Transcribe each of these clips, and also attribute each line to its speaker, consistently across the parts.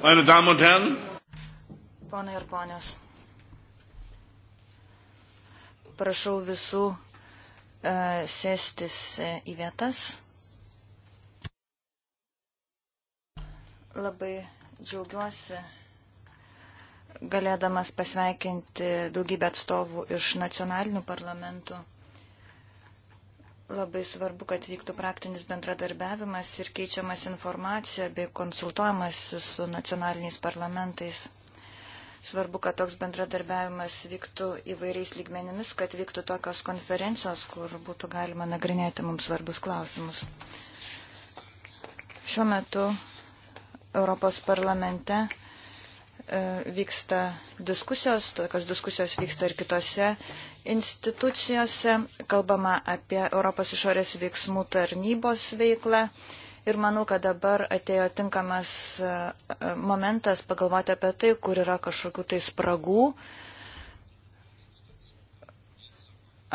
Speaker 1: Meine Damen und Herren. Pone ir ponės. Prašau visų uh, sėstis uh, į vietas. Labai džiaugiuosi galėdamas pasveikinti daugybę atstovų iš nacionalinių parlamentų. Labai svarbu, kad vyktų praktinis bendradarbiavimas ir keičiamas informacija bei konsultuojamas su nacionaliniais parlamentais. Svarbu, kad toks bendradarbiavimas vyktų įvairiais lygmenimis, kad vyktų tokios konferencijos, kur būtų galima nagrinėti mums svarbus klausimus. Šiuo metu Europos parlamente e, vyksta diskusijos, tokios diskusijos vyksta ir kitose institucijose, kalbama apie Europos išorės veiksmų tarnybos veiklą. Ir manau, kad dabar atėjo tinkamas e, e, momentas pagalvoti apie tai, kur yra kažkokių tai spragų.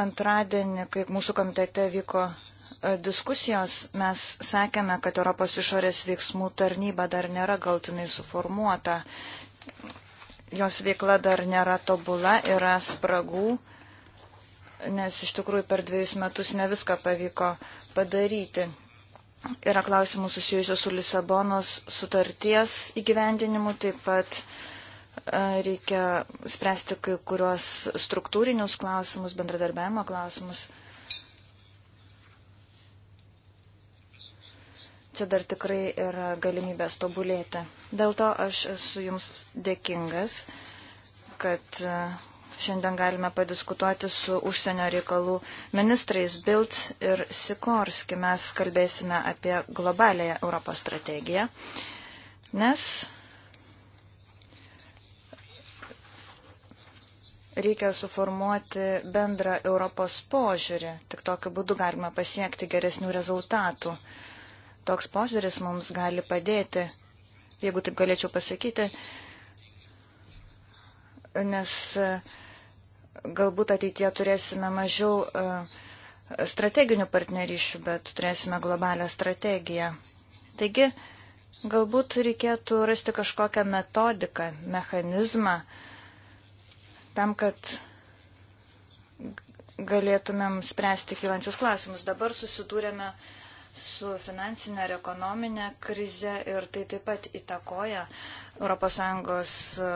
Speaker 1: Antradienį, kai mūsų komitete vyko e, diskusijos, mes sakėme, kad Europos išorės veiksmų tarnyba dar nėra galtinai suformuota. Jos veikla dar nėra tobula, yra spragų nes iš tikrųjų per dviejus metus ne viską pavyko padaryti. Yra klausimų susijusių su Lisabonos sutarties įgyvendinimu, taip pat e, reikia spręsti kai kuriuos struktūrinius klausimus, bendradarbiavimo klausimus. Čia dar tikrai yra galimybės tobulėti. Dėl to aš esu jums dėkingas, kad e, Šiandien galime padiskutuoti su užsienio reikalų ministrais Bild ir Sikorski. Mes kalbėsime apie globalėją Europos strategiją, nes reikia suformuoti bendrą Europos požiūrį. Tik tokiu būdu galima pasiekti geresnių rezultatų. Toks požiūris mums gali padėti, jeigu taip galėčiau pasakyti, nes galbūt ateitie turėsime mažiau e, strateginių partnerysčių, bet turėsime globalią strategiją. Taigi, galbūt reikėtų rasti kažkokią metodiką, mechanizmą, tam, kad galėtumėm spręsti kylančius klausimus. Dabar susidūrėme su finansinė ir ekonominė krize ir tai taip pat įtakoja ES e,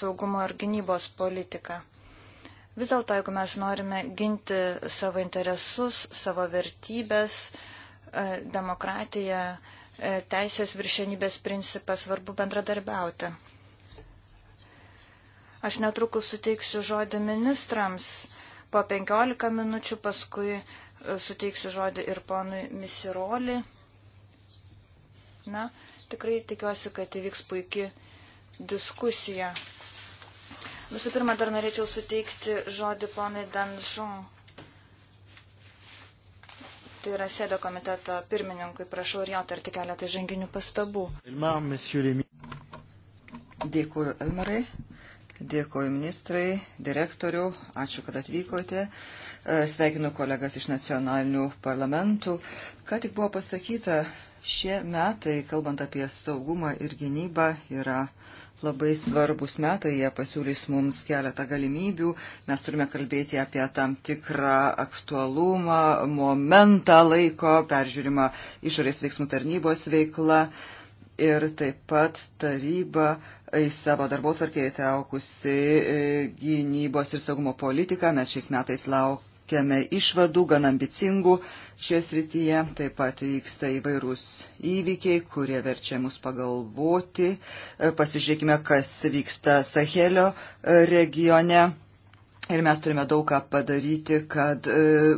Speaker 1: saugumo ir gynybos politiką. Vis dėlto, jeigu mes norime ginti savo interesus, savo vertybės, e, demokratiją, e, teisės viršenybės principą, svarbu bendradarbiauti. Aš netrukus suteiksiu žodį ministrams po 15 minučių, paskui e, suteiksiu žodį ir ponui Misiroli. Na, tikrai tikiuosi, kad įvyks puikia diskusija. Visų pirma, dar norėčiau suteikti žodį ponai Danžon. Tai yra sėdo komiteto pirmininkui, prašau ir jo tarti keletą ženginių pastabų.
Speaker 2: Dėkuoju, Elmarai. Dėkuoju, ministrai, direktoriu. Ačiū, kad atvykote. E, sveikinu kolegas iš nacionalinių parlamentų. Ką tik buvo pasakyta, šie metai, kalbant apie saugumą ir gynybą, yra uh, labai svarbus metai, jie pasiūlys mums keletą galimybių, mes turime kalbėti apie tam tikrą aktualumą, momentą laiko, peržiūrimą išorės veiksmų tarnybos veiklą ir taip pat taryba į savo darbo tvarkėje įtraukusi e, gynybos ir saugumo politiką. Mes šiais metais lauk, laukiame išvadų, gan ambicingų šioje srityje. Taip pat vyksta įvairūs įvykiai, kurie verčia mus pagalvoti. E, pasižiūrėkime, kas vyksta Sahelio e, regione. Ir mes turime daug ką padaryti, kad e,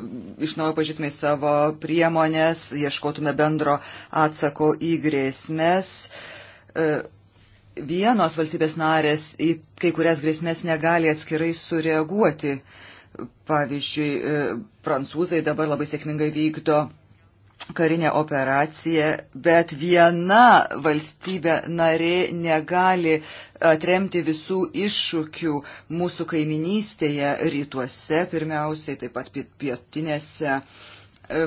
Speaker 2: iš naujo pažytume savo priemonės, ieškotume bendro atsako į grėsmės. E, vienos valstybės narės į kai kurias grėsmės negali atskirai sureaguoti. E, Pavyzdžiui, e, prancūzai dabar labai sėkmingai vykdo karinę operaciją, bet viena valstybė narė negali atremti visų iššūkių mūsų kaiminystėje rytuose, pirmiausiai taip pat pietinėse e,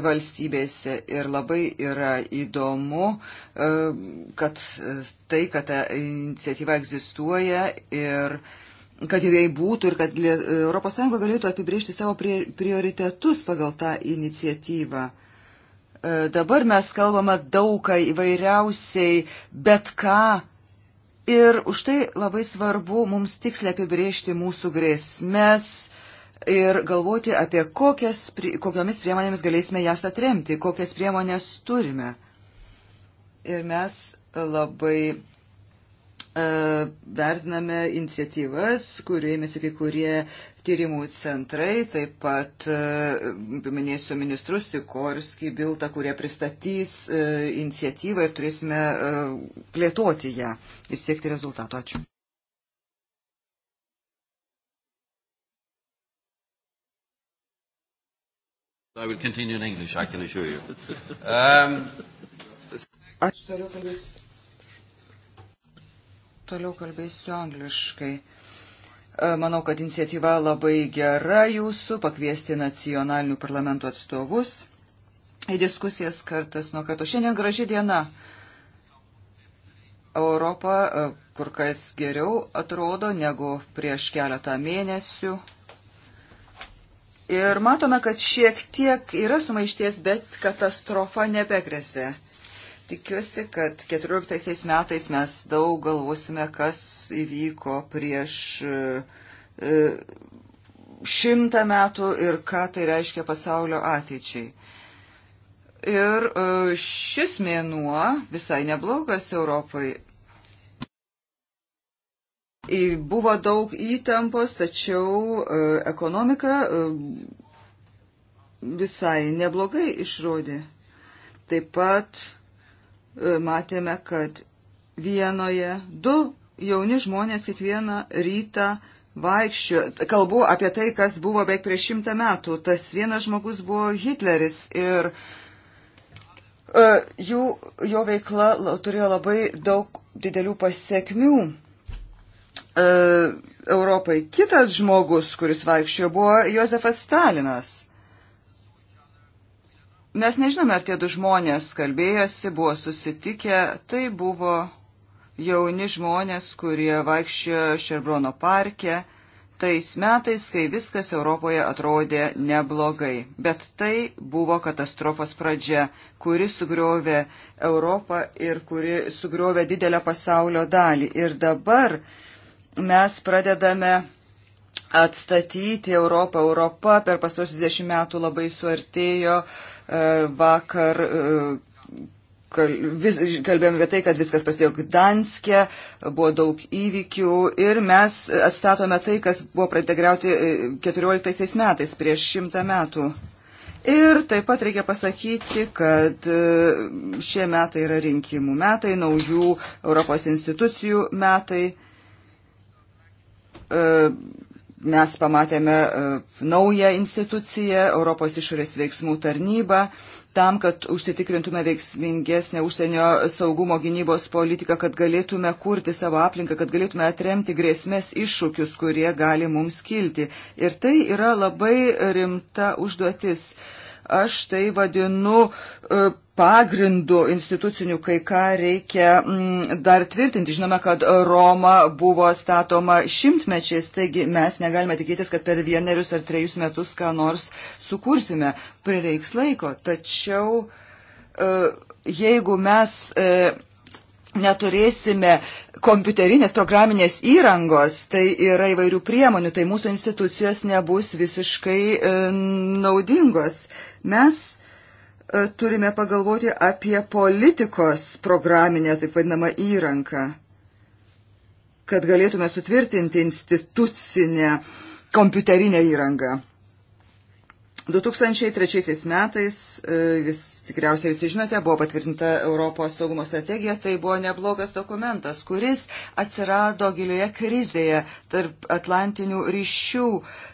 Speaker 2: valstybėse. Ir labai yra įdomu, e, kad tai, kad ta iniciatyva egzistuoja ir kad jinai būtų ir kad ES galėtų apibriežti savo prioritetus pagal tą iniciatyvą. E, dabar mes kalbame daugą įvairiausiai, bet ką. Ir už tai labai svarbu mums tiksliai apibriežti mūsų grėsmės ir galvoti apie kokias, kokiomis priemonėmis galėsime jas atremti, kokias priemonės turime. Ir mes labai E, vertiname iniciatyvas, kuriuėmėsi kai kurie tyrimų centrai, taip pat e, paminėsiu ministrus Sikorskį, Biltą, kurie pristatys e, iniciatyvą ir turėsime plėtoti ją ir siekti rezultatų. Ačiū.
Speaker 1: I will continue in English, I can assure you. Um,
Speaker 2: Aš toliau kalbėsiu. Toliau kalbėsiu angliškai. E, manau, kad iniciatyva labai gera jūsų pakviesti nacionalinių parlamentų atstovus į diskusijas kartas nuo karto. Šiandien graži diena. Europa e, kur kas geriau atrodo negu prieš keletą mėnesių. Ir matome, kad šiek tiek yra sumaišties, bet katastrofa nebegrėsė. Tikiuosi, kad 14 metais mes daug galvosime, kas įvyko prieš e, e, šimtą metų ir ką tai reiškia pasaulio ateičiai. Ir e, šis mėnuo visai neblogas Europai. Buvo daug įtampos, tačiau ekonomika visai neblogai išrodė. Taip pat E, matėme, kad vienoje du jauni žmonės kiekvieną rytą vaikščio. Kalbu apie tai, kas buvo beveik prieš šimtą metų. Tas vienas žmogus buvo Hitleris ir uh, jų, jo veikla turėjo labai daug didelių pasiekmių. Uh, Europai kitas žmogus, kuris vaikščiojo, buvo Josefas Stalinas. Mes nežinome, ar tie du žmonės kalbėjosi, buvo susitikę, tai buvo jauni žmonės, kurie vaikščiojo Šerbrono parke tais metais, kai viskas Europoje atrodė neblogai. Bet tai buvo katastrofos pradžia, kuri sugriovė Europą ir kuri sugriovė didelę pasaulio dalį. Ir dabar mes pradedame atstatyti Europą. Europa per pastarosius 20 metų labai suartėjo uh, E, vakar e, kalbėjome apie tai, kad viskas prasidėjo Gdanskė, buvo daug įvykių ir mes atstatome tai, kas buvo pradėta greuti 14 e, metais, prieš šimtą metų. Ir taip pat reikia pasakyti, kad šie metai yra rinkimų metai, naujų Europos institucijų metai. Mes pamatėme e, naują instituciją, Europos išorės veiksmų tarnybą, tam, kad užsitikrintume veiksmingesnę užsienio saugumo gynybos politiką, kad galėtume kurti savo aplinką, kad galėtume atremti grėsmės iššūkius, kurie gali mums kilti. Ir tai yra labai rimta užduotis. Aš tai vadinu e, pagrindų institucinių kai ką reikia m, mm, dar tvirtinti. Žinome, kad Roma buvo statoma šimtmečiais, taigi mes negalime tikėtis, kad per vienerius ar trejus metus ką nors sukursime. Prireiks laiko. Tačiau e, jeigu mes e, neturėsime kompiuterinės programinės įrangos, tai yra įvairių priemonių, tai mūsų institucijos nebus visiškai e, naudingos. Mes E, turime pagalvoti apie politikos programinę, taip vadinamą, įranką, kad galėtume sutvirtinti institucinę kompiuterinę įrangą. 2003 metais, e, vis tikriausiai visi žinote, buvo patvirtinta Europos saugumo strategija, tai buvo neblogas dokumentas, kuris atsirado gilioje krizėje, tarp atlantinių ryšių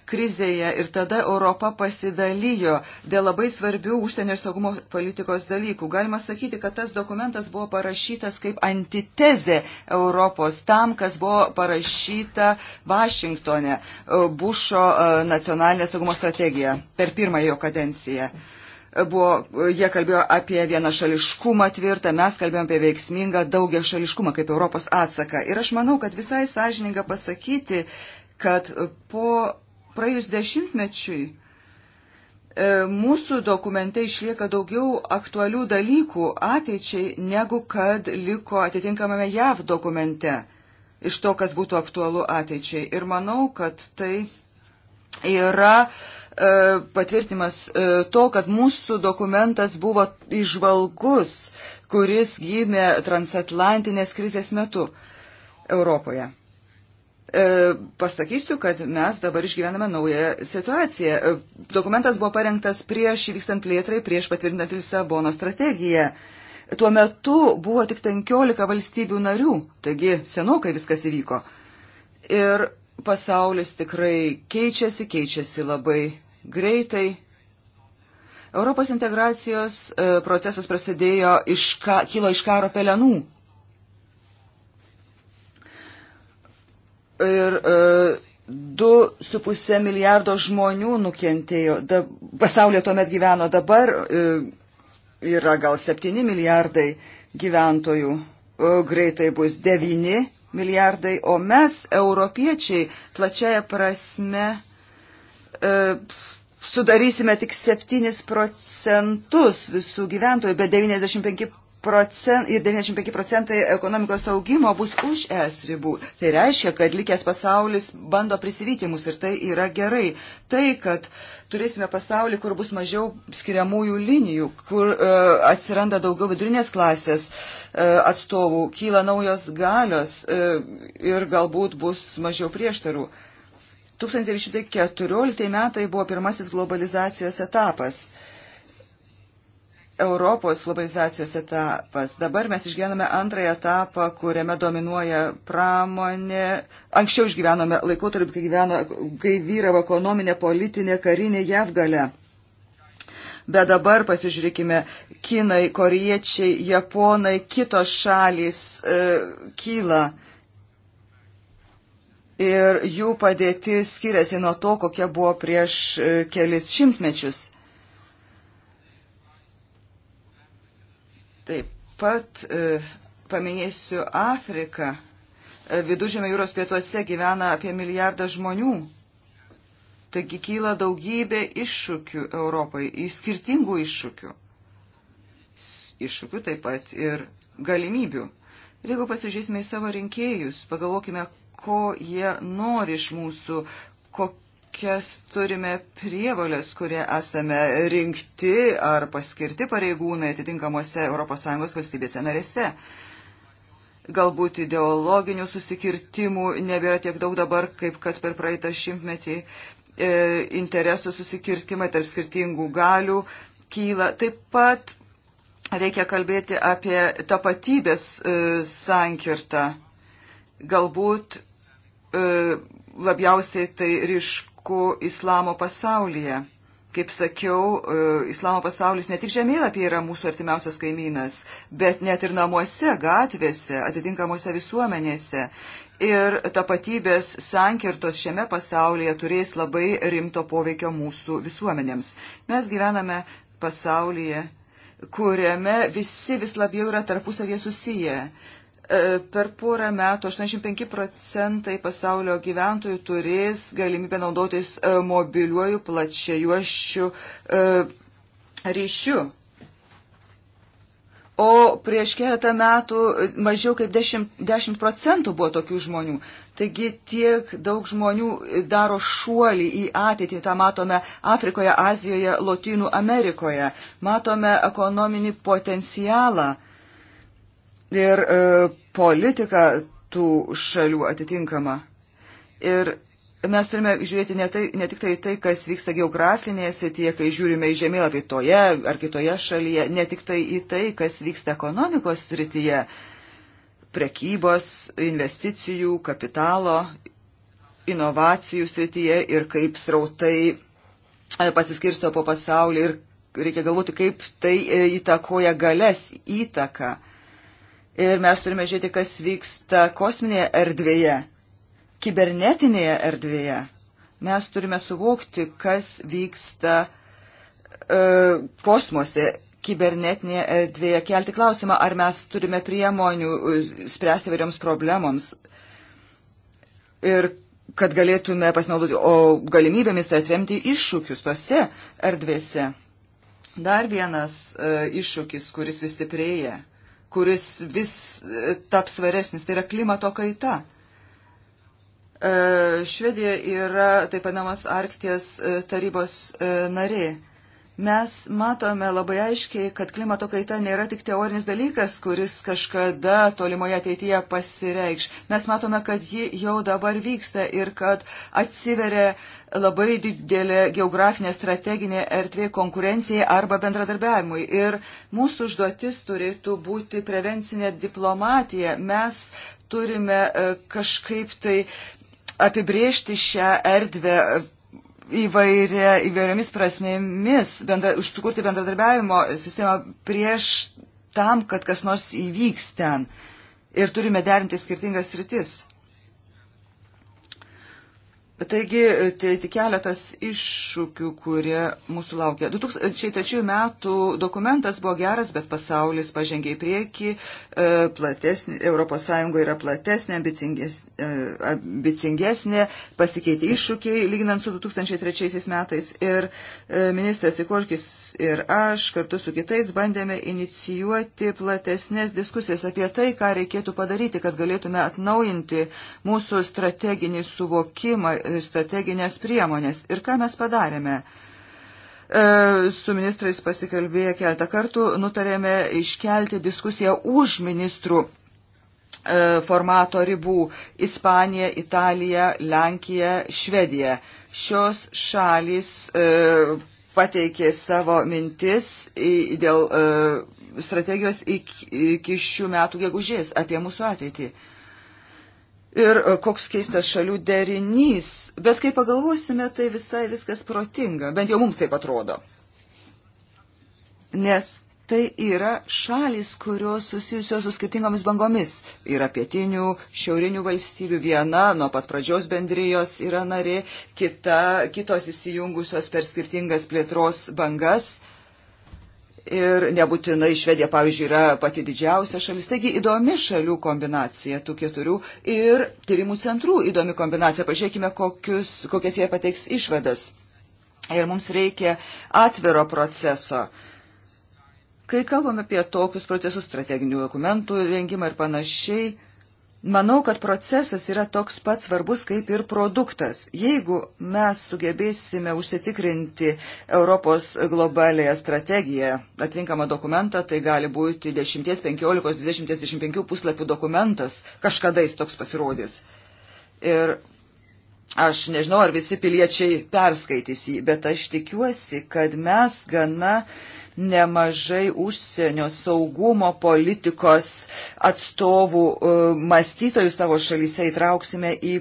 Speaker 2: krizėje ir tada Europa pasidalijo dėl labai svarbių užsienio saugumo politikos dalykų. Galima sakyti, kad tas dokumentas buvo parašytas kaip antitezė Europos tam, kas buvo parašyta Vašingtone e, Bušo e, nacionalinė saugumo strategija per pirmą pirmąją jo kadenciją. Buvo, jie kalbėjo apie vienašališkumą tvirtą, mes kalbėjome apie veiksmingą daugia šališkumą kaip Europos atsaką. Ir aš manau, kad visai sąžininga pasakyti, kad po praėjus dešimtmečiui e, mūsų dokumente išlieka daugiau aktualių dalykų ateičiai, negu kad liko atitinkamame JAV dokumente iš to, kas būtų aktualu ateičiai. Ir manau, kad tai yra E, patvirtimas e, to, kad mūsų dokumentas buvo išvalgus, kuris gimė transatlantinės krizės metu Europoje e, pasakysiu, kad mes dabar išgyvename naują situaciją. Dokumentas buvo parengtas prieš įvykstant plėtrai, prieš patvirtinant Lisabono strategiją. Tuo metu buvo tik 15 valstybių narių, taigi senokai viskas įvyko. Ir pasaulis tikrai keičiasi, keičiasi labai greitai. Europos integracijos e, procesas prasidėjo iš, ka, kilo iš karo pelenų. Ir e, 2,5 milijardo žmonių nukentėjo. Da, pasaulio tuomet gyveno dabar e, yra gal 7 milijardai gyventojų. E, greitai bus 9 milijardai, o mes, europiečiai, plačiaja prasme, e, sudarysime tik 7 procentus visų gyventojų, bet 95 procent, ir 95 procentai ekonomikos augimo bus už es ribų. Tai reiškia, kad likęs pasaulis bando prisivyti mus ir tai yra gerai. Tai, kad turėsime pasaulį, kur bus mažiau skiriamųjų linijų, kur uh, atsiranda daugiau vidurinės klasės uh, atstovų, kyla naujos galios uh, ir galbūt bus mažiau prieštarų. Uh, 1914 metai buvo pirmasis globalizacijos etapas. Europos globalizacijos etapas. Dabar mes išgyvename antrąją etapą, kuriame dominuoja pramonė. Anksčiau išgyvenome laikotarpį, kai, gyveno, kai vyravo ekonominė, politinė, karinė jav gale. Bet dabar pasižiūrėkime, kinai, koriečiai, japonai, kitos šalys e, kyla ir jų padėtis skiriasi nuo to, kokia buvo prieš e, kelis šimtmečius. Taip pat e, paminėsiu Afriką. E, Vidužėme jūros pietuose gyvena apie milijardą žmonių. Taigi kyla daugybė iššūkių Europai, skirtingų iššūkių. Iššūkių taip pat ir galimybių. Ir jeigu pasižiūrėsime į savo rinkėjus, pagalvokime, ko jie nori iš mūsų, kokias turime prievalės, kurie esame rinkti ar paskirti pareigūnai atitinkamuose ES valstybėse narėse galbūt ideologinių susikirtimų nebėra tiek daug dabar, kaip kad per praeitą šimtmetį e, interesų susikirtimai tarp skirtingų galių kyla. Taip pat reikia kalbėti apie tapatybės e, sankirtą. Galbūt E, labiausiai tai ryšku islamo pasaulyje. Kaip sakiau, e, islamo pasaulis ne tik žemėlapyje yra mūsų artimiausias kaimynas, bet net ir namuose, gatvėse, atitinkamuose visuomenėse. Ir tapatybės sankirtos šiame pasaulyje turės labai rimto poveikio mūsų visuomenėms. Mes gyvename pasaulyje, kuriame visi vis labiau yra tarpusavie susiję. E, per porą metų 85 procentai pasaulio gyventojų turės galimybę naudotis e, mobiliuoju plačiajuošiu e, ryšiu. O prieš keletą metų mažiau kaip 10, 10 procentų buvo tokių žmonių. Taigi tiek daug žmonių daro šuolį į ateitį. Ta matome Afrikoje, Azijoje, Lotynų Amerikoje. Matome ekonominį potencialą ir e, politika tų šalių atitinkama. Ir mes turime žiūrėti ne, tai, ne tik tai tai, kas vyksta geografinėje srityje, kai žiūrime į žemėlapį toje ar kitoje šalyje, ne tik tai į tai, kas vyksta ekonomikos srityje, prekybos, investicijų, kapitalo, inovacijų srityje ir kaip srautai e, pasiskirsto po pasaulį ir reikia galvoti, kaip tai e, įtakoja galės įtaką ir mes turime žiūrėti, kas vyksta kosminėje erdvėje, kibernetinėje erdvėje. Mes turime suvokti, kas vyksta e, kosmose, kibernetinėje erdvėje, kelti klausimą, ar mes turime priemonių e, spręsti vairioms problemoms. Ir kad galėtume pasinaudoti o galimybėmis atremti iššūkius tose erdvėse. Dar vienas e, iššūkis, kuris vis stiprėja kuris vis e, taps svaresnis, tai yra klimato kaita. E, Švedija yra taip vadinamos Arkties e, tarybos narė mes matome labai aiškiai, kad klimato kaita nėra tik teorinis dalykas, kuris kažkada tolimoje ateityje pasireikš. Mes matome, kad ji jau dabar vyksta ir kad atsiveria labai didelė geografinė strateginė erdvė konkurencijai arba bendradarbiavimui. Ir mūsų užduotis turėtų būti prevencinė diplomatija. Mes turime e, kažkaip tai apibriežti šią erdvę e, įvairia, įvairiomis prasmėmis, bendra, užsukurti bendradarbiavimo sistemą prieš tam, kad kas nors įvyks ten. Ir turime derinti skirtingas rytis. Taigi, tai tik keletas iššūkių, kurie mūsų laukia. 2003 metų dokumentas buvo geras, bet pasaulis pažengė į priekį, e, platesnė, ES yra platesnė, ambicingesnė, e, ambicingesnė, pasikeitė iššūkiai, lyginant su 2003 metais. Ir e, ministras Ikorkis ir aš kartu su kitais bandėme inicijuoti platesnės diskusijas apie tai, ką reikėtų padaryti, kad galėtume atnaujinti mūsų strateginį suvokimą strateginės priemonės. Ir ką mes padarėme? E, su ministrais pasikalbėję keletą kartų, nutarėme iškelti diskusiją už ministrų e, formato ribų - Ispanija, Italija, Lenkija, Švedija. Šios šalis e, pateikė savo mintis dėl strategijos iki šių metų gegužės apie mūsų ateitį. Ir e, koks keistas šalių derinys. Bet kai pagalvosime, tai visai viskas protinga. Bent jau mums taip atrodo. Nes tai yra šalis, kurios susijusios su skirtingomis bangomis. Yra pietinių, šiaurinių valstybių viena, nuo pat pradžios bendrijos yra narė, kita, kitos įsijungusios per skirtingas plėtros bangas ir nebūtinai Švedija, pavyzdžiui, yra pati didžiausia šalis. Taigi įdomi šalių kombinacija tų keturių ir tyrimų centrų įdomi kombinacija. Pažiūrėkime, kokius, kokias jie pateiks išvadas. Ir mums reikia atviro proceso. Kai kalbame apie tokius procesus, strateginių dokumentų rengimą ir panašiai, Manau, kad procesas yra toks pat svarbus kaip ir produktas. Jeigu mes sugebėsime užsitikrinti Europos globalėje strategiją, atinkamą dokumentą, tai gali būti 10, 15, 20, 25 puslapių dokumentas, kažkada jis toks pasirodys. Ir aš nežinau, ar visi piliečiai perskaitys jį, bet aš tikiuosi, kad mes gana uh, nemažai užsienio saugumo politikos atstovų e, mąstytojų savo šalyse įtrauksime į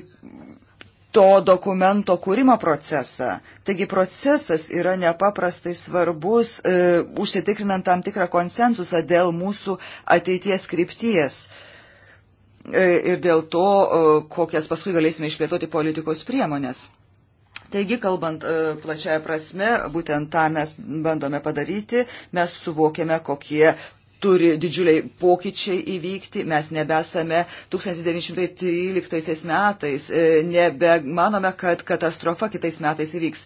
Speaker 2: to dokumento kūrimo procesą. Taigi procesas yra nepaprastai svarbus, e, užsitikrinant tam tikrą konsensusą dėl mūsų ateities krypties e, ir dėl to, e, kokias paskui galėsime išplėtoti politikos priemonės. Taigi, kalbant e, plačiaja prasme, būtent tą mes bandome padaryti, mes suvokėme, kokie turi didžiuliai pokyčiai įvykti. Mes nebesame 1913 metais, e, nebe manome, kad katastrofa kitais metais įvyks.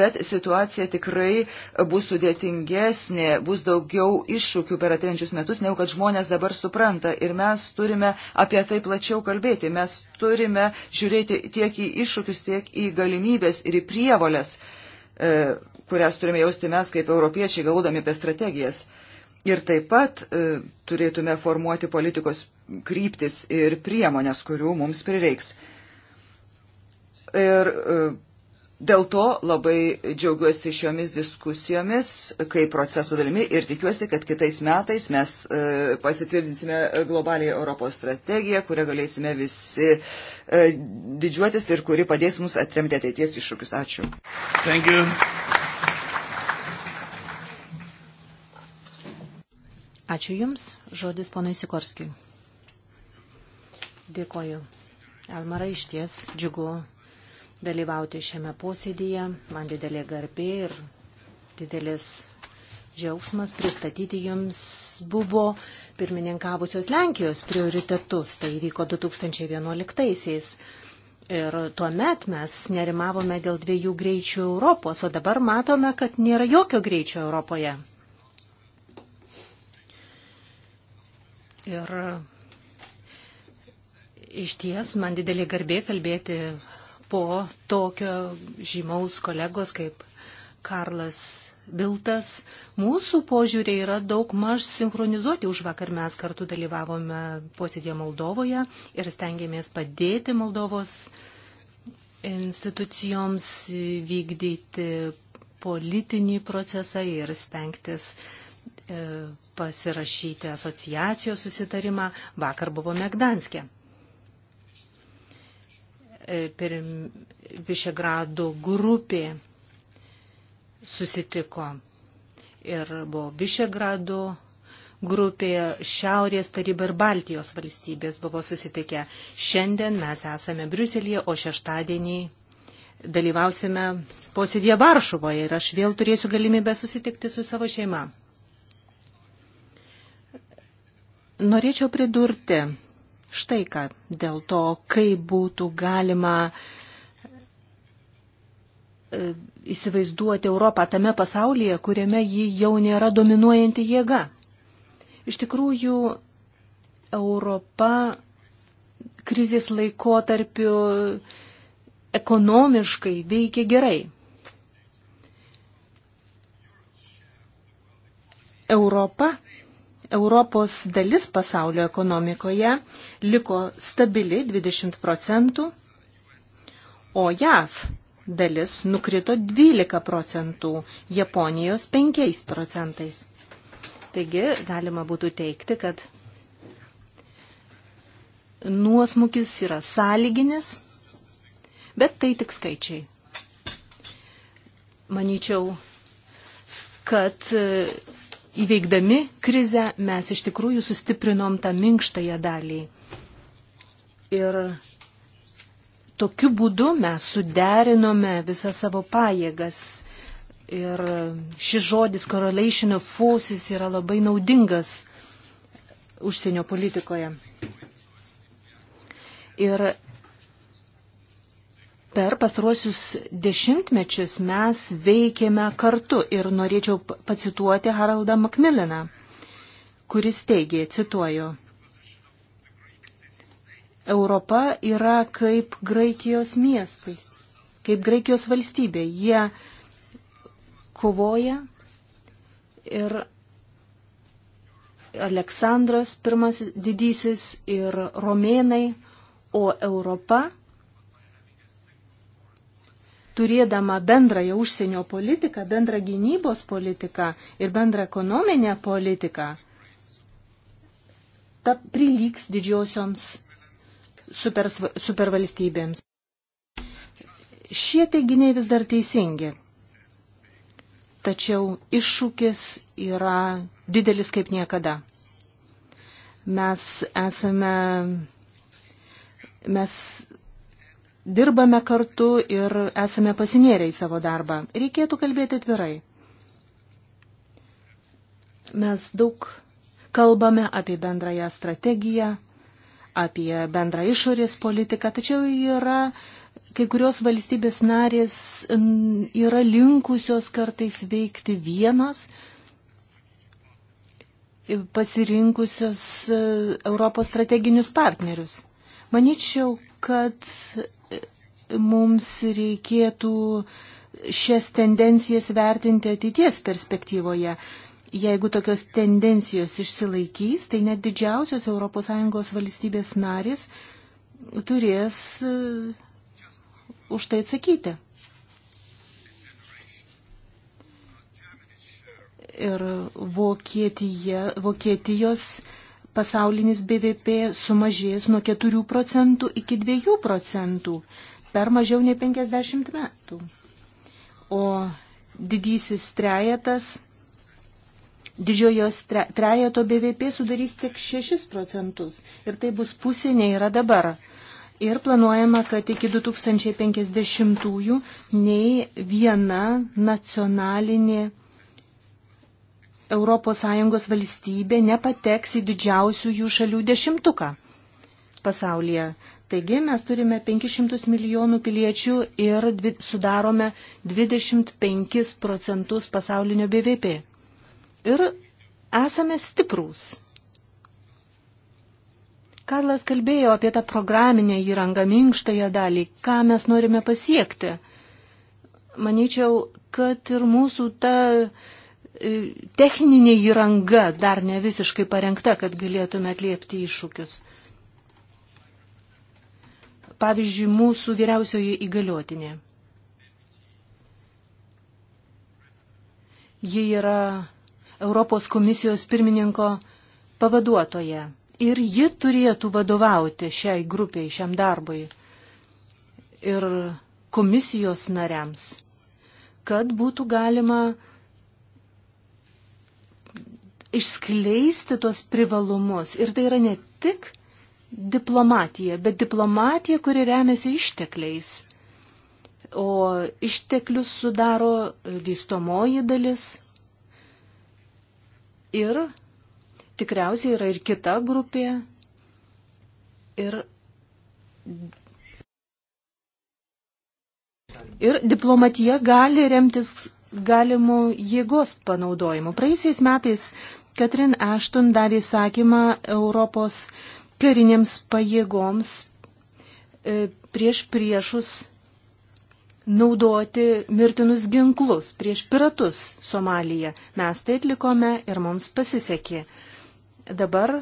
Speaker 2: Bet situacija tikrai bus sudėtingesnė, bus daugiau iššūkių per ateinančius metus, negu kad žmonės dabar supranta. Ir mes turime apie tai plačiau kalbėti. Mes turime žiūrėti tiek į iššūkius, tiek į galimybės ir į prievolės e, kurias turime jausti mes kaip europiečiai, galvodami apie strategijas. Uh, Ir taip pat e, turėtume formuoti politikos kryptis ir priemonės, kurių mums prireiks. Ir e, dėl to labai džiaugiuosi šiomis diskusijomis, kaip proceso dalimi ir tikiuosi, kad kitais metais mes e, pasitvirtinsime globaliai Europos strategiją, kurią galėsime visi e, didžiuotis ir kuri padės mums atremti ateities iššūkius. Ačiū. Thank you.
Speaker 3: Ačiū Jums. Žodis ponui Sikorskijui. Dėkoju. Almara iš ties džiugu dalyvauti šiame posėdyje. Man didelė garbė ir didelis džiaugsmas pristatyti jums buvo pirmininkavusios Lenkijos prioritetus. Tai įvyko 2011-aisiais. Ir tuo met mes nerimavome dėl dviejų greičių Europos, o dabar matome, kad nėra jokio greičio Europoje. Ir iš ties man didelė garbė kalbėti po tokio žymaus kolegos kaip Karlas Biltas. Mūsų požiūriai yra daug maž sinchronizuoti. Už vakar mes kartu dalyvavome posėdėje Moldovoje ir stengiamės padėti Moldovos institucijoms vykdyti politinį procesą ir stengtis uh, E, pasirašyti asociacijos susitarimą. Vakar buvome Gdanskė. E, per Višegrado grupė susitiko ir buvo Višegrado grupėje Šiaurės taryba ir Baltijos valstybės buvo susitikę. Šiandien mes esame Briuselėje, o šeštadienį dalyvausime posėdėje Varšuvoje ir aš vėl turėsiu galimybę susitikti su savo šeima. Norėčiau pridurti štai ką dėl to, kaip būtų galima e, įsivaizduoti Europą tame pasaulyje, kuriame ji jau nėra dominuojanti jėga. Iš tikrųjų, Europa krizės laikotarpiu ekonomiškai veikia gerai. Europa Europos dalis pasaulio ekonomikoje liko stabili 20 procentų, o JAV dalis nukrito 12 procentų, Japonijos 5 procentais. Taigi galima būtų teikti, kad nuosmukis yra sąlyginis, bet tai tik skaičiai. Manyčiau, kad įveikdami krizę mes iš tikrųjų sustiprinom tą minkštąją dalį. Ir tokiu būdu mes suderinome visą savo pajėgas. Ir šis žodis correlation of forces yra labai naudingas užsienio politikoje. Ir Per pastaruosius dešimtmečius mes veikėme kartu ir norėčiau pacituoti Haraldą Macmillaną, kuris teigė, cituoju, Europa yra kaip Graikijos miestai, kaip Graikijos valstybė. Jie kovoja ir Aleksandras I didysis ir Romėnai, o Europa – turėdama bendrąją užsienio politiką, bendrą gynybos politiką ir bendrą ekonominę politiką, ta prilygs didžiosioms super, supervalstybėms. Šie teiginiai vis dar teisingi. Tačiau iššūkis yra didelis kaip niekada. Mes esame, mes dirbame kartu ir esame pasinėrę į savo darbą. Reikėtų kalbėti atvirai. Mes daug kalbame apie bendrąją strategiją, apie bendrą išorės politiką, tačiau yra kai kurios valstybės narės yra linkusios kartais veikti vienos, pasirinkusios e, Europos strateginius partnerius. Maničiau, kad mums reikėtų šias tendencijas vertinti ateities perspektyvoje. Jeigu tokios tendencijos išsilaikys, tai net didžiausios ES valstybės narės turės e, už tai atsakyti. Ir Vokietija, Vokietijos pasaulinis BVP sumažės nuo 4 procentų iki 2 procentų per mažiau nei 50 metų. O didysis trejetas, didžiojo trejeto BVP sudarys tik 6 procentus. Ir tai bus pusė nei yra dabar. Ir planuojama, kad iki 2050-ųjų nei viena nacionalinė ES valstybė nepateks į didžiausių jų šalių dešimtuką pasaulyje. Taigi mes turime 500 milijonų piliečių ir dvi, sudarome 25 procentus pasaulinio BVP. Ir esame stiprūs. Karlas kalbėjo apie tą programinę įrangą, minkštąją dalį, ką mes norime pasiekti. Manyčiau, kad ir mūsų ta e, techninė įranga dar ne visiškai parengta, kad galėtume atliepti iššūkius pavyzdžiui, mūsų vyriausioji įgaliotinė. Ji yra Europos komisijos pirmininko pavaduotoja ir ji turėtų vadovauti šiai grupiai, šiam darbui ir komisijos nariams, kad būtų galima išskleisti tuos privalumus. Ir tai yra ne tik diplomatija, bet diplomatija, kuri remiasi ištekliais. O išteklius sudaro vystomoji dalis. Ir tikriausiai yra ir kita grupė. Ir, ir diplomatija gali remtis galimų jėgos panaudojimu. Praeisiais metais Katrin Ashton davė įsakymą Europos uh, karinėms pajėgoms e, prieš priešus naudoti mirtinus ginklus prieš piratus Somalija. Mes tai atlikome ir mums pasisekė. Dabar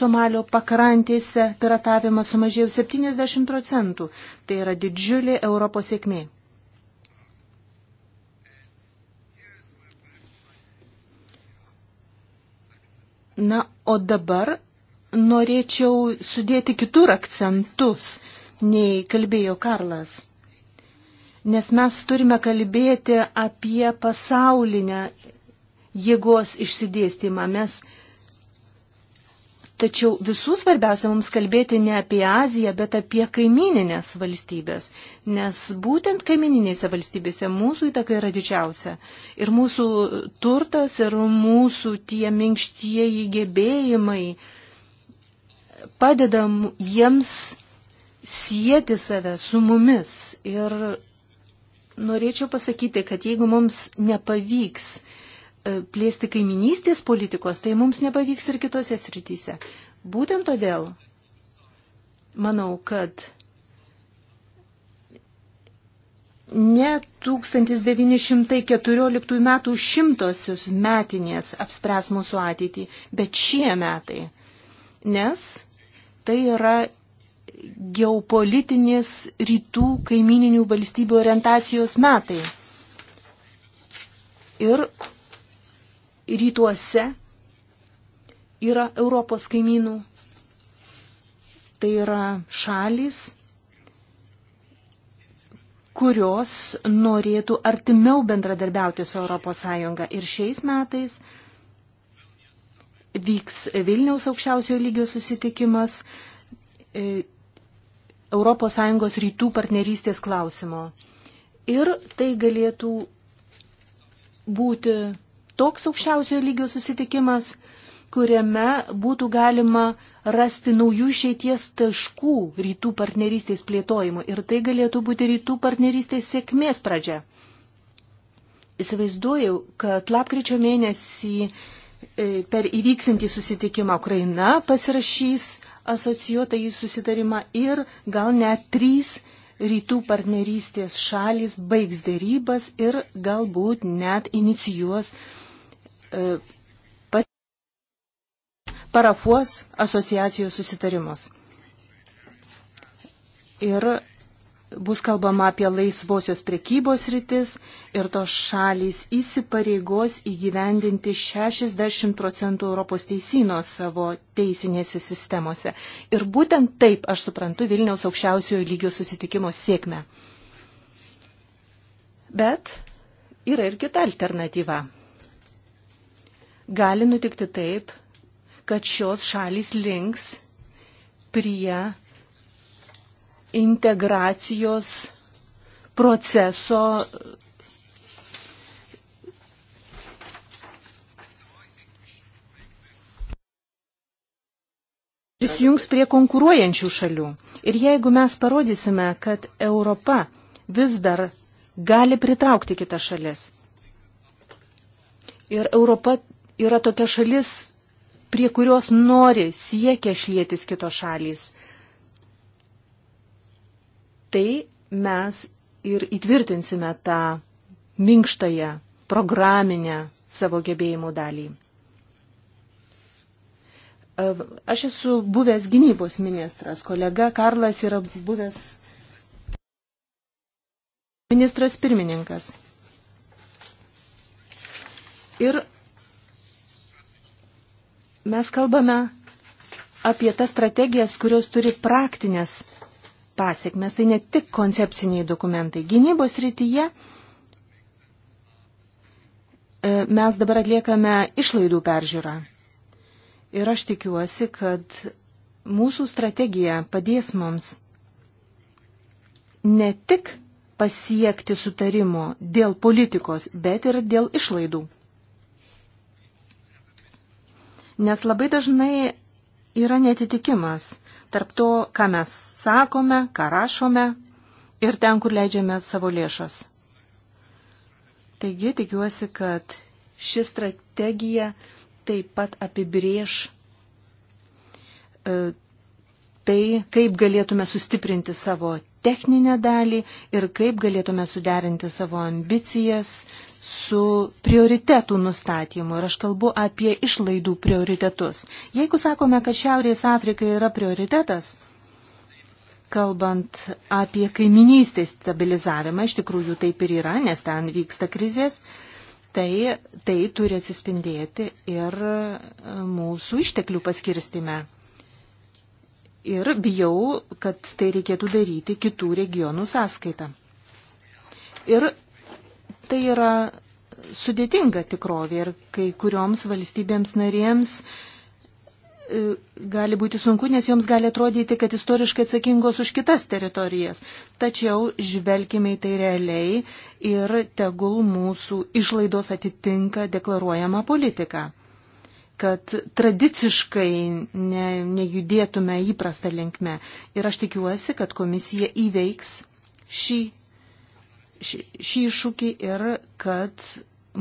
Speaker 3: Somalio pakrantėse piratavimas sumažėjo 70 procentų. Tai yra didžiulė Europos sėkmė. Na, o dabar norėčiau sudėti kitur akcentus, nei kalbėjo Karlas. Nes mes turime kalbėti apie pasaulinę jėgos išsidėstymą. Mes Tačiau visų svarbiausia mums kalbėti ne apie Aziją, bet apie kaimininės valstybės, nes būtent kaimininėse valstybėse mūsų įtaka yra didžiausia. Ir mūsų turtas, ir mūsų tie minkštieji gebėjimai, uh, padedam jiems sieti save su mumis. Ir norėčiau pasakyti, kad jeigu mums nepavyks e, plėsti kaiminystės politikos, tai mums nepavyks ir kitose srityse. Būtent todėl manau, kad ne 1914 metų šimtosios metinės apspręs mūsų ateitį, bet šie metai. Nes tai yra geopolitinės rytų kaimininių valstybių orientacijos metai. Ir rytuose yra Europos kaimynų, tai yra šalis, kurios norėtų artimiau bendradarbiauti su ES. Ir šiais metais vyks Vilniaus aukščiausiojo lygio susitikimas ES rytų partnerystės klausimo. Ir tai galėtų būti toks aukščiausiojo lygio susitikimas, kuriame būtų galima rasti naujų išeities taškų rytų partnerystės plėtojimui. Ir tai galėtų būti rytų partnerystės sėkmės pradžia. Įsivaizduoju, kad lapkričio mėnesį E, per įvyksintį susitikimą Ukraina pasirašys asocijuotą į susitarimą ir gal net trys rytų partnerystės šalis baigs dėrybas ir galbūt net inicijuos e, pas... parafuos asociacijos susitarimus. Ir bus kalbama apie laisvosios prekybos rytis ir tos šalys įsipareigos įgyvendinti 60 procentų Europos teisino savo teisinėse sistemose. Ir būtent taip aš suprantu Vilniaus aukščiausiojo lygio susitikimo sėkmę. Bet yra ir kita alternatyva. Gali nutikti taip, kad šios šalys links prie integracijos proceso prisijungs prie konkuruojančių šalių. Ir jeigu mes parodysime, kad Europa vis dar gali pritraukti kitas šalis. Ir Europa yra tokia šalis, prie kurios nori siekia šlėtis kitos šalys tai mes ir įtvirtinsime tą minkštąją, programinę savo gebėjimų dalį. E, aš esu buvęs gynybos ministras, kolega Karlas yra buvęs ministras pirmininkas. Ir mes kalbame apie tas strategijas, kurios turi praktinės pasiekmes. Tai ne tik koncepciniai dokumentai. Gynybos rytyje e, mes dabar atliekame išlaidų peržiūrą. Ir aš tikiuosi, kad mūsų strategija padės mums ne tik pasiekti sutarimo dėl politikos, bet ir dėl išlaidų. Nes labai dažnai yra netitikimas tarp to, ką mes sakome, ką rašome ir ten, kur leidžiame savo lėšas. Taigi tikiuosi, kad ši strategija taip pat apibrieš e, tai, kaip galėtume sustiprinti savo techninę dalį ir kaip galėtume suderinti savo ambicijas su prioritetų nustatymu ir aš kalbu apie išlaidų prioritetus. Jeigu sakome, kad Šiaurės Afrika yra prioritetas, kalbant apie kaiminystės stabilizavimą, iš tikrųjų taip ir yra, nes ten vyksta krizės, tai, tai turi atsispindėti ir e, mūsų išteklių paskirstime. Ir bijau, kad tai reikėtų daryti kitų regionų sąskaitą. Ir tai yra sudėtinga tikrovė ir kai kurioms valstybėms narėms e, gali būti sunku, nes joms gali atrodyti, kad istoriškai atsakingos už kitas teritorijas. Tačiau žvelgime į tai realiai ir tegul mūsų išlaidos atitinka deklaruojamą politiką kad tradiciškai ne, nejudėtume įprastą linkme. Ir aš tikiuosi, kad komisija įveiks šį šį iššūkį ir kad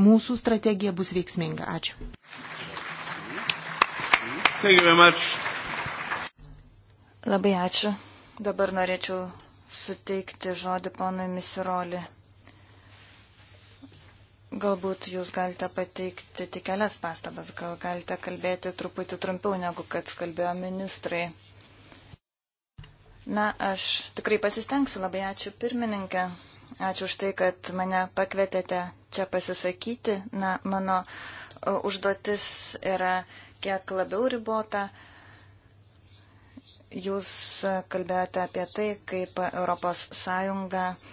Speaker 3: mūsų strategija bus veiksminga. Ačiū.
Speaker 1: Labai ačiū. Dabar norėčiau suteikti žodį ponui Misiroli. Galbūt jūs galite pateikti tik kelias pastabas, gal galite kalbėti truputį trumpiau negu kad kalbėjo ministrai. Na, aš tikrai pasistengsiu, labai ačiū pirmininkė. Ačiū už tai, kad mane pakvietėte čia pasisakyti. Na, mano e, užduotis yra kiek labiau ribota. Jūs kalbėjote apie tai, kaip ES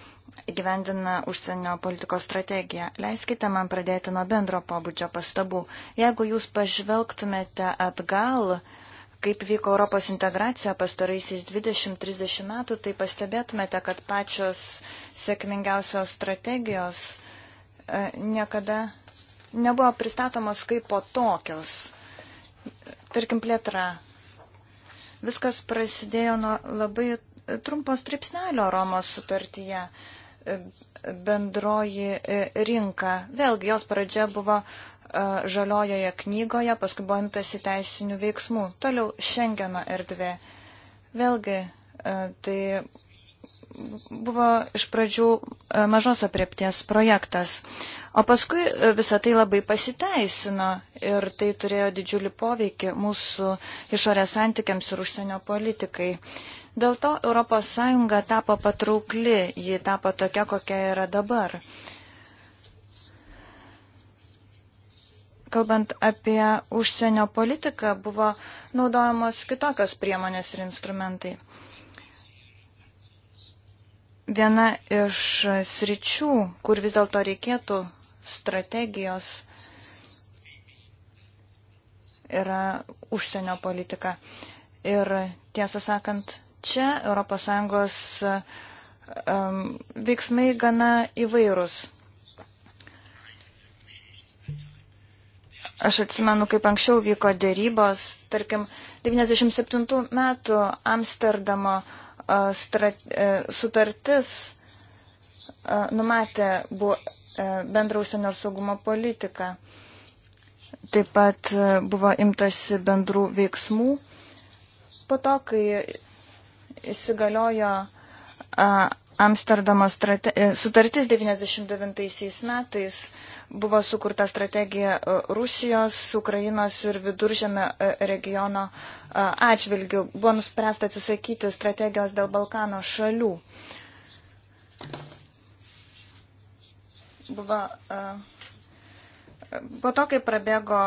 Speaker 1: gyvendina užsienio politikos strategiją. Leiskite man pradėti nuo bendro pobūdžio pastabų. Jeigu jūs pažvelgtumėte atgal, uh, kaip vyko Europos integracija pastaraisiais 20-30 metų, tai pastebėtumėte, kad pačios sėkmingiausios strategijos e, niekada nebuvo pristatomos kaip po tokios. Tarkim, plėtra. Viskas prasidėjo nuo labai trumpo stripsnelio Romos sutartyje e, bendroji e, rinka. Vėlgi, jos pradžia buvo žaliojoje knygoje, paskui buvo imtasi teisinių veiksmų. Toliau Šengeno erdvė. Vėlgi, tai buvo iš pradžių mažos apriepties projektas, o paskui visą tai labai pasiteisino ir tai turėjo didžiulį poveikį mūsų išorės santykiams ir užsienio politikai. Dėl to ES tapo patraukli, ji tapo tokia, kokia yra dabar. Uh, kalbant apie užsienio politiką, buvo naudojamos kitokios priemonės ir instrumentai. Viena iš sričių, kur vis dėlto reikėtų strategijos, yra užsienio politika. Ir tiesą sakant, čia ES um, veiksmai gana įvairūs. Aš atsimenu, kaip anksčiau vyko dėrybos, tarkim, 97 metų Amsterdamo strat, e, sutartis numatė e, bendrausienio saugumo politiką. Taip pat e, buvo imtasi bendrų veiksmų. Po to, kai įsigaliojo Amsterdamo strate... E, sutartis 99 metais buvo sukurta strategija e, Rusijos, Ukrainos ir viduržėme regiono e, atžvilgių. Buvo nuspręsta atsisakyti strategijos dėl Balkano šalių. Buvo, po to, kai prabėgo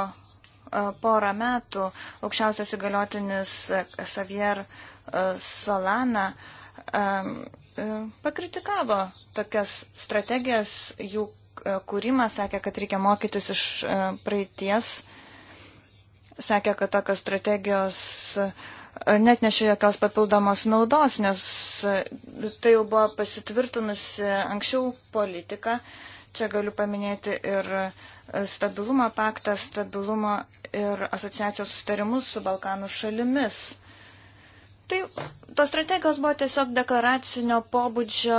Speaker 1: porą metų, aukščiausias įgaliotinis Xavier Solana E, pakritikavo tokias strategijas, jų e, kūrimą, sakė, kad reikia mokytis iš e, praeities, sakė, kad tokios strategijos net nešė jokios papildomos naudos, nes tai jau buvo pasitvirtinusi anksčiau politika. Čia galiu paminėti ir stabilumo paktą, stabilumo ir asociacijos sustarimus su Balkanų šalimis. Tai tos strategijos buvo tiesiog deklaracinio pobūdžio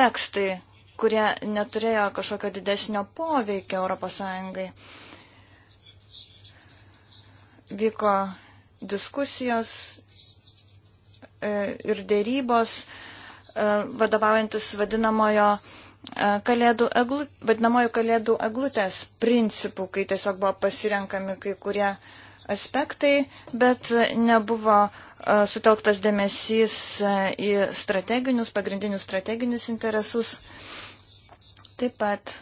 Speaker 1: tekstai, kurie neturėjo kažkokio didesnio poveikio ES. Vyko diskusijos e, ir dėrybos e, vadovaujantis vadinamojo e, kalėdų eglu, vadinamojo kalėdų eglutės principų, kai tiesiog buvo pasirenkami kai kurie aspektai, bet nebuvo sutelktas dėmesys į strateginius, pagrindinius strateginius interesus. Taip pat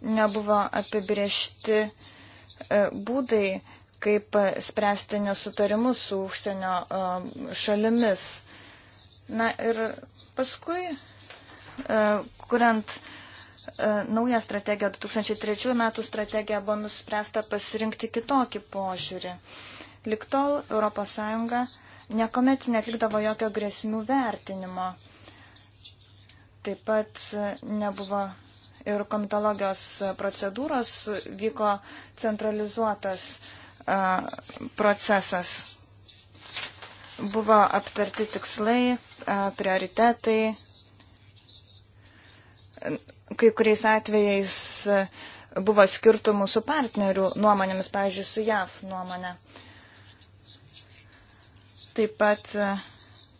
Speaker 1: nebuvo apibriežti būdai, kaip spręsti nesutarimus su užsienio šalimis. Na ir paskui, kuriant naują strategiją, 2003 metų strategiją buvo nuspręsta pasirinkti kitokį požiūrį. Liktol ES niekuomet netlikdavo jokio grėsmių vertinimo. Taip pat nebuvo ir komitologijos procedūros, vyko centralizuotas a, procesas. Buvo aptarti tikslai, a, prioritetai. Kai kuriais atvejais buvo skirtumų su partnerių nuomonėmis, pavyzdžiui, su JAF nuomonė. Taip pat e,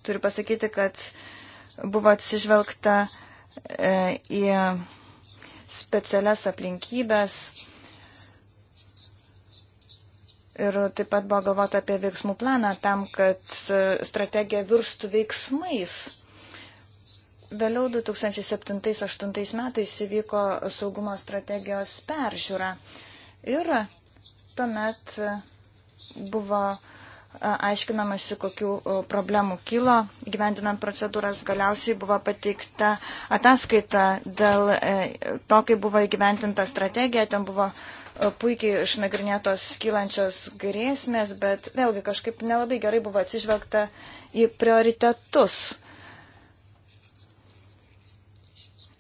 Speaker 1: turiu pasakyti, kad buvo atsižvelgta e, į specialias aplinkybės ir taip pat buvo galvota apie veiksmų planą tam, kad e, strategija virstų veiksmais. Vėliau 2007-2008 metais įvyko saugumo strategijos peržiūra ir tuomet buvo uh, aiškinamasi, kokių problemų kilo. Gyvendinant procedūras galiausiai buvo pateikta ataskaita dėl e, to, kaip buvo įgyventinta strategija. Ten buvo puikiai išnagrinėtos kylančios grėsmės, bet vėlgi kažkaip nelabai gerai buvo atsižvelgta į prioritetus.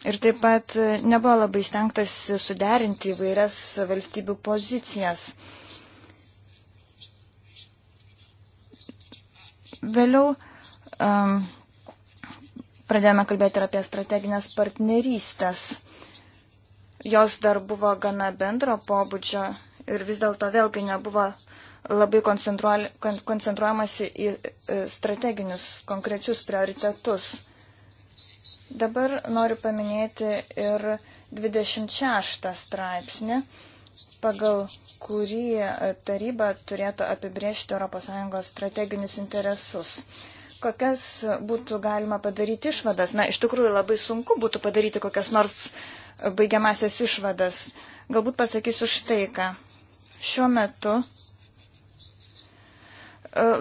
Speaker 1: Ir taip pat e, nebuvo labai stengtasi suderinti įvairias valstybių pozicijas. Uh, Vėliau um, pradėjome kalbėti ir apie strateginės partnerystės. Jos dar buvo gana bendro pobūdžio ir vis dėlto vėlgi nebuvo labai koncentruojamasi į strateginius konkrečius prioritetus. Dabar noriu paminėti ir 26 straipsnį, pagal kurį e, taryba turėtų apibriežti ES strateginius interesus. Kokias būtų galima padaryti išvadas? Na, iš tikrųjų labai sunku būtų padaryti kokias nors baigiamasias išvadas. Galbūt pasakysiu štai ką. Šiuo metu e,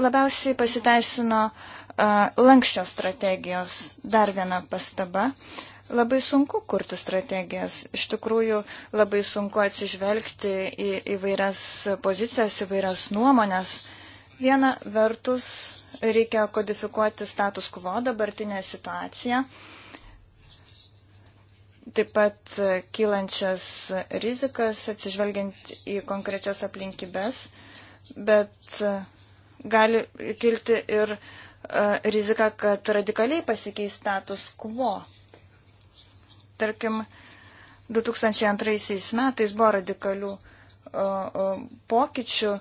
Speaker 1: labiausiai pasiteisino uh, e, lankščios strategijos. Dar viena pastaba. Uh, Labai sunku kurti strategijas. Iš tikrųjų, labai sunku atsižvelgti į įvairias pozicijas, įvairias nuomonės. Viena vertus, reikia kodifikuoti status quo dabartinę situaciją, taip pat kylančias rizikas, atsižvelgiant į konkrečias aplinkybės, bet e, gali kilti ir e, rizika, kad radikaliai pasikeis status quo. Tarkim, 2002 metais buvo radikalių pokyčių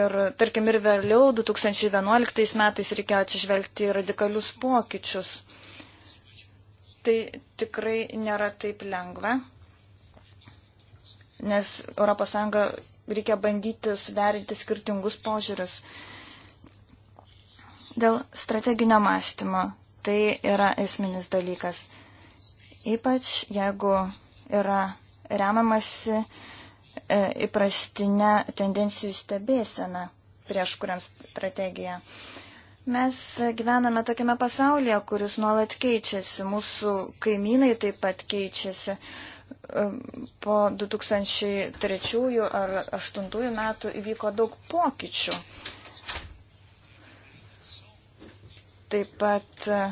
Speaker 1: ir, tarkim, ir vėliau 2011 metais reikėjo atsižvelgti radikalius pokyčius. Tai tikrai nėra taip lengva, nes ES reikia bandyti suderinti skirtingus požiūrius. Dėl strateginio mąstymo tai yra esminis dalykas. Ypač jeigu yra remamasi e, įprastinė tendencijų stebėsena prieš kuriant strategiją. Mes gyvename tokiame pasaulyje, kuris nuolat keičiasi, mūsų kaimynai taip pat keičiasi. E, po 2003 ar 2008 metų įvyko daug pokyčių. Taip pat e,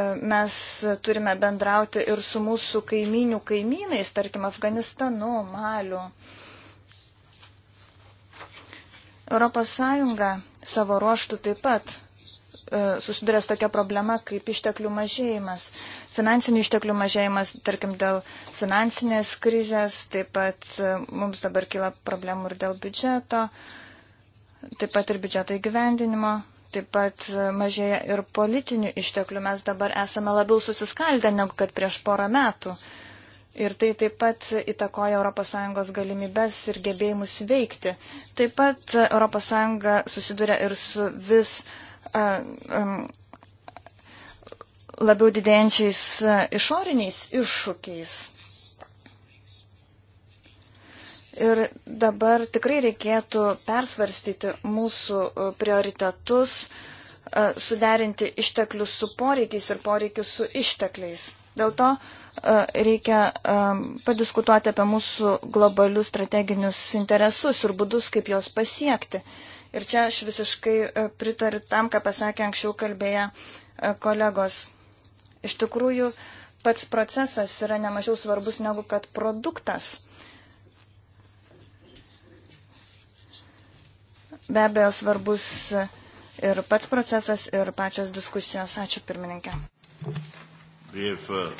Speaker 1: E, mes turime bendrauti ir su mūsų kaiminių kaimynais, tarkim, Afganistanu, Maliu. Europos Sąjunga savo ruoštų taip pat e, susiduria su tokia problema kaip išteklių mažėjimas. Finansinių išteklių mažėjimas, tarkim, dėl finansinės krizės, taip pat e, mums dabar kyla problemų ir dėl biudžeto, taip pat ir biudžeto įgyvendinimo. Taip pat mažėja ir politinių išteklių. Mes dabar esame labiau susiskaldę negu kad prieš porą metų. Ir tai taip pat įtakoja ES galimybės ir gebėjimus veikti. Taip pat ES susiduria ir su vis uh, um, labiau didėjančiais išoriniais iššūkiais. Ir dabar tikrai reikėtų persvarstyti mūsų e, prioritetus, e, suderinti išteklius su poreikiais ir poreikius su ištekliais. Dėl to e, reikia padiskutuoti apie mūsų globalius strateginius interesus ir būdus, kaip juos pasiekti. Ir čia aš visiškai pritariu tam, ką pasakė anksčiau kalbėję kolegos. Iš tikrųjų, pats procesas yra nemažiau svarbus negu kad produktas Be abejo, svarbus ir pats procesas, ir pačios diskusijos. Ačiū pirmininkė. If, uh...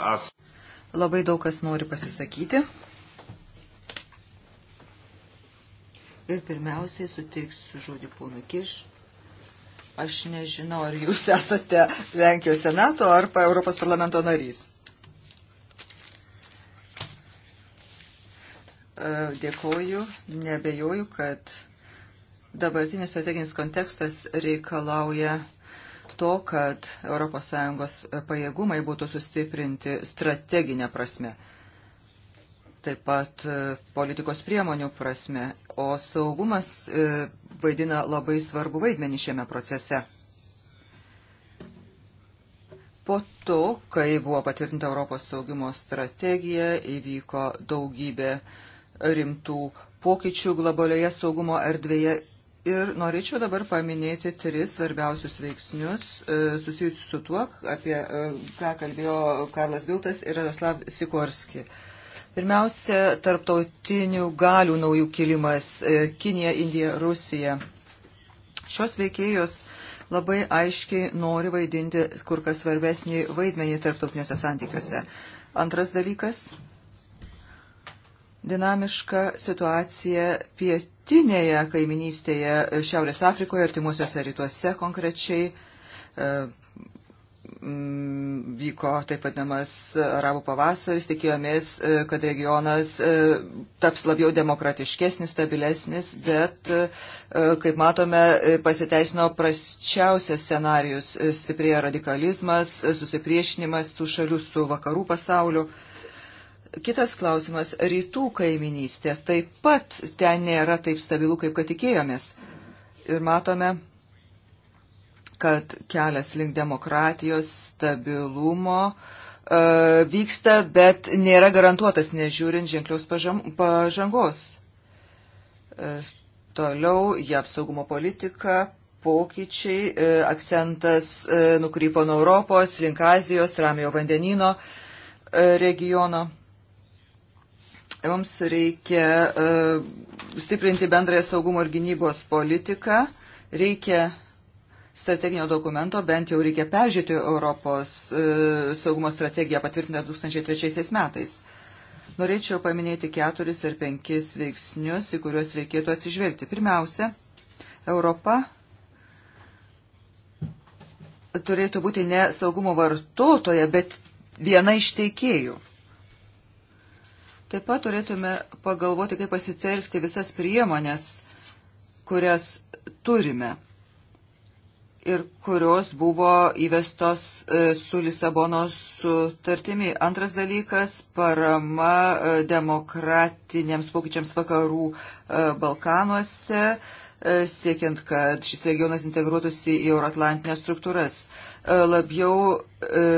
Speaker 1: ask...
Speaker 2: Labai daug kas nori pasisakyti. Ir pirmiausiai suteiksiu žodį ponui Kiš. Aš nežinau, ar jūs esate Lenkijos senato ar Europos parlamento narys. E, dėkoju, nebejoju, kad dabartinis strateginis kontekstas reikalauja to, kad ES pajėgumai būtų sustiprinti strateginę prasme, taip pat e, politikos priemonių prasme, o saugumas e, vaidina labai svarbu vaidmenį šiame procese. Po to, kai buvo patvirtinta Europos saugimo strategija, įvyko daugybė uh, rimtų pokyčių globalioje saugumo erdvėje. Ir norėčiau dabar paminėti tris svarbiausius veiksnius e, susijusius su tuo, apie e, ką kalbėjo Karlas Biltas ir Jaroslav Sikorski. Pirmiausia, tarptautinių galių naujų kilimas e, - Kinija, Indija, Rusija. Šios veikėjos labai aiškiai nori vaidinti kur kas svarbesnį vaidmenį tarptautiniuose santykiuose. Antras dalykas dinamiška situacija pietinėje kaiminystėje e, Šiaurės Afrikoje, artimuosiuose rytuose konkrečiai. E, vyko taip vadinamas arabų pavasaris, tikėjomės, e, kad regionas taps labiau demokratiškesnis, stabilesnis, bet, kaip matome, pasiteisino prasčiausias scenarius - stiprėja radikalizmas, susipriešinimas tų šalių su vakarų pasauliu. Kitas klausimas - rytų kaiminystė. Taip pat ten nėra taip stabilu, kaip kad tikėjomės. Ir matome, kad kelias link demokratijos stabilumo e, vyksta, bet nėra garantuotas, nežiūrint ženklios pažangos. E, toliau jav saugumo politika, pokyčiai, e, akcentas e, nukrypo nuo Europos, link Azijos, Ramiojo vandenino e, regiono. Mums reikia uh, stiprinti bendrąją saugumo ir gynybos politiką, reikia strateginio dokumento, bent jau reikia peržiūrėti Europos uh, saugumo strategiją patvirtintą 2003 metais. Norėčiau paminėti keturis ar penkis veiksnius, į kuriuos reikėtų atsižvelgti. Pirmiausia, Europa turėtų būti ne saugumo vartotoja, bet viena iš teikėjų Taip pat turėtume pagalvoti, kaip pasitelkti visas priemonės, kurias turime ir kurios buvo įvestos e, su Lisabonos sutartimi. Antras dalykas - parama e, demokratiniams pokyčiams vakarų e, Balkanuose, siekiant, kad šis regionas integruotųsi į euroatlantinės struktūras. E, labiau e,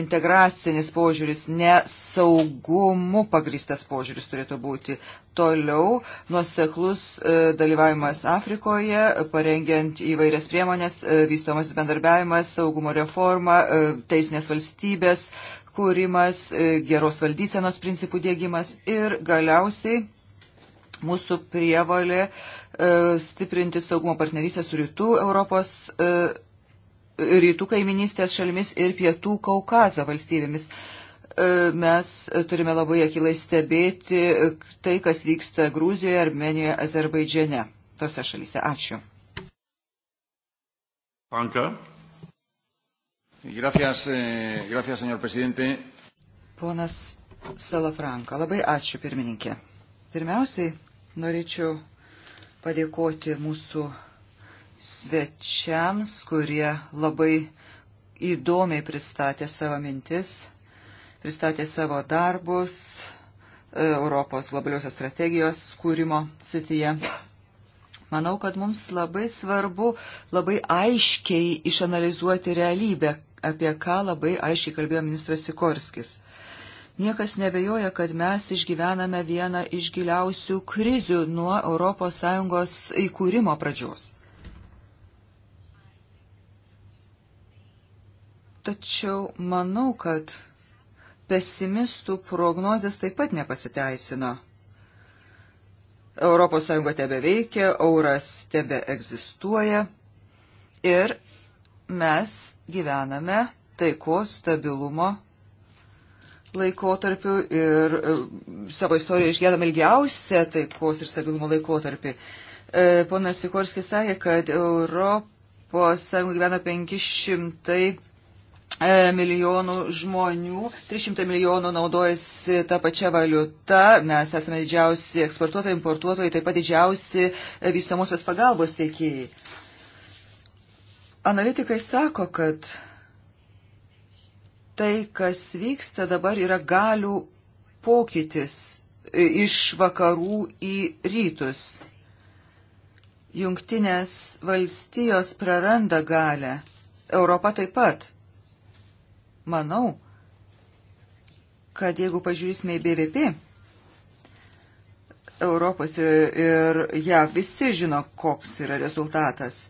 Speaker 2: integracinis požiūris, ne saugumu pagristas požiūris turėtų būti. Toliau nuoseklus e, dalyvavimas Afrikoje, parengiant įvairias priemonės, vystomas bendarbiavimas, saugumo reforma, teisinės valstybės kūrimas, geros valdysenos principų dėgymas ir galiausiai mūsų prievalė stiprinti saugumo partnerystę su rytų Europos rytų kaiminystės šalimis ir pietų Kaukazo valstybėmis. E, mes turime labai akilai stebėti tai, kas vyksta Grūzijoje, Armenijoje, Azerbaidžiane. Tose šalyse. Ačiū.
Speaker 1: Panka. Gracias, eh, gracias, señor presidente.
Speaker 2: Ponas Salafranka, labai ačiū pirmininkė. Pirmiausiai norėčiau padėkoti mūsų svečiams, kurie labai įdomiai pristatė savo mintis, pristatė savo darbus e, Europos globaliosios strategijos kūrimo srityje. Manau, kad mums labai svarbu labai aiškiai išanalizuoti realybę, apie ką labai aiškiai kalbėjo ministras Sikorskis. Niekas nebejoja, kad mes išgyvename vieną iš giliausių krizių nuo ES įkūrimo pradžios. Tačiau manau, kad pesimistų prognozijas taip pat nepasiteisino. ES tebe veikia, euras tebe egzistuoja ir mes gyvename taiko stabilumo laikotarpiu ir e, savo istoriją išgyvename ilgiausią taikos ir stabilumo laikotarpį. E, ponas Sikorskis sakė, kad ES gyvena 500 E, milijonų žmonių, 300 milijonų naudojasi tą pačią valiutą, mes esame didžiausi eksportuotojai, importuotojai, taip pat didžiausi e, vystamosios pagalbos tiekėjai. Analitikai sako, kad tai, kas vyksta dabar, yra galių pokytis e, iš vakarų į rytus. Jungtinės valstijos praranda galę, Europa taip pat manau, kad jeigu pažiūrėsime į BVP, Europos ir, ir ja, visi žino, koks yra rezultatas.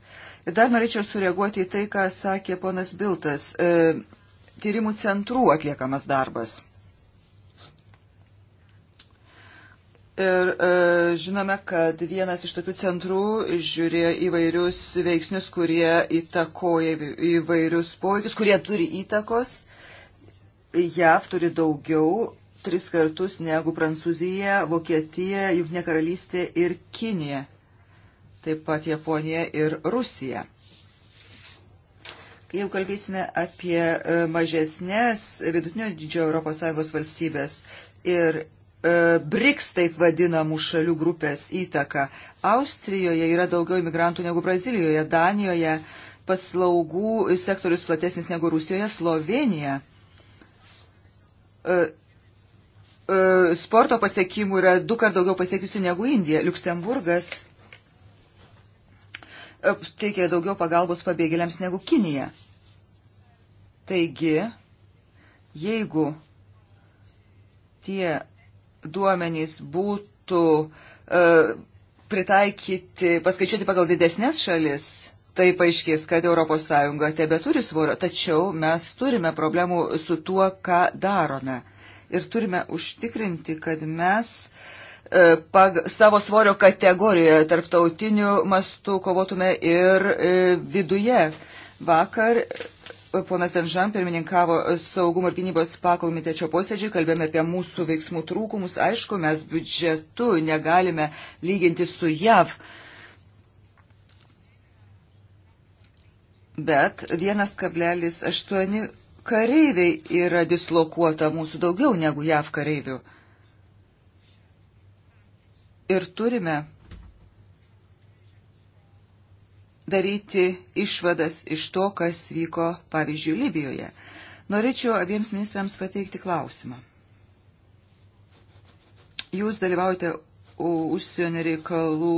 Speaker 2: Ir dar norėčiau sureaguoti į tai, ką sakė ponas Biltas. E, tyrimų centrų atliekamas darbas. Ir e, žinome, kad vienas iš tokių centrų žiūrėjo įvairius veiksnius, kurie įtakoja įvairius poveikius, kurie turi įtakos. JAV turi daugiau tris kartus negu Prancūzija, Vokietija, Junknė karalystė ir Kinija. Taip pat Japonija ir Rusija. Kai jau kalbėsime apie e, mažesnės vidutinio dydžio ES valstybės ir E, BRICS taip vadinamų šalių grupės įtaka. Austrijoje yra daugiau imigrantų negu Brazilijoje, Danijoje paslaugų sektorius platesnis negu Rusijoje, Slovenija. E, e, sporto pasiekimų yra du kart daugiau pasiekiusi negu Indija. Luksemburgas teikia daugiau pagalbos pabėgėliams negu Kinija. Taigi, jeigu tie duomenys būtų e, pritaikyti, paskaičiuoti pagal didesnės šalis, tai paaiškės, kad ES tebe turi svorio, tačiau mes turime problemų su tuo, ką darome. Ir turime užtikrinti, kad mes e, pag, savo svorio kategorijoje tarptautiniu mastu kovotume ir e, viduje. Vakar Ponas Danžan pirmininkavo saugumo ir gynybos pakomitečio posėdžiui, kalbėjome apie mūsų veiksmų trūkumus. Aišku, mes biudžetu negalime lyginti su JAV. Bet 1,8 kareiviai yra dislokuota mūsų daugiau negu JAV kareivių. Ir turime daryti išvadas iš to, kas vyko, pavyzdžiui, Libijoje. Norėčiau abiems ministrams pateikti klausimą. Jūs dalyvaujate užsienio reikalų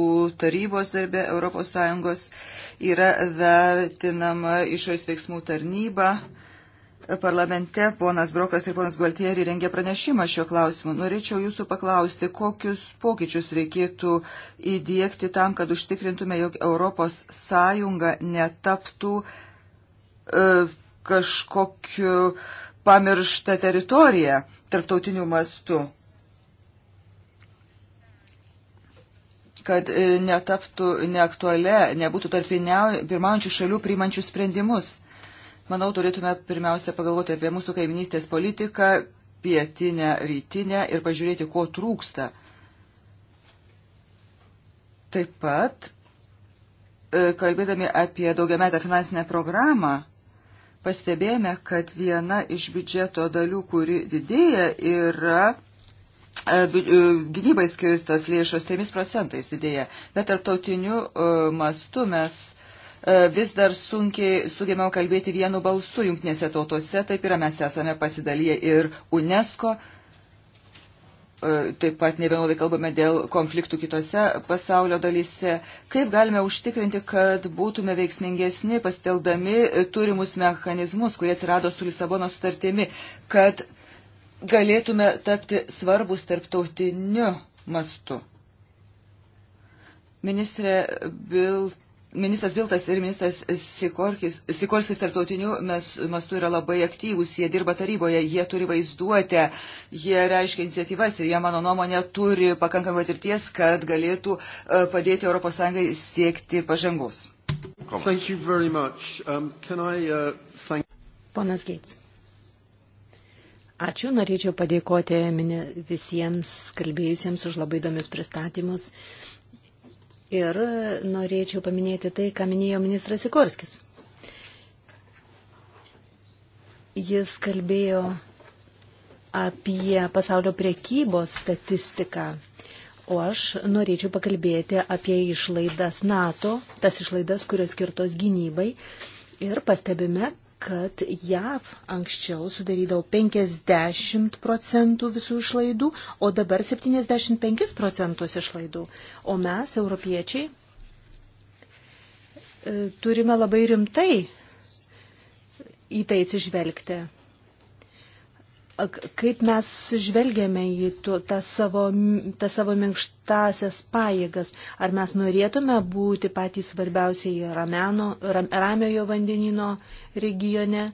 Speaker 2: tarybos darbė ES, yra vertinama išorės veiksmų tarnyba parlamente ponas Brokas ir ponas Gualtieri rengė pranešimą šiuo klausimu. Norėčiau jūsų paklausti, kokius pokyčius reikėtų įdėkti tam, kad užtikrintume, jog Europos Sąjunga netaptų e, kažkokiu pamirštą teritoriją tarptautiniu mastu. kad e, netaptų neaktuale, nebūtų tarp pirmaujančių šalių priimančių sprendimus manau, turėtume pirmiausia pagalvoti apie mūsų kaiminystės politiką, pietinę, rytinę ir pažiūrėti, ko trūksta. Taip pat, e, kalbėdami apie daugiametę finansinę programą, pastebėjome, kad viena iš biudžeto dalių, kuri didėja, yra e, e, gynybai skirtos lėšos 3 procentais didėja, bet tarptautiniu mastu mes E, vis dar sunkiai sugebėjom kalbėti vienu balsu jungtinėse tautose, taip yra mes esame pasidalyję ir UNESCO, e, taip pat ne vienodai kalbame dėl konfliktų kitose pasaulio dalyse. Kaip galime užtikrinti, kad būtume veiksmingesni, pasteldami turimus mechanizmus, kurie atsirado su Lisabono sutartimi, kad galėtume tapti svarbus tarptautiniu mastu. Ministrė Bilt Ministras Viltas ir ministras Sikorskis, Sikorskis tarptautiniu mastu yra labai aktyvūs, jie dirba taryboje, jie turi vaizduotę, jie reiškia iniciatyvas ir jie, mano nuomonė, turi pakankamai patirties, kad galėtų e, padėti ES siekti pažangos. Um, uh, thank...
Speaker 3: Ponas Geits. Ačiū, norėčiau padėkoti visiems kalbėjusiems už labai įdomius pristatymus. Uh, Ir norėčiau paminėti tai, ką minėjo ministras Sikorskis. Jis kalbėjo apie pasaulio priekybos statistiką, o aš norėčiau pakalbėti apie išlaidas NATO, tas išlaidas, kurios skirtos gynybai. Ir pastebime, kad JAV anksčiau sudarydavo 50 procentų visų išlaidų, o dabar 75 procentus išlaidų. O mes, europiečiai, e, turime labai rimtai į tai atsižvelgti kaip mes žvelgiame į tu, tą, savo, tą savo minkštasias pajėgas. Ar mes norėtume būti patys svarbiausiai rameno, ram, ramiojo vandenino regione?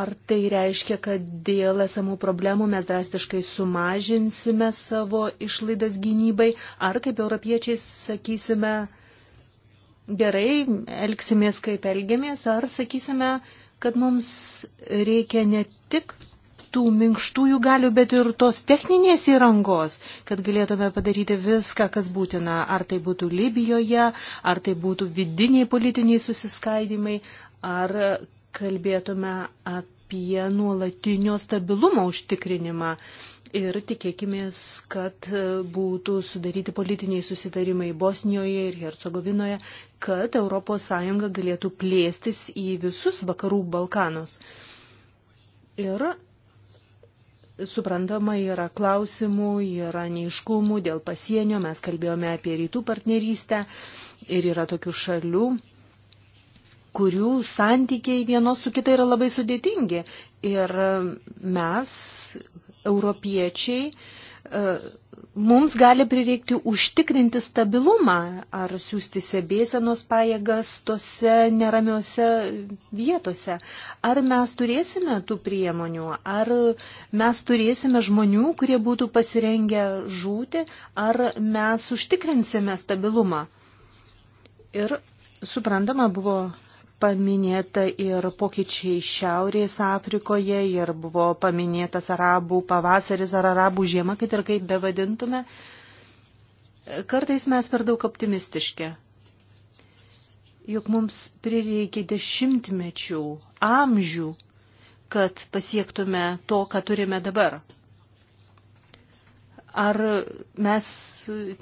Speaker 3: Ar tai reiškia, kad dėl esamų problemų mes drastiškai sumažinsime savo išlaidas gynybai? Ar kaip europiečiai sakysime, gerai, elgsimės kaip elgiamės, ar sakysime, kad mums reikia ne tik tų minkštųjų galių, bet ir tos techninės įrangos, kad galėtume padaryti viską, kas būtina. Ar tai būtų Libijoje, ar tai būtų vidiniai politiniai susiskaidimai, ar kalbėtume apie nuolatinio stabilumo užtikrinimą. Uh, ir tikėkimės, kad būtų sudaryti politiniai susitarimai Bosnijoje ir Hercegovinoje, kad ES galėtų plėstis į visus vakarų Balkanus. Ir suprantama, yra klausimų, yra neiškumų dėl pasienio, mes kalbėjome apie rytų partnerystę ir yra tokių šalių kurių santykiai vienos su kita yra labai sudėtingi. Ir mes europiečiai e, mums gali prireikti užtikrinti stabilumą ar siūsti sebėsenos pajėgas tose neramiose vietose. Ar mes turėsime tų priemonių, ar mes turėsime žmonių, kurie būtų pasirengę žūti, ar mes užtikrinsime stabilumą. Ir suprantama buvo paminėta ir pokyčiai Šiaurės Afrikoje, ir buvo paminėtas arabų pavasaris ar arabų žiema, kad ir kaip bevadintume. Kartais mes per daug optimistiški, juk mums prireikia dešimtmečių, amžių, kad pasiektume to, ką turime dabar. Ar mes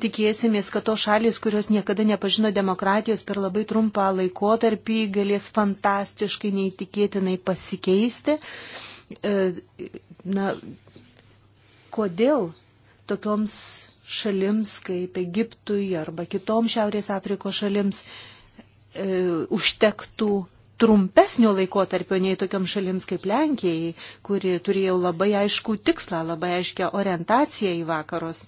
Speaker 3: tikėsimės, kad tos šalis, kurios niekada nepažino demokratijos per labai trumpą laikotarpį, galės fantastiškai neįtikėtinai pasikeisti? E, na, kodėl tokioms šalims kaip Egiptui arba kitoms Šiaurės Afrikos šalims e, užtektų trumpesnio laikotarpio nei tokiam šalims kaip Lenkijai, kuri turėjo labai aiškų tikslą, labai aiškę orientaciją į vakarus.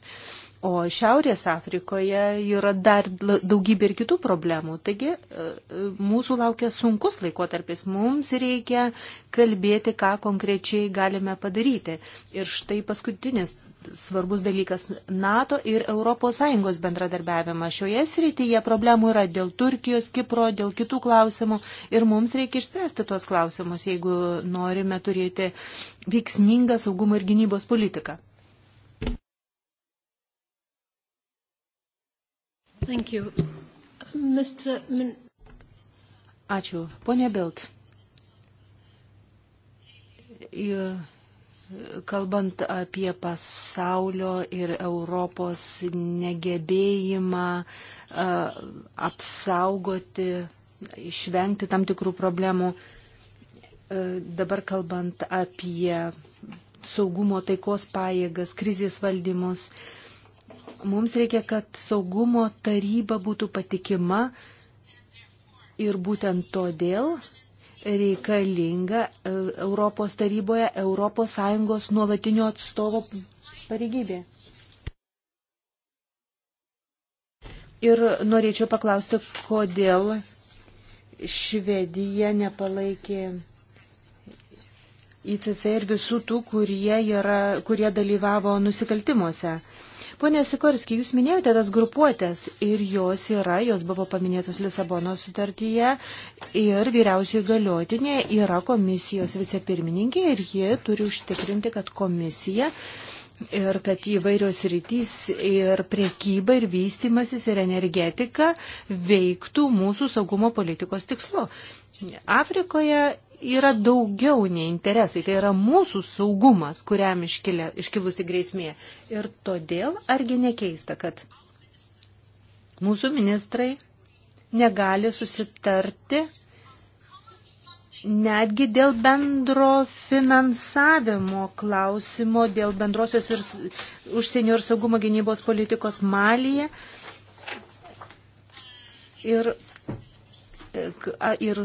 Speaker 3: O Šiaurės Afrikoje yra dar daugybė ir kitų problemų. Taigi e, e, mūsų laukia sunkus laikotarpis. Mums reikia kalbėti, ką konkrečiai galime padaryti. Ir štai paskutinis svarbus dalykas NATO ir ES bendradarbiavimas. Šioje srityje problemų yra dėl Turkijos, Kipro, dėl kitų klausimų ir mums reikia išspręsti tuos klausimus, jeigu norime turėti veiksmingą saugumo ir gynybos politiką. Thank you. Mr. Min... Ačiū. Pone Bilt. Ir kalbant apie pasaulio ir Europos negebėjimą e, apsaugoti, išvengti tam tikrų problemų, e, dabar kalbant apie saugumo taikos pajėgas, krizės valdymus, mums reikia, kad saugumo taryba būtų patikima ir būtent todėl reikalinga e, Europos taryboje ES nuolatinio atstovo pareigybė. Ir norėčiau paklausti, kodėl Švedija nepalaikė ICC ir visų tų, kurie, yra, kurie dalyvavo nusikaltimuose. Pone Sikorski, jūs minėjote tas grupuotės ir jos yra, jos buvo paminėtos Lisabono sutartyje ir vyriausiai galiotinė yra komisijos vicepirmininkė ir ji turi užtikrinti, kad komisija ir kad įvairios rytys ir priekyba ir vystimasis ir energetika veiktų mūsų saugumo politikos tikslu. Afrikoje yra daugiau nei interesai, tai yra mūsų saugumas, kuriam iškilė, iškilusi grėsmė. Ir todėl argi nekeista, kad mūsų ministrai negali susitarti netgi dėl bendro finansavimo klausimo, dėl bendrosios ir užsienio ir saugumo gynybos politikos malyje. Ir ir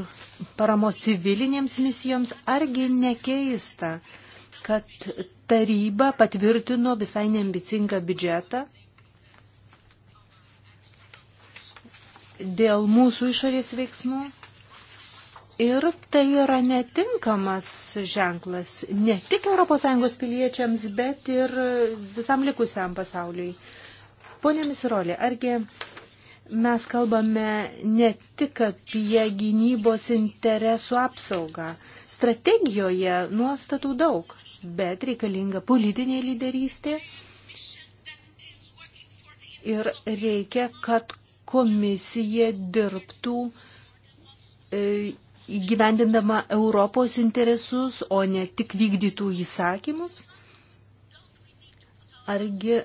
Speaker 3: paramos civilinėms misijoms, argi nekeista, kad taryba patvirtino visai neambicingą biudžetą dėl mūsų išorės veiksmų. Ir tai yra netinkamas ženklas ne tik ES piliečiams, bet ir visam likusiam pasauliui. Pone Misirolė, argi mes kalbame ne tik apie gynybos interesų apsaugą. Strategijoje nuostatų daug, bet reikalinga politinė lyderystė ir reikia, kad komisija dirbtų e, įgyvendindama Europos interesus, o ne tik vykdytų įsakymus. Argi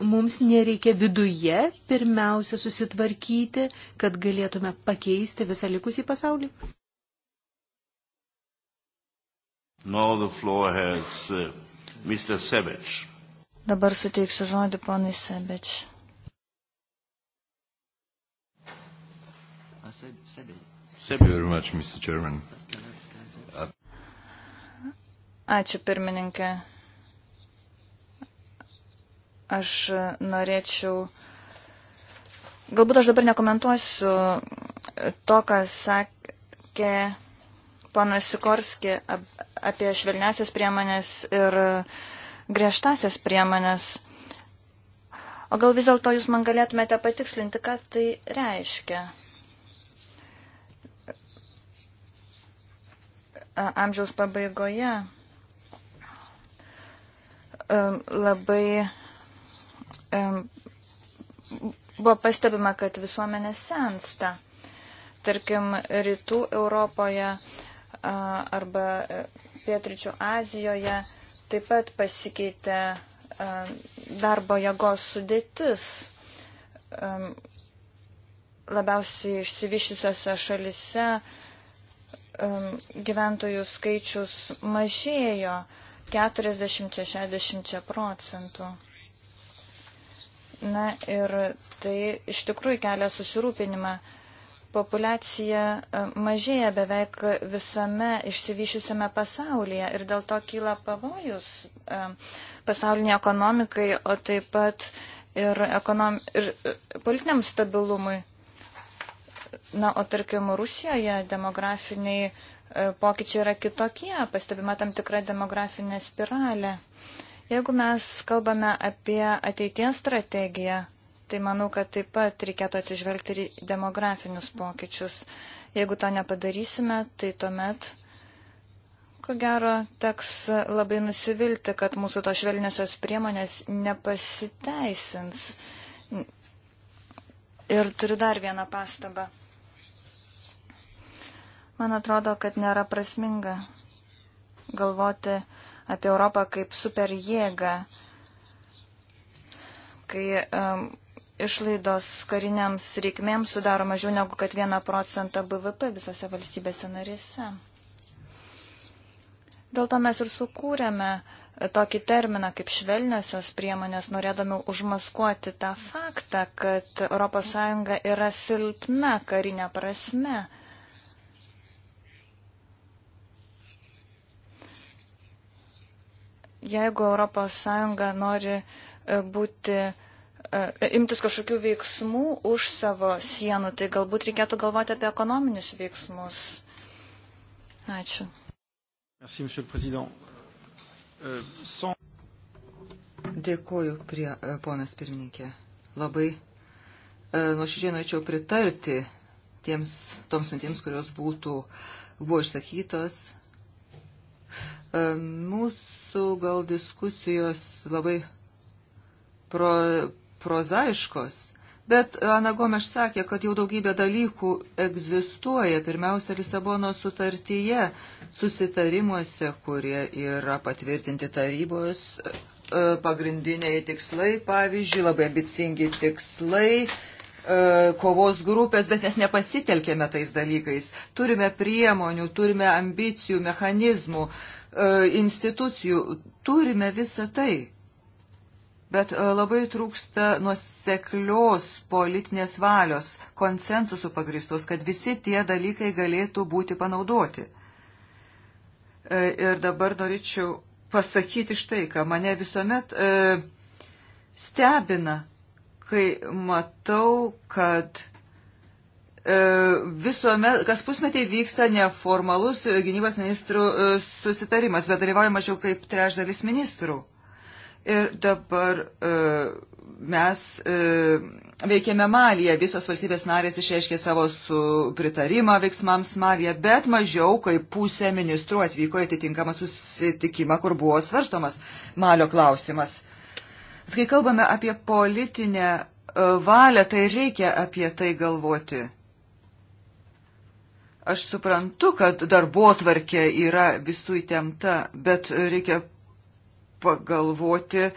Speaker 3: mums nereikia viduje pirmiausia susitvarkyti, kad galėtume pakeisti visą likusį pasaulį?
Speaker 1: Now the floor has uh, Mr. Savage. Dabar suteiksiu žodį ponui Savage. Thank you very much, Mr. Chairman. Ačiū pirmininkė. Aš norėčiau. Galbūt aš dabar nekomentuosiu to, ką sakė ponas Sikorski apie švelnesias priemonės ir griežtasias priemonės. O gal vis dėlto jūs man galėtumėte patikslinti, ką tai reiškia? Amžiaus pabaigoje labai buvo pastebima, kad visuomenė sensta. Tarkim, rytų Europoje arba e, pietričių Azijoje taip pat pasikeitė darbo jėgos sudėtis. Labiausiai išsivyščiusiose šalise gyventojų skaičius mažėjo 40-60 procentų. Na ir tai iš tikrųjų kelia susirūpinimą. Populiacija e, mažėja beveik visame išsivyšiusiame pasaulyje ir dėl to kyla pavojus e, pasaulinė ekonomikai, o taip pat ir, ekonom... ir e, politiniam stabilumui. Na, o tarkim, Rusijoje demografiniai pokyčiai yra kitokie, pastebima tam tikra demografinė spiralė. Jeigu mes kalbame apie ateities strategiją, tai manau, kad taip pat reikėtų atsižvelgti ir demografinius pokyčius. Jeigu to nepadarysime, tai tuomet, ko gero, teks labai nusivilti, kad mūsų to švelniosios priemonės nepasiteisins. Ir turiu dar vieną pastabą. Man atrodo, kad nėra prasminga galvoti, apie Europą kaip superjėgą, kai um, išlaidos kariniams reikmėms sudaro mažiau negu kad 1 procentą BVP visose valstybėse narėse. Dėl to mes ir sukūrėme tokį terminą kaip švelniosios priemonės, norėdami užmaskuoti tą faktą, kad ES yra silpna karinė prasme. Jeigu ES nori e, būti, e, imtis kažkokių veiksmų už savo sienų, tai galbūt reikėtų galvoti apie ekonominius veiksmus. Ačiū.
Speaker 2: Merci, monsieur le président. Euh, sans... Dėkuoju, prie, e, ponas pirmininkė. Labai nuoširdžiai norėčiau pritarti tiems, toms mintims, kurios būtų, buvo išsakytos. Mūsų mūsų gal diskusijos labai pro, prozaiškos, bet Ana Gomeš sakė, kad jau daugybė dalykų egzistuoja, pirmiausia, Lisabono sutartyje, susitarimuose, kurie yra patvirtinti tarybos e, pagrindiniai tikslai, pavyzdžiui, labai ambicingi tikslai, e, kovos grupės, bet mes nepasitelkėme tais dalykais. Turime priemonių, turime ambicijų, mechanizmų, E, institucijų. Turime visą tai. Bet e, labai trūksta nuseklios politinės valios, konsensusų pagristos, kad visi tie dalykai galėtų būti panaudoti. E, ir dabar norėčiau pasakyti štai, ką mane visuomet e, stebina, kai matau, kad E, visuomet, kas pusmetį vyksta neformalus gynybos ministrų e, susitarimas, bet dalyvauja mažiau kaip trešdalis ministrų. Ir dabar e, mes veikėme Malyje, visos valstybės narės išreiškė savo pritarimą veiksmams Malyje, bet mažiau kaip pusė ministrų atvyko į atitinkamą susitikimą, kur buvo svarstomas Malio klausimas. Kai kalbame apie politinę valią, tai reikia apie tai galvoti. Aš suprantu, kad darbo tvarkė yra visų įtempta, bet reikia pagalvoti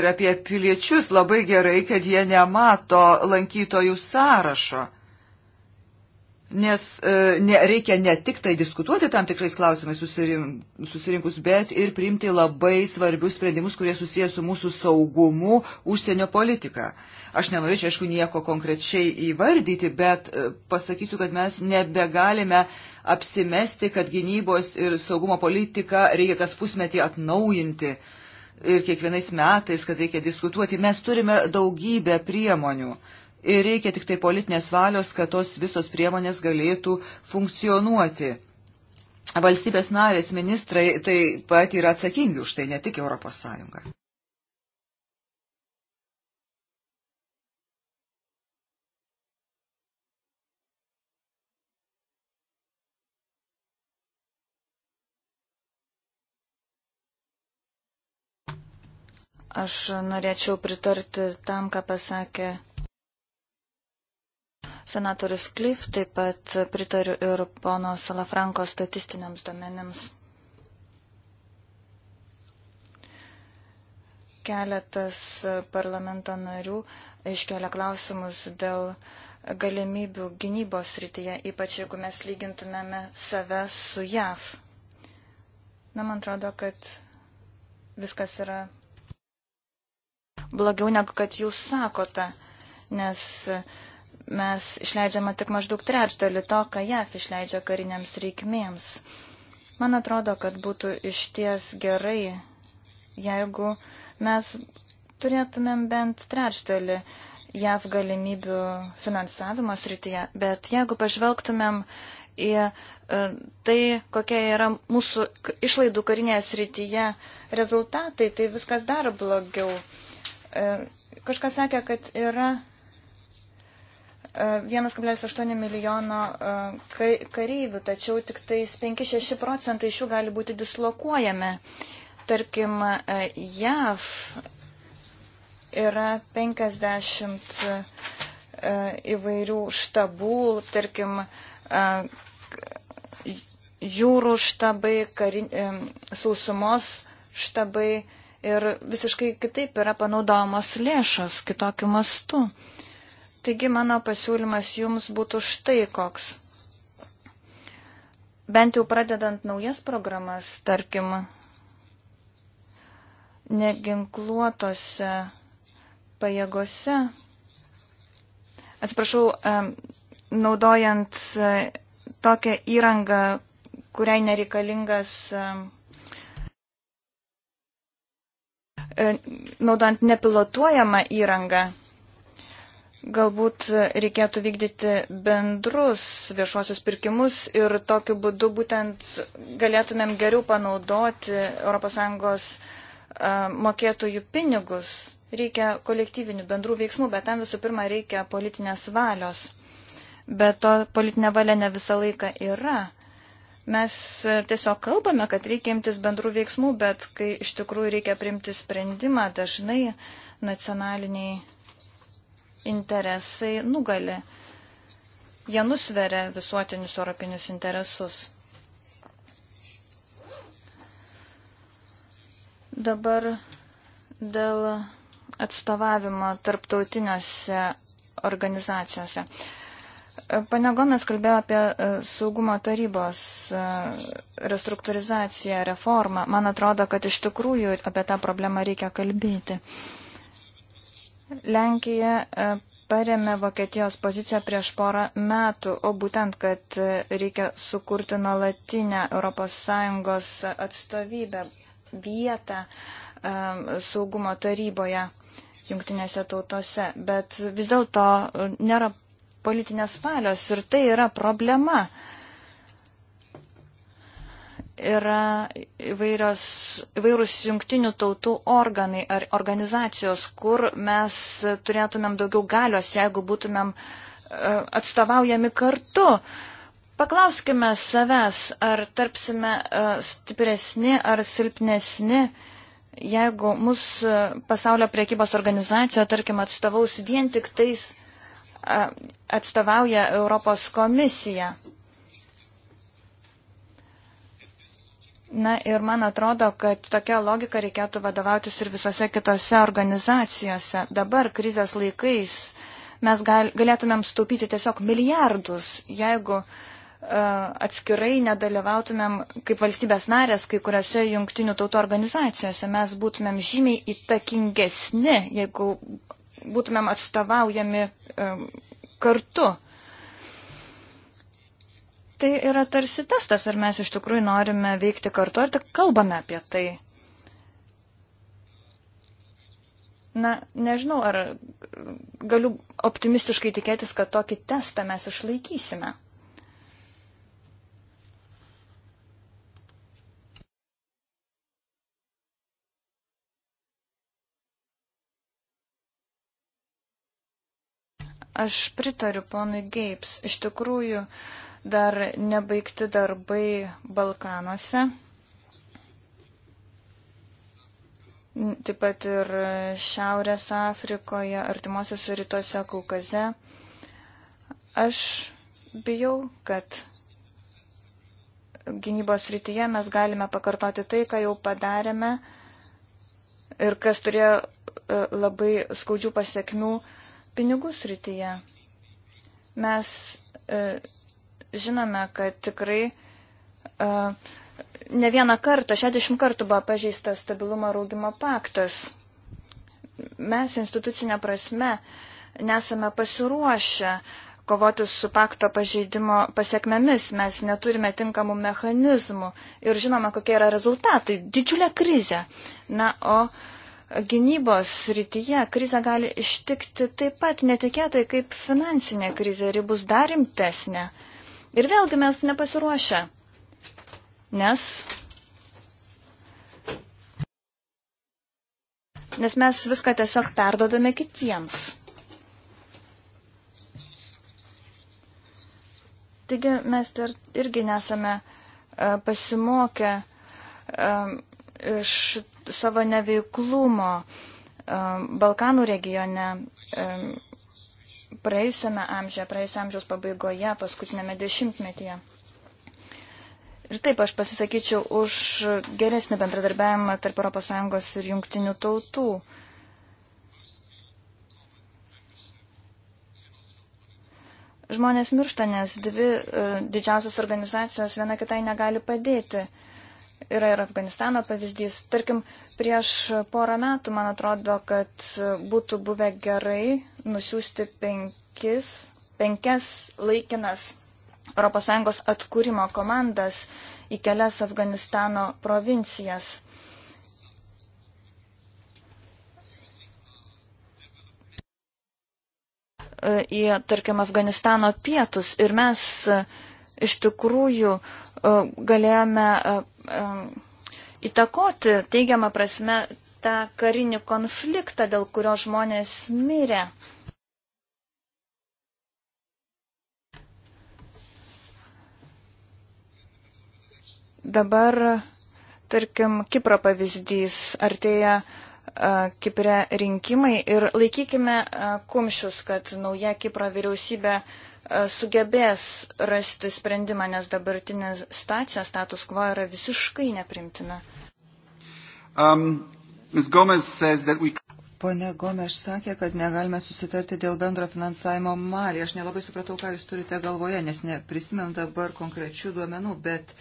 Speaker 2: ir apie piliečius. Labai gerai, kad jie nemato lankytojų sąrašo. Nes e, ne, reikia ne tik tai diskutuoti tam tikrais klausimais susirin, susirinkus, bet ir priimti labai svarbius sprendimus, kurie susijęs su mūsų saugumu užsienio politika. Aš nenorėčiau, aišku, nieko konkrečiai įvardyti, bet e, pasakysiu, kad mes nebegalime apsimesti, kad gynybos ir saugumo politiką reikia kas pusmetį atnaujinti ir kiekvienais metais, kad reikia diskutuoti. Mes turime daugybę priemonių ir reikia tik tai politinės valios, kad tos visos priemonės galėtų funkcionuoti. Valstybės narės ministrai taip pat yra atsakingi už tai, ne tik Europos Sąjunga.
Speaker 1: Aš norėčiau pritarti tam, ką pasakė senatorius Klyf, taip pat pritariu ir pono Salafranko statistiniams duomenims. Keletas parlamento narių iškelia klausimus dėl galimybių gynybos rytyje, ypač jeigu mes lygintumėme save su JAV. Na, man atrodo, kad viskas yra blogiau negu kad jūs sakote, nes uh, mes išleidžiame tik maždaug trečdalį to, ką JAF išleidžia kariniams reikmėms. Man atrodo, kad būtų išties gerai, jeigu mes turėtumėm bent trečdalį JAF galimybių finansavimo srityje, bet jeigu pažvelgtumėm į e, tai, kokie yra mūsų išlaidų karinėje srityje rezultatai, tai viskas dar blogiau. E, kažkas sakė, kad yra 1,8 milijono e, kareivių, tačiau tik tais 5-6 procentai iš jų gali būti dislokuojami. Tarkim, e, JAV yra 50 e, įvairių štabų, tarkim, jūrų štabai, kari, sausumos štabai ir visiškai kitaip yra panaudojamos lėšos kitokiu mastu. Taigi mano pasiūlymas jums būtų štai koks. Bent jau pradedant naujas programas, tarkim, neginkluotose pajėgose, atsiprašau, naudojant e, tokią įrangą, kuriai nereikalingas, e, naudojant nepilotuojamą įrangą, Galbūt reikėtų vykdyti bendrus viešuosius pirkimus ir tokiu būdu būtent galėtumėm geriau panaudoti ES e, mokėtojų pinigus. Reikia kolektyvinių bendrų veiksmų, bet tam visų pirma reikia politinės valios. Bet to politinė valia ne visą laiką yra. Mes tiesiog kalbame, kad reikia imtis bendrų veiksmų, bet kai iš tikrųjų reikia priimti sprendimą, dažnai nacionaliniai interesai nugali. Jie nusveria visuotinius europinius interesus. Dabar dėl atstovavimo tarptautiniuose organizacijose. Pane Gomes kalbėjo apie e, saugumo tarybos e, restruktūrizaciją, reformą. Man atrodo, kad iš tikrųjų apie tą problemą reikia kalbėti. Uh, Lenkija e, paremė Vokietijos poziciją prieš porą metų, o būtent, kad e, reikia sukurti nuolatinę ES atstovybę vietą e, saugumo taryboje jungtinėse tautose. Bet vis dėlto nėra politinės valios ir tai yra problema. Uh, yra įvairios, įvairūs jungtinių tautų organai ar organizacijos, kur mes turėtumėm daugiau galios, jeigu būtumėm e, atstovaujami kartu. Paklauskime savęs, ar tarpsime e, stipresni ar silpnesni, jeigu mus e, pasaulio priekybos organizacija, tarkim, atstovaus vien tik tais atstovauja Europos komisija. Na ir man atrodo, kad tokia logika reikėtų vadovautis ir visose kitose organizacijose. Dabar krizės laikais mes gal, galėtumėm staupyti tiesiog milijardus, jeigu uh, atskirai nedalyvautumėm kaip valstybės narės kai kuriuose jungtinių tautų organizacijose. Mes būtumėm žymiai įtakingesni, jeigu būtumėm atstovaujami um, kartu tai yra tarsi testas, ar mes iš tikrųjų norime veikti kartu, ar tik kalbame apie tai. Na, nežinau, ar galiu optimistiškai tikėtis, kad tokį testą mes išlaikysime. Aš pritariu ponui Geips. Iš tikrųjų, uh, dar nebaigti darbai Balkanuose. Taip pat ir Šiaurės Afrikoje, artimuosiuose rytuose, Kaukaze. Aš bijau, kad gynybos rytyje mes galime pakartoti tai, ką jau padarėme ir kas turėjo e, labai skaudžių pasiekmių pinigų srityje. Mes e, žinome, kad tikrai uh, ne vieną kartą, 60 kartų buvo pažeistas stabilumo raugimo paktas. Mes institucinė prasme nesame pasiruošę kovoti su pakto pažeidimo pasiekmėmis, mes neturime tinkamų mechanizmų ir žinome, kokie yra rezultatai. Didžiulė krizė. Na, o gynybos rytyje krizė gali ištikti taip pat netikėtai kaip finansinė krizė ir ji bus dar rimtesnė. Uh, Ir vėlgi mes nepasiruošę, nes, nes mes viską tiesiog perdodame kitiems. Taigi mes dar irgi nesame e, pasimokę e, iš savo neveiklumo e, Balkanų regione praėjusiame amžiuje, praėjusio amžiaus pabaigoje, paskutinėme dešimtmetyje. Ir taip aš pasisakyčiau už geresnį bendradarbiavimą tarp ES ir jungtinių tautų. Žmonės miršta, nes dvi e, didžiausios organizacijos viena kitai negali padėti. Uh, Yra ir Afganistano pavyzdys. Tarkim, prieš porą metų, man atrodo, kad būtų buvę gerai nusiųsti penkis, penkias laikinas ES atkūrimo komandas į kelias Afganistano provincijas. į, tarkim, Afganistano pietus. Ir mes iš tikrųjų uh, E, galėjome e, e, įtakoti teigiamą prasme tą karinį konfliktą, dėl kurio žmonės mirė. Dabar, tarkim, Kipro pavyzdys, artėja uh, Kipre rinkimai ir laikykime uh, kumščius, kad nauja Kipro vyriausybė uh, E, sugebės rasti sprendimą, nes dabartinė stacija status quo yra
Speaker 2: visiškai neprimtina. Um, we... Pone Gomeš sakė, kad negalime susitarti dėl bendro finansavimo malį. Aš nelabai supratau, ką jūs turite galvoje, nes neprisimenu dabar konkrečių duomenų, bet uh,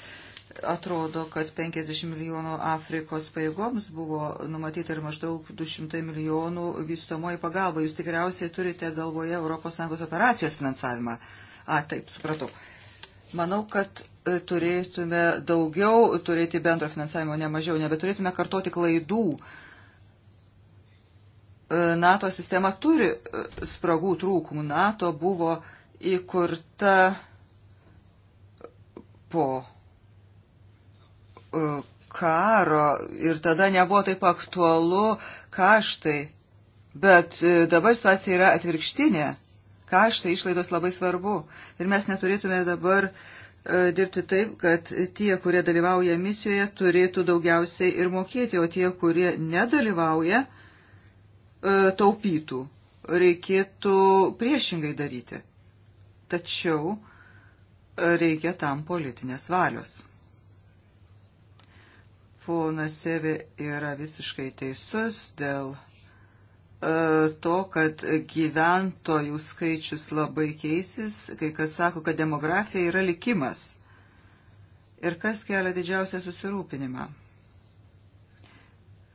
Speaker 2: atrodo, kad 50 milijonų Afrikos pajėgoms buvo numatyta ir maždaug 200 milijonų vystomoji pagalba. Jūs tikriausiai turite galvoje ES operacijos finansavimą. A, taip, supratau. Manau, kad e, turėtume daugiau turėti bendro finansavimo, ne mažiau, nebeturėtume kartoti klaidų. E, NATO sistema turi e, spragų trūkumų. NATO buvo įkurta po E, karo ir tada nebuvo taip aktualu kaštai. Bet e, dabar situacija yra atvirkštinė. Kaštai išlaidos labai svarbu. Ir mes neturėtume dabar e, dirbti taip, kad tie, kurie dalyvauja misijoje, turėtų daugiausiai ir mokėti, o tie, kurie nedalyvauja, taupytų. Reikėtų priešingai daryti. Tačiau reikia tam politinės valios ponas Sevi yra visiškai teisus dėl e, to, kad gyventojų skaičius labai keisis, kai kas sako, kad demografija yra likimas. Ir kas kelia didžiausią susirūpinimą?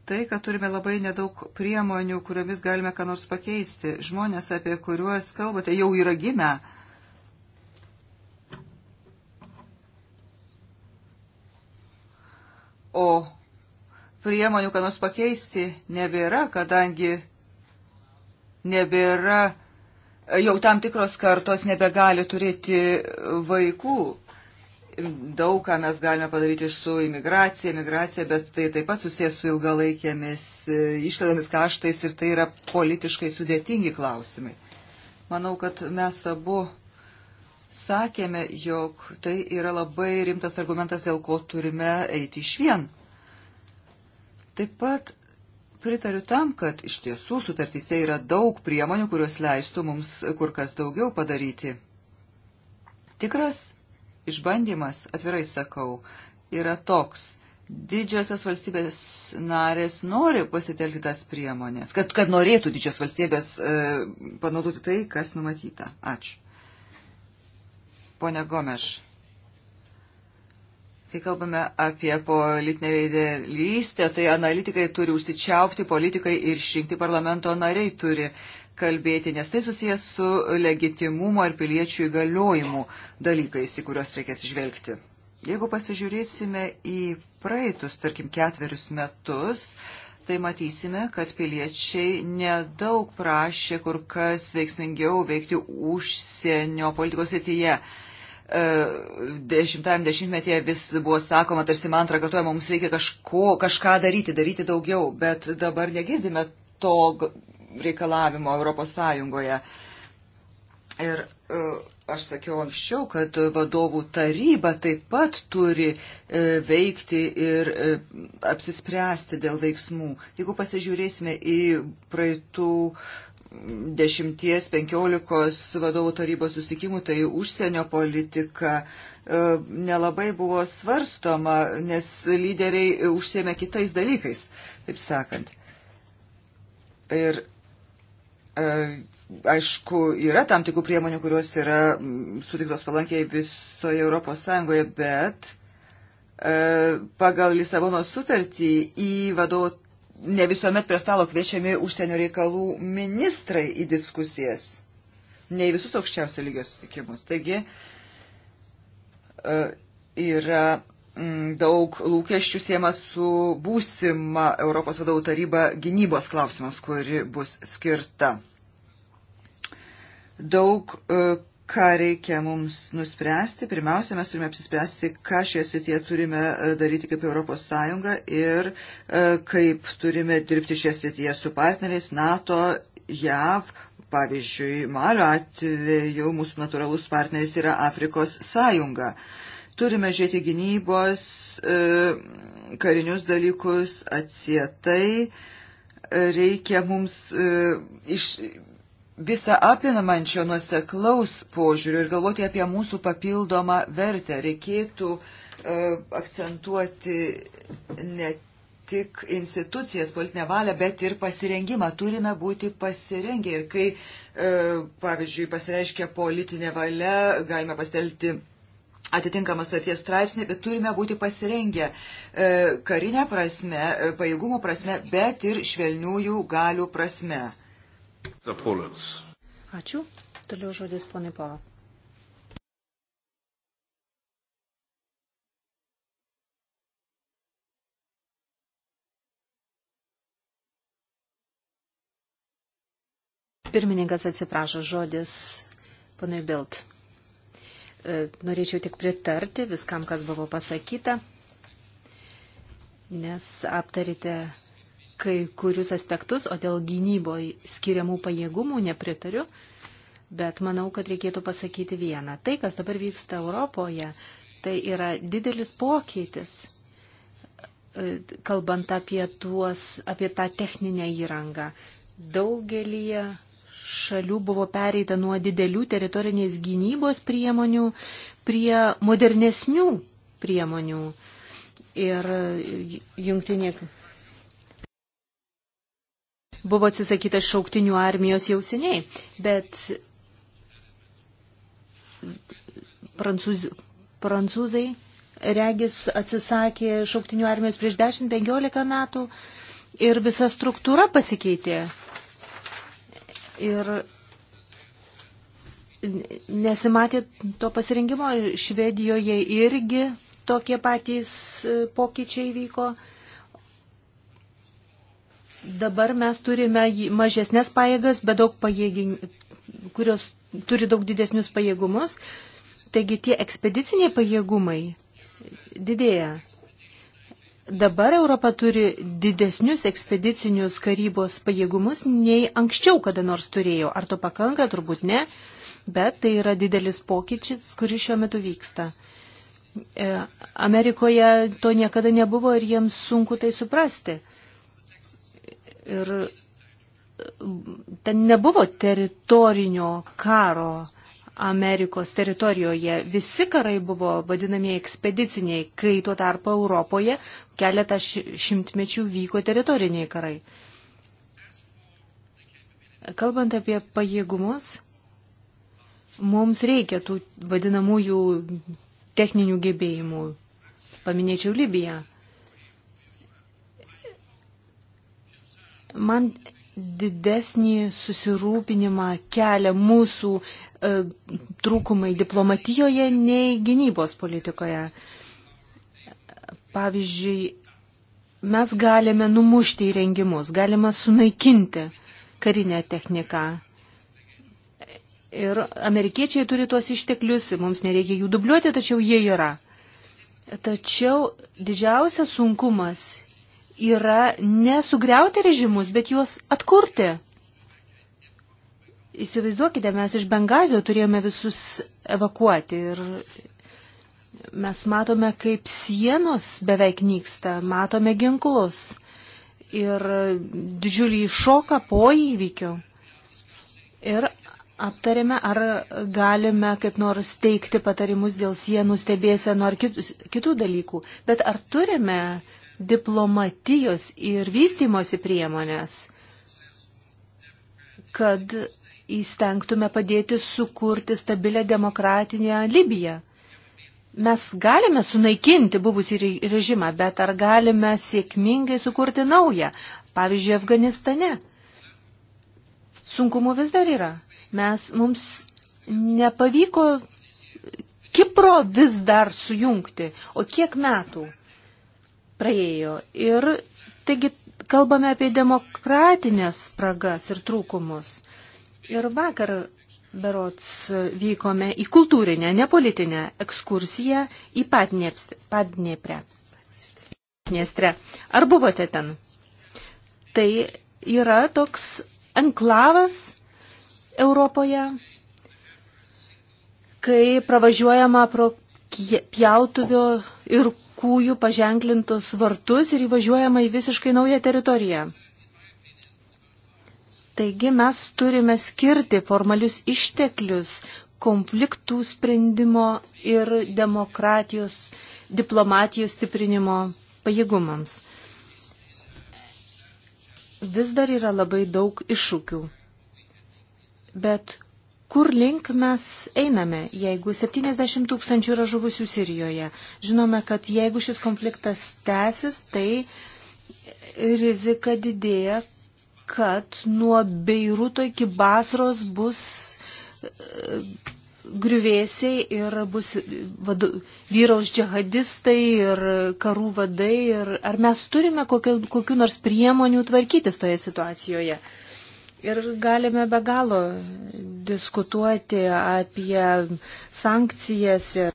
Speaker 2: Tai, kad turime labai nedaug priemonių, kuriomis galime ką nors pakeisti. Žmonės, apie kuriuos kalbate, jau yra gimę. o priemonių, ką nors pakeisti, nebėra, kadangi nebėra, e, jau tam tikros kartos nebegali turėti vaikų. Daug ką mes galime padaryti su imigracija, migracija, bet tai taip pat susijęs su ilgalaikėmis e, išlaidomis kaštais ir tai yra politiškai sudėtingi klausimai. Manau, kad mes abu sakėme, jog tai yra labai rimtas argumentas, dėl ko turime eiti iš vien. Taip pat pritariu tam, kad iš tiesų sutartyse yra daug priemonių, kurios leistų mums kur kas daugiau padaryti. Tikras išbandymas, atvirai sakau, yra toks. Didžiosios valstybės narės nori pasitelkti tas priemonės, kad, kad norėtų didžiosios valstybės e, panaudoti tai, kas numatyta. Ačiū. Pone Gomeš, kai kalbame apie politinę lyderystę, tai analitikai turi užsičiaupti, politikai ir išrinkti parlamento nariai turi kalbėti, nes tai susijęs su legitimumo ir piliečių įgaliojimų dalykais, į kuriuos reikės žvelgti. Jeigu pasižiūrėsime į praeitus, tarkim, ketverius metus, tai matysime, kad piliečiai nedaug prašė kur kas veiksmingiau veikti užsienio politikos srityje. E, Dešimtajam dešimtmetyje vis buvo sakoma, tarsi mantra, kad tuoj mums reikia kažko, kažką daryti, daryti daugiau, bet dabar negirdime to reikalavimo Europos Sąjungoje. Ir uh, Aš sakiau anksčiau, kad vadovų taryba taip pat turi e, veikti ir e, apsispręsti dėl veiksmų. Jeigu pasižiūrėsime į praeitų dešimties, penkiolikos vadovų tarybos susikimų, tai užsienio politika e, nelabai buvo svarstoma, nes lyderiai užsėmė kitais dalykais, taip sakant. Ir aišku, yra tam tikrų priemonių, kurios yra mm, sutiktos palankiai visoje Europos Sąjungoje, bet e, pagal Lisabono sutartį į vadovo ne visuomet prie stalo kviečiami užsienio reikalų ministrai į diskusijas, ne į visus aukščiausio lygio susitikimus. Taigi e, yra mm, daug lūkesčių siema su būsima Europos vadovų taryba gynybos klausimas, kuri bus skirta daug e, ką reikia mums nuspręsti. Pirmiausia, mes turime apsispręsti, ką šioje srityje turime e, daryti kaip Europos Sąjunga ir e, kaip turime dirbti šioje srityje su partneriais NATO, JAV. Pavyzdžiui, Malio atveju mūsų natūralus partneris yra Afrikos Sąjunga. Turime žiūrėti gynybos, karinius dalykus atsietai. Reikia mums iš visą apinamančio nuoseklaus požiūrių ir galvoti apie mūsų papildomą vertę. Reikėtų e, akcentuoti ne tik institucijas, politinę valią, bet ir pasirengimą. Turime būti pasirengę. Ir kai, e, pavyzdžiui, pasireiškia politinė valia, galime pastelti atitinkamą starties straipsnį, bet turime būti pasirengę e, karinę prasme, e, pajėgumų prasme, bet ir švelniųjų galių prasme.
Speaker 3: Ačiū. Toliau žodis ponai Pala. Pirmininkas atsiprašo žodis ponui Bilt. E, norėčiau tik pritarti viskam, kas buvo pasakyta, nes aptarite kai kurius aspektus, o dėl gynyboje skiriamų pajėgumų nepritariu, bet manau, kad reikėtų pasakyti vieną. Tai, kas dabar vyksta Europoje, tai yra didelis pokytis, e, kalbant apie, tuos, apie tą techninę įrangą. Daugelį šalių buvo pereita nuo didelių teritorinės gynybos priemonių prie modernesnių priemonių. Ir e, jungtinė buvo atsisakyta šauktinių armijos jau seniai, bet prancūz, prancūzai, regis, atsisakė šauktinių armijos prieš 10-15 metų ir visa struktūra pasikeitė. Ir nesimatė to pasirinkimo, Švedijoje irgi tokie patys e, pokyčiai vyko. Dabar mes turime mažesnės pajėgas, bet daug pajėgin, kurios turi daug didesnius pajėgumus. Taigi tie ekspediciniai pajėgumai didėja. Dabar Europa turi didesnius ekspedicinius karybos pajėgumus nei anksčiau kada nors turėjo. Ar to pakanka, turbūt ne, bet tai yra didelis pokyčis, kuris šiuo metu vyksta. E, Amerikoje to niekada nebuvo ir jiems sunku tai suprasti. Ir ten nebuvo teritorinio karo Amerikos teritorijoje. Visi karai buvo vadinami ekspediciniai, kai tuo tarpu Europoje keletą šimtmečių vyko teritoriniai karai. Kalbant apie pajėgumus, mums reikia tų vadinamųjų techninių gebėjimų. Paminėčiau Libiją. Man didesnį susirūpinimą kelia mūsų e, trūkumai diplomatijoje nei gynybos politikoje. Pavyzdžiui, mes galime numušti įrengimus, galime sunaikinti karinę techniką. Ir amerikiečiai turi tuos išteklius, mums nereikia jų dubliuoti, tačiau jie yra. Tačiau didžiausias sunkumas yra nesugriauti režimus, bet juos atkurti. Įsivaizduokite, mes iš Bengazio turėjome visus evakuoti ir mes matome, kaip sienos beveik nyksta, matome ginklus ir didžiulį šoką po įvykių. Ir aptarėme, ar galime kaip nors teikti patarimus dėl sienų stebėsenų ar kitų, kitų dalykų. Bet ar turime diplomatijos ir vystimosi priemonės, kad įstengtume padėti sukurti stabilę demokratinę Libiją. Mes galime sunaikinti buvusį režimą, bet ar galime sėkmingai sukurti naują, pavyzdžiui, Afganistane? Sunkumų vis dar yra. Mes, mums nepavyko Kipro vis dar sujungti. O kiek metų? praėjo. Ir taigi kalbame apie demokratinės spragas ir trūkumus. Ir vakar berots vykome į kultūrinę, ne politinę ekskursiją į Padnieprę. Padnieprę. Ar buvote ten? Tai yra toks enklavas Europoje, kai pravažiuojama pro pjautuvio ir kūjų paženklintus vartus ir įvažiuojama į visiškai naują teritoriją. Taigi mes turime skirti formalius išteklius konfliktų sprendimo ir demokratijos, diplomatijos stiprinimo pajėgumams. Vis dar yra labai daug iššūkių, bet kur link mes einame, jeigu 70 tūkstančių yra žuvusių Sirijoje. Žinome, kad jeigu šis konfliktas tęsis, tai rizika didėja, kad nuo Beiruto iki Basros bus e, griuvėsiai ir bus vadu, vyraus džihadistai ir karų vadai. Ir ar mes turime kokio, kokiu nors priemonių tvarkytis toje situacijoje? Uh, Ir galime be galo diskutuoti apie sankcijas ir,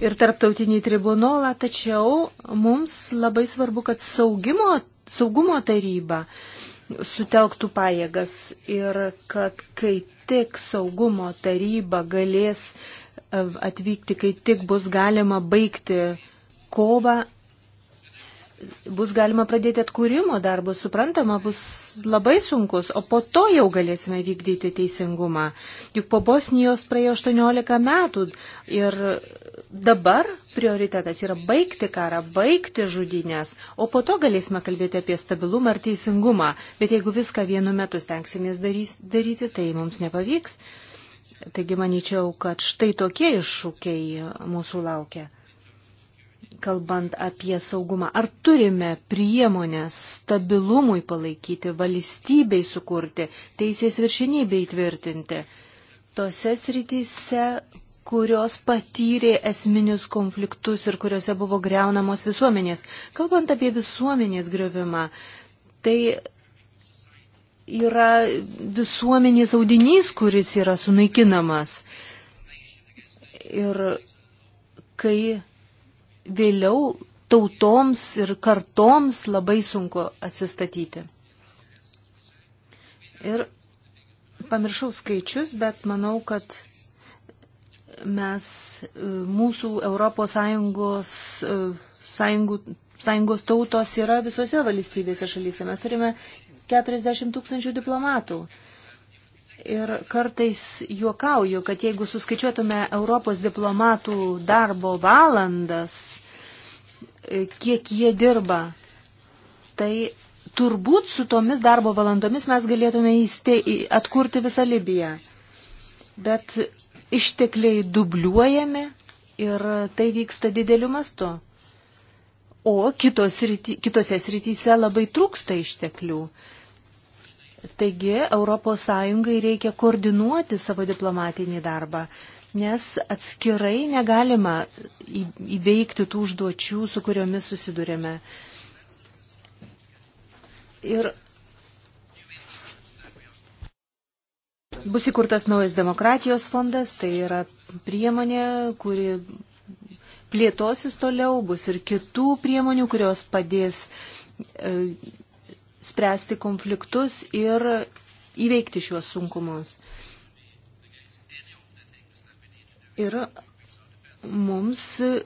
Speaker 3: ir tarptautinį tribunolą, tačiau mums labai svarbu, kad saugimo, saugumo taryba sutelktų pajėgas ir kad kai tik saugumo taryba galės e, atvykti, kai tik bus galima baigti kovą, bus galima pradėti atkūrimo darbus, suprantama, bus labai sunkus, o po to jau galėsime vykdyti teisingumą. Juk po Bosnijos praėjo 18 metų ir dabar prioritetas yra baigti karą, baigti žudynės, o po to galėsime kalbėti apie stabilumą ir teisingumą. Bet jeigu viską vienu metu stengsimės darys, daryti, tai mums nepavyks. Taigi manyčiau, kad štai tokie iššūkiai mūsų laukia kalbant apie saugumą. Ar turime priemonės stabilumui palaikyti, valstybei sukurti, teisės viršinybei įtvirtinti? Tose srityse, kurios patyrė esminius konfliktus ir kuriuose buvo greunamos visuomenės. Kalbant apie visuomenės griovimą, tai yra visuomenės audinys, kuris yra sunaikinamas. Ir kai vėliau tautoms ir kartoms labai sunku atsistatyti. Ir pamiršau skaičius, bet manau, kad mes e, mūsų Europos Sąjungos, e, sąjungų, sąjungos tautos yra visose valstybėse šalyse. Mes turime 40 tūkstančių diplomatų. Ir kartais juokauju, kad jeigu suskaičiuotume Europos diplomatų darbo valandas, e, kiek jie dirba, tai turbūt su tomis darbo valandomis mes galėtume įste... atkurti visą Libiją. Bet ištekliai dubliuojami ir tai vyksta dideliu mastu. O kitos ryti, kitose srityse labai trūksta išteklių. Taigi ES reikia koordinuoti savo diplomatinį darbą, nes atskirai negalima įveikti tų užduočių, su kuriomis susidurėme. Ir bus įkurtas naujas demokratijos fondas, tai yra priemonė, kuri plėtosis toliau, bus ir kitų priemonių, kurios padės e, spręsti konfliktus ir įveikti šiuos sunkumus. Ir mums,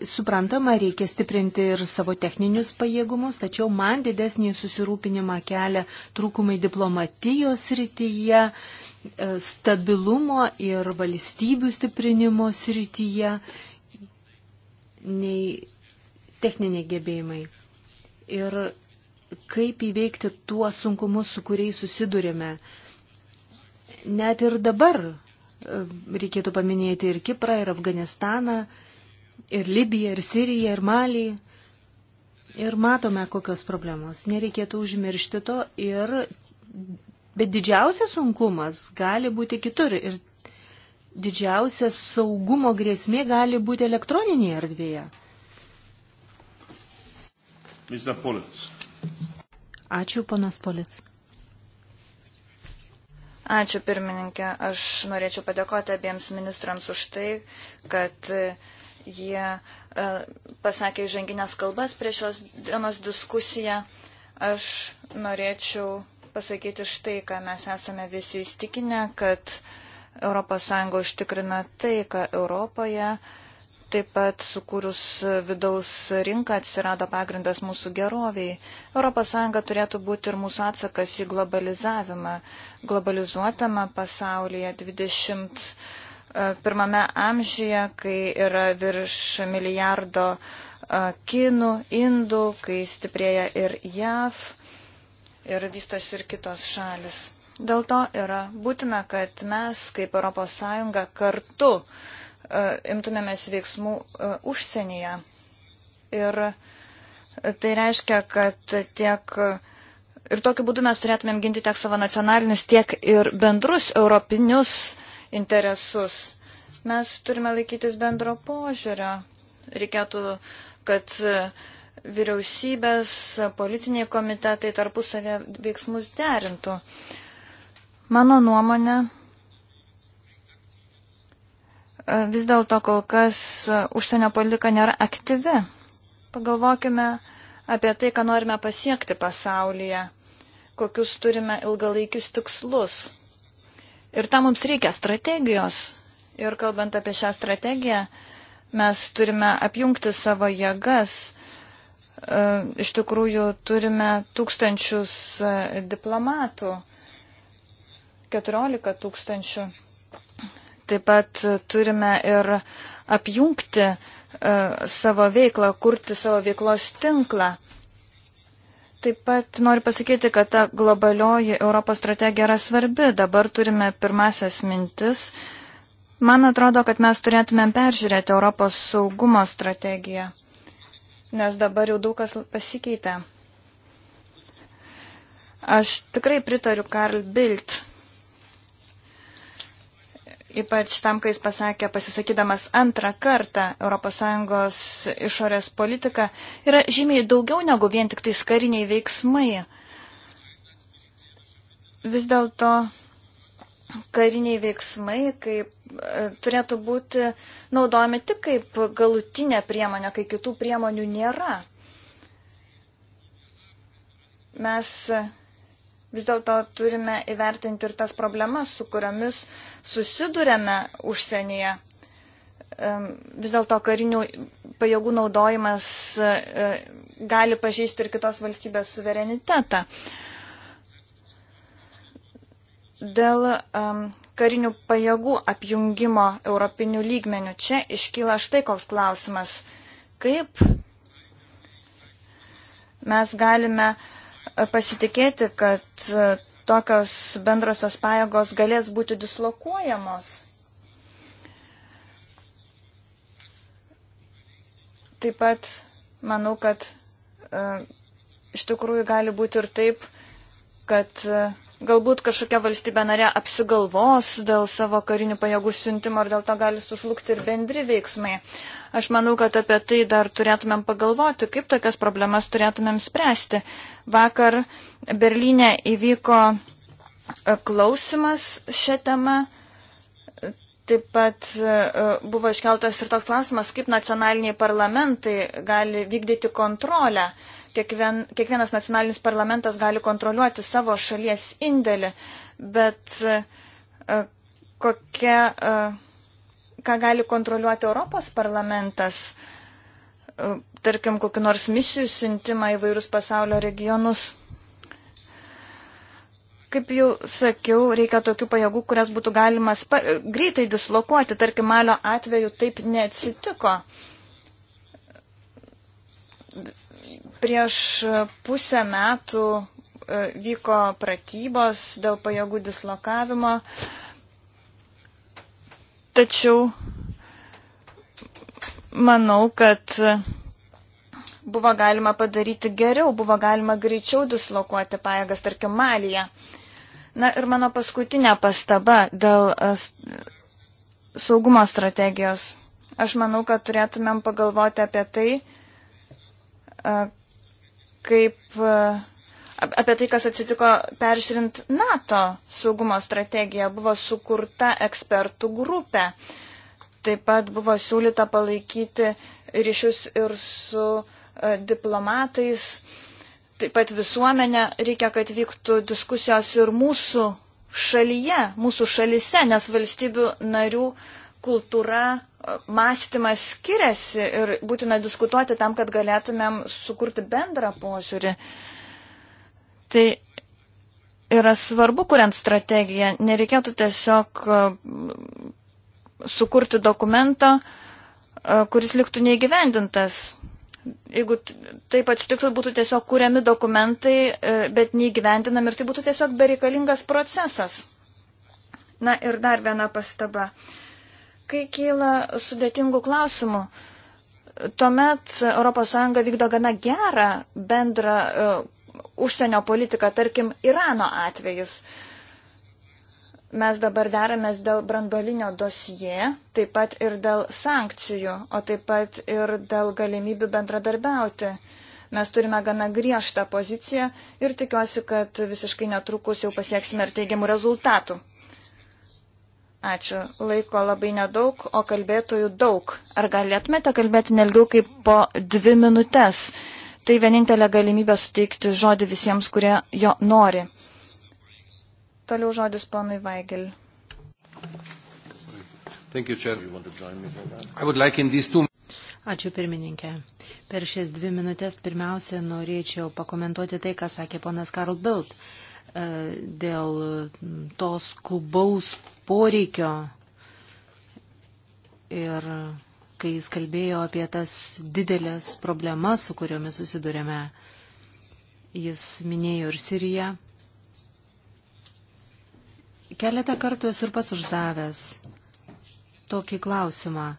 Speaker 3: suprantama, reikia stiprinti ir savo techninius pajėgumus, tačiau man didesnį susirūpinimą kelia trūkumai diplomatijos rytyje, e, stabilumo ir valstybių stiprinimo srityje, nei techniniai gebėjimai. Ir kaip įveikti tuos sunkumus, su kuriais susidurėme. Net ir dabar e, reikėtų paminėti ir Kiprą, ir Afganistaną, ir Libiją, ir Siriją, ir Malį. Ir matome, kokios problemos. Nereikėtų užmiršti to ir. Bet didžiausias sunkumas gali būti kitur ir didžiausia saugumo grėsmė gali būti elektroninėje erdvėje.
Speaker 1: Mr. Pullets.
Speaker 3: Ačiū, panas Polic.
Speaker 1: Ačiū, pirmininkė. Aš norėčiau padėkoti abiems ministrams už tai, kad jie e, pasakė įžanginės kalbas prieš šios dienos diskusiją. Aš norėčiau pasakyti štai, ką mes esame visi įstikinę, kad ES užtikrina taiką Europoje. Uh, Taip pat sukūrus vidaus rinką atsirado pagrindas mūsų geroviai. ES turėtų būti ir mūsų atsakas į globalizavimą. Globalizuotame pasaulyje 21 e, amžyje, kai yra virš milijardo e, kinų, indų, kai stiprėja ir JAV ir vystosi ir kitos šalis. Dėl to yra būtina, kad mes kaip ES kartu E, imtumėmės veiksmų e, užsienyje. Ir e, tai reiškia, kad tiek ir tokiu būdu mes turėtumėm ginti tiek savo nacionalinius, tiek ir bendrus europinius interesus. Mes turime laikytis bendro požiūrio. Reikėtų, kad vyriausybės, politiniai komitetai tarpusavė veiksmus derintų. Mano nuomonė, vis dėlto kol kas užsienio politika nėra aktyvi. Pagalvokime apie tai, ką norime pasiekti pasaulyje, kokius turime ilgalaikius tikslus. Ir tam mums reikia strategijos. Ir kalbant apie šią strategiją, mes turime apjungti savo jėgas. E, iš tikrųjų, turime tūkstančius e, diplomatų, 14 tūkstančių Taip pat turime ir apjungti e, savo veiklą, kurti savo veiklos tinklą. Taip pat noriu pasakyti, kad ta globalioji Europos strategija yra svarbi. Dabar turime pirmasias mintis. Man atrodo, kad mes turėtumėm peržiūrėti Europos saugumo strategiją, nes dabar jau daug kas pasikeitė. Aš tikrai pritariu Karl Bild Ypač tam, kai jis pasakė, pasisakydamas antrą kartą ES išorės politika yra žymiai daugiau negu vien tik tais kariniai veiksmai. Vis dėlto kariniai veiksmai kaip, e, turėtų būti naudojami tik kaip galutinė priemonė, kai kitų priemonių nėra. Mes vis dėlto turime įvertinti ir tas problemas, su kuriomis susidurėme užsienyje. Vis dėlto karinių pajėgų naudojimas e, gali pažįsti ir kitos valstybės suverenitetą. Dėl um, karinių pajėgų apjungimo europinių lygmenių čia iškyla štai koks klausimas. Kaip mes galime uh, pasitikėti, kad e, tokios bendrosios pajėgos galės būti dislokuojamos. Taip pat manau, kad e, iš tikrųjų gali būti ir taip, kad uh, Galbūt kažkokia valstybė narė apsigalvos dėl savo karinių pajėgų siuntimo ir dėl to gali sužlugti ir bendri veiksmai. Aš manau, kad apie tai dar turėtumėm pagalvoti, kaip tokias problemas turėtumėm spręsti. Vakar Berlyne įvyko e, klausimas šią temą. Taip pat e, buvo iškeltas ir toks klausimas, kaip nacionaliniai parlamentai gali vykdyti kontrolę. Uh, Kiekvien, kiekvienas nacionalinis parlamentas gali kontroliuoti savo šalies indėlį, bet e, kokia, e, ką gali kontroliuoti Europos parlamentas, e, tarkim, kokį nors misijų siuntimą į vairius pasaulio regionus kaip jau sakiau, reikia tokių pajėgų, kurias būtų galima spa, greitai dislokuoti. Tarkim, Malio atveju taip neatsitiko. Prieš pusę metų e, vyko pratybos dėl pajėgų dislokavimo, tačiau manau, kad buvo galima padaryti geriau, buvo galima greičiau dislokuoti pajėgas, tarkim, Malyje. Na ir mano paskutinė pastaba dėl e, saugumo strategijos. Aš manau, kad turėtumėm pagalvoti apie tai, e, kaip e, apie tai, kas atsitiko peržiūrint NATO saugumo strategiją. Buvo sukurta ekspertų grupė. Taip pat buvo siūlyta palaikyti ryšius ir su e, diplomatais. Taip pat visuomenė reikia, kad vyktų diskusijos ir mūsų šalyje, mūsų šalise, nes valstybių narių uh, kultūra, e, mąstymas skiriasi ir būtina diskutuoti tam, kad galėtumėm sukurti bendrą požiūrį. Tai yra svarbu, kuriant strategiją. Nereikėtų tiesiog e, sukurti dokumento, e, kuris liktų neįgyvendintas. Jeigu taip atsitiktų, būtų tiesiog kuriami dokumentai, bet neįgyvendinami ir tai būtų tiesiog bereikalingas procesas. Na ir dar viena pastaba. Uh, Kai kyla sudėtingų klausimų, tuomet ES vykdo gana gerą bendrą uh, užsienio politiką, tarkim, Irano atvejis. Mes dabar deramės dėl brandolinio dosie, taip pat ir dėl sankcijų, o taip pat ir dėl galimybių bendradarbiauti. Mes turime gana griežtą poziciją ir tikiuosi, kad visiškai netrukus jau pasieksime ir teigiamų rezultatų. Ačiū. Laiko labai nedaug, o kalbėtojų daug. Ar galėtumėte kalbėti nelgiau kaip po dvi minutės? Tai vienintelė galimybė suteikti žodį visiems, kurie jo nori. Toliau žodis ponui Vaigel.
Speaker 3: Ačiū pirmininkė. Per šias dvi minutės pirmiausia norėčiau pakomentuoti tai, ką sakė ponas Karl Bild. Uh, E, dėl tos skubaus poreikio ir kai jis kalbėjo apie tas didelės problemas, su kuriomis susidurėme, jis minėjo ir Siriją. Keletą kartų esu ir pats uždavęs tokį klausimą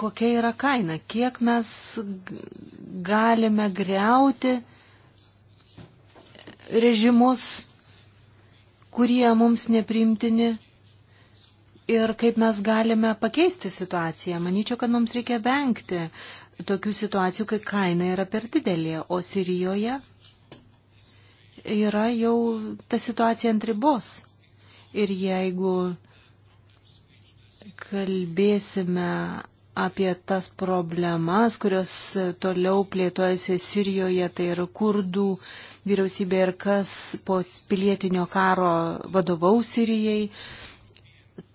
Speaker 3: kokia yra kaina, kiek mes galime greuti režimus, kurie mums neprimtini ir kaip mes galime pakeisti situaciją. Manyčiau, kad mums reikia vengti tokių situacijų, kai kaina yra per didelė, o Sirijoje yra jau ta situacija ant ribos. Ir jeigu kalbėsime apie tas problemas, kurios toliau plėtojasi Sirijoje, tai yra kurdų uh, vyriausybė ir kas po pilietinio karo vadovaus Sirijai.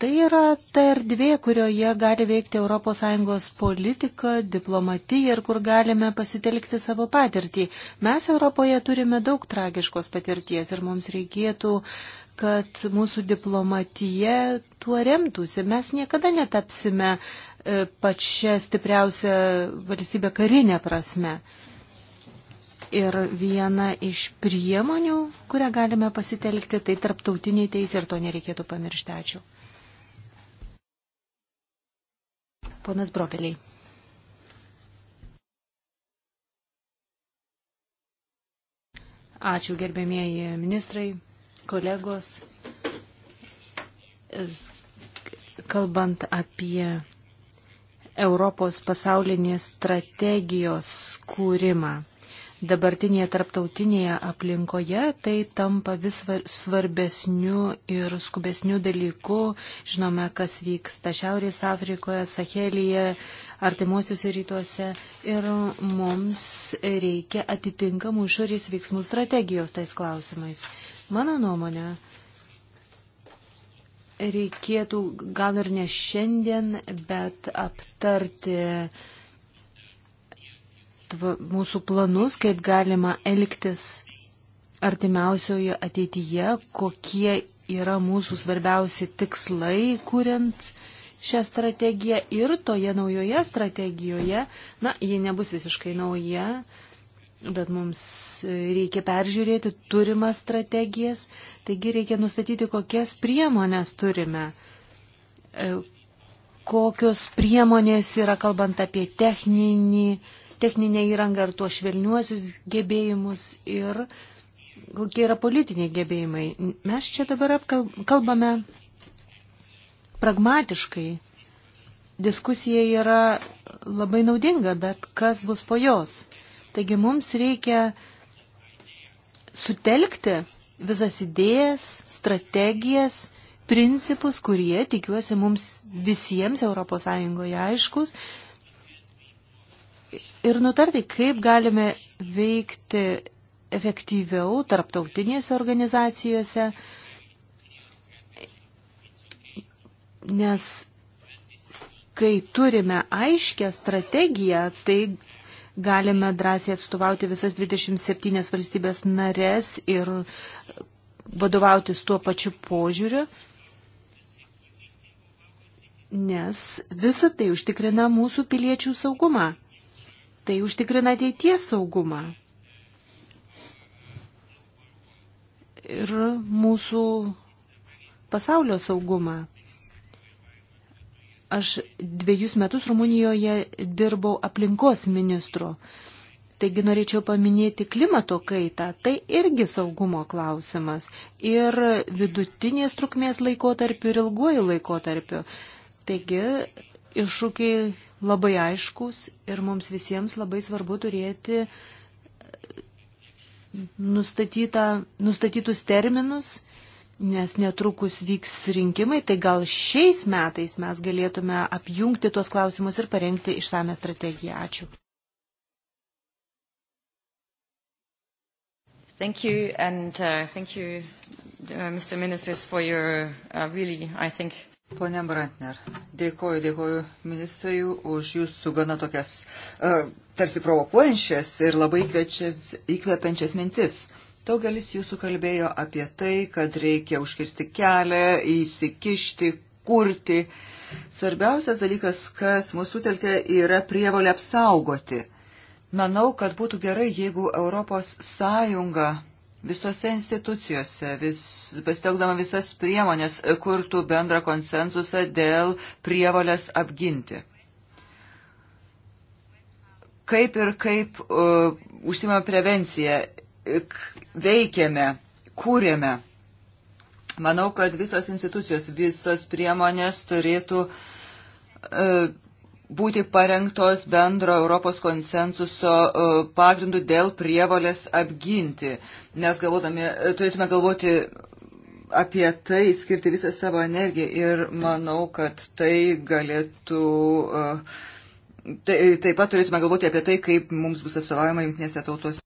Speaker 3: Tai yra ta erdvė, kurioje gali veikti ES politika, diplomatija ir kur galime pasitelkti savo patirtį. Mes Europoje turime daug tragiškos patirties ir mums reikėtų, kad mūsų diplomatija tuo remtųsi. Mes niekada netapsime e, pačią stipriausią valstybę karinę prasme ir viena iš priemonių, kurią galime pasitelkti, tai tarptautiniai teisė ir to nereikėtų pamiršti. Ačiū. Ponas Brokeliai. Ačiū gerbėmieji ministrai, kolegos. Kalbant apie Europos pasaulinės strategijos kūrimą dabartinėje tarptautinėje aplinkoje tai tampa vis svarbesniu ir skubesniu dalyku. Žinome, kas vyksta Šiaurės Afrikoje, Sahelyje, artimuosiuose rytuose ir mums reikia atitinkamų išorės veiksmų strategijos tais klausimais. Mano nuomonė, reikėtų gal ir ne šiandien, bet aptarti mūsų planus, kaip galima elgtis artimiausioje ateityje, kokie yra mūsų svarbiausi tikslai, kuriant šią strategiją ir toje naujoje strategijoje, na, ji nebus visiškai nauja, bet mums reikia peržiūrėti turimas strategijas, taigi reikia nustatyti, kokias priemonės turime, e, kokios priemonės yra kalbant apie techninį, techninę įrangą, ar tuos švelniuosius gebėjimus ir kokie yra politiniai gebėjimai. Mes čia dabar kalbame pragmatiškai. Diskusija yra labai naudinga, bet kas bus po jos? Taigi mums reikia sutelkti visas idėjas, strategijas, principus, kurie, tikiuosi, mums visiems ES aiškus, ir nutarti, kaip galime veikti efektyviau tarptautinėse organizacijose, nes kai turime aiškę strategiją, tai galime drąsiai atstovauti visas 27 valstybės narės ir vadovautis tuo pačiu požiūriu, nes visa tai užtikrina mūsų piliečių saugumą. Tai užtikrina ateities saugumą. Ir mūsų pasaulio saugumą. Aš dviejus metus Rumunijoje dirbau aplinkos ministru. Taigi norėčiau paminėti klimato kaitą, tai irgi saugumo klausimas ir vidutinės trukmės laikotarpiu ir ilguoju laikotarpiu. Taigi iššūkiai, labai aiškus ir mums visiems labai svarbu turėti e, nustatytus terminus, nes netrukus vyks rinkimai, tai gal šiais metais mes galėtume apjungti tuos klausimus ir parengti išsame strategiją. Ačiū.
Speaker 2: Thank you and uh, thank you, uh, Mr. Ministers, for your uh, really, I think, Pone Brantner, dėkoju, dėkoju ministrai už jūsų gana tokias uh, tarsi provokuojančias ir labai įkvepiančias mintis. Daugelis jūsų kalbėjo apie tai, kad reikia užkirsti kelią, įsikišti, kurti. Svarbiausias dalykas, kas mūsų telkia, yra prievolė apsaugoti. Manau, kad būtų gerai, jeigu Europos Sąjunga visose institucijose, vis, pasitelkdama visas priemonės, kurtų bendrą konsensusą dėl prievalės apginti. Kaip ir kaip uh, e, užsima prevenciją, e, veikiame, kūrėme. Manau, kad visos institucijos, visos priemonės turėtų uh, būti parengtos bendro Europos konsensuso e, pagrindų dėl prievolės apginti. Mes galvodami, e, turėtume galvoti apie tai, skirti visą savo energiją ir manau, kad tai galėtų. E, tai, taip pat turėtume galvoti apie tai, kaip mums bus atstovaujama jungtinėse tautose.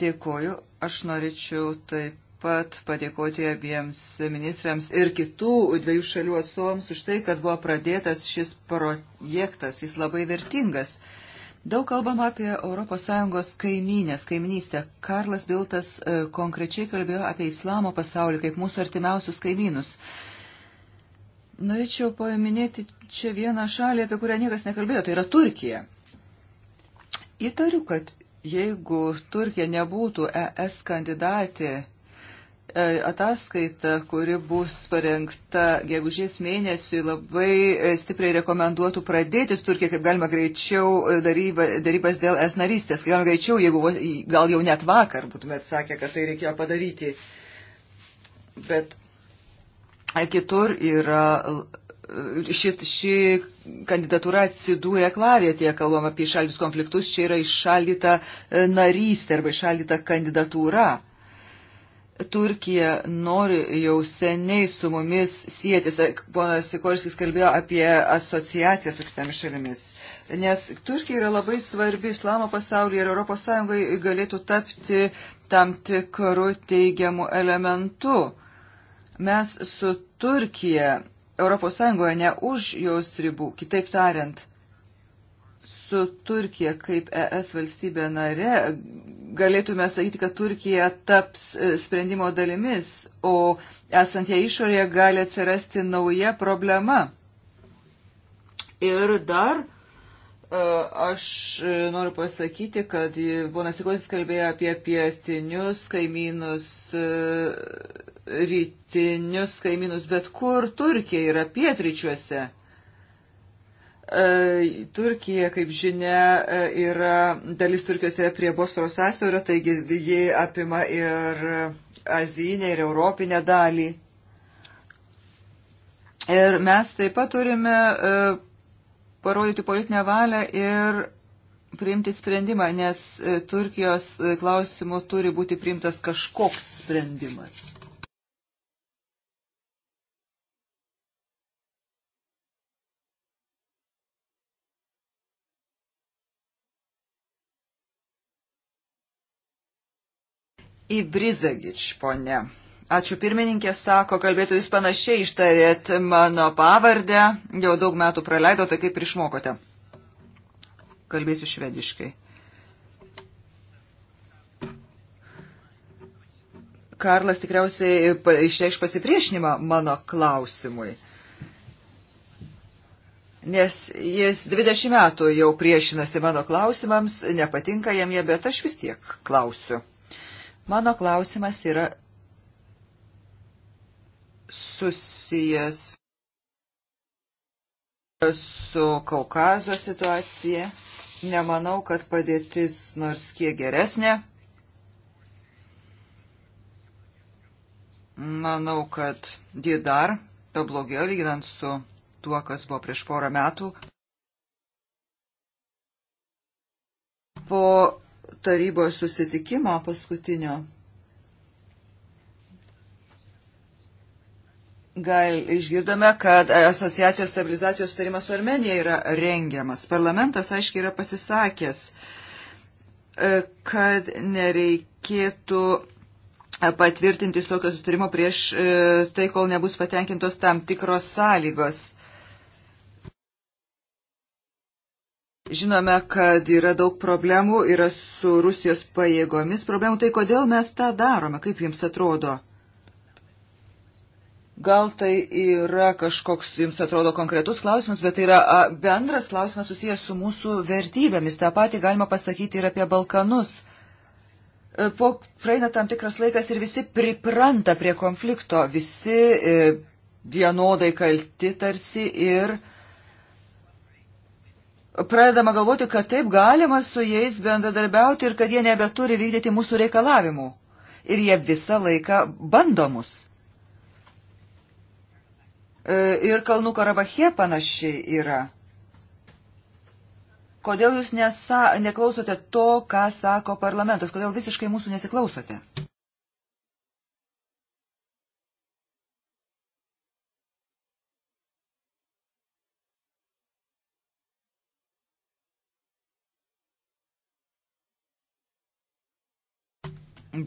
Speaker 2: Dėkoju. Aš norėčiau taip pat padėkoti abiems ministrams ir kitų dviejų šalių atstovams už tai, kad buvo pradėtas šis projektas. Jis labai vertingas. Daug kalbam apie ES kaimynės, kaiminystę. Karlas Biltas e, konkrečiai kalbėjo apie islamo pasaulį kaip mūsų artimiausius kaimynus. Norėčiau paminėti čia vieną šalį, apie kurią niekas nekalbėjo, tai yra Turkija. Įtariu, kad jeigu Turkija nebūtų ES kandidatė E, ataskaita, kuri bus parengta gegužės mėnesiui, labai e, stipriai rekomenduotų pradėti su Turkija, kaip galima greičiau e, daryba, darybas dėl es narystės. Kaip galima greičiau, jeigu gal jau net vakar būtumėt sakę, kad tai reikėjo padaryti. Bet kitur yra. Ši, ši kandidatūra atsidūrė klavietėje, kalbam apie išaldytus konfliktus, čia yra išaldyta narystė arba išaldyta kandidatūra. Turkija nori jau seniai su mumis sėtis. Ponas Sikorskis kalbėjo apie asociaciją su kitomis šalimis. Nes Turkija yra labai svarbi islamo pasaulyje ir ES galėtų tapti tam tikru teigiamu elementu. Mes su Turkija ES, ne už jos ribų, kitaip tariant, su Turkija kaip ES valstybė nare, galėtume sakyti, kad Turkija taps e, sprendimo dalimis, o esant ją išorėje gali atsirasti nauja problema. Ir dar e, aš e, noriu pasakyti, kad ponas Sikosis kalbėjo apie pietinius kaimynus, rytinius kaimynus, bet kur Turkija yra pietryčiuose? E, Turkija, kaip žinia, e, yra, dalis Turkijos yra prie Bosforo sąsiaurio, taigi ji apima ir azijinę, ir europinę dalį. Ir mes taip pat turime e, parodyti politinę valią ir priimti sprendimą, nes Turkijos klausimu turi būti priimtas kažkoks sprendimas. Ibrizagič, ponė. Ačiū pirmininkė, sako, kalbėtų jūs panašiai ištarėt mano pavardę, jau daug metų praleido, tai kaip ir išmokote. Kalbėsiu švediškai. Karlas tikriausiai išreikš pasipriešinimą mano klausimui. Nes jis 20 metų jau priešinasi mano klausimams, nepatinka jam jie, bet aš vis tiek klausiu. Mano klausimas yra susijęs su Kaukazo situacija. Nemanau, kad padėtis nors kiek geresnė. Manau, kad ji dar pablogėjo lyginant su tuo, kas buvo prieš porą metų. Po tarybos susitikimo paskutinio Gal išgirdome, kad asociacijos stabilizacijos sutarimas su Armenija yra rengiamas. Parlamentas, aiškiai, yra pasisakęs, e, kad nereikėtų e, patvirtinti tokio sutarimo prieš e, tai, kol nebus patenkintos tam tikros sąlygos. Žinome, kad yra daug problemų, yra su Rusijos pajėgomis problemų. Tai kodėl mes tą darome, kaip jums atrodo? Gal tai yra kažkoks, jums atrodo, konkretus klausimas, bet tai yra bendras klausimas susijęs su mūsų vertybėmis. Ta pati galima pasakyti ir apie Balkanus. E, po praeina tam tikras laikas ir visi pripranta prie konflikto, visi e, vienodai kalti tarsi ir uh, pradedama galvoti, kad taip galima su jais bendradarbiauti ir kad jie nebeturi vykdyti mūsų reikalavimų. Ir jie visą laiką bandomus. E, ir Kalnų Karabache panašiai yra. Kodėl jūs nesa, neklausote to, ką sako parlamentas? Kodėl visiškai mūsų nesiklausote?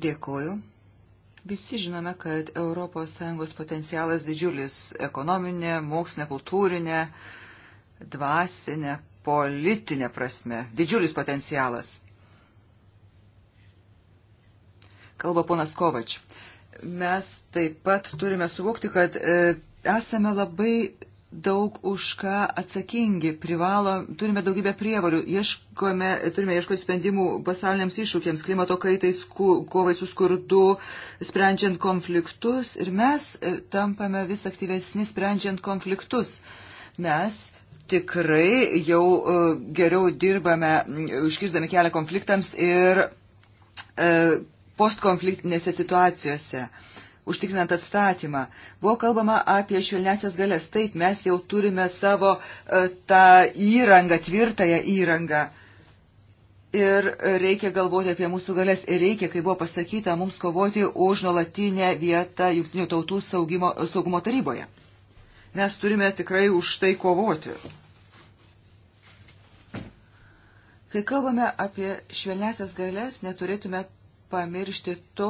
Speaker 2: Dėkoju. Visi žinome, kad ES potencialas didžiulis - ekonominė, mokslinė, kultūrinė, dvasinė, politinė prasme. Didžiulis potencialas. Kalba ponas Kovač. Mes taip pat turime suvokti, kad e, esame labai daug už ką atsakingi, privalo, turime daugybę prievalių, ieškome, turime ieškoti sprendimų pasauliniams iššūkiams, klimato kaitais, kovai su skurdu, sprendžiant konfliktus ir mes e, tampame vis aktyvesni sprendžiant konfliktus. Mes tikrai jau e, geriau dirbame, užkirsdami kelią konfliktams ir e, postkonfliktinėse situacijose užtikrinant atstatymą. Buvo kalbama apie švelnesias galės. Taip, mes jau turime savo e, tą įrangą, tvirtąją įrangą. Ir reikia galvoti apie mūsų galės. Ir reikia, kaip buvo pasakyta, mums kovoti už nuolatinę vietą Junktinių tautų saugimo, saugumo taryboje. Mes turime tikrai už tai kovoti. Kai kalbame apie švelnesias galės, neturėtume pamiršti to,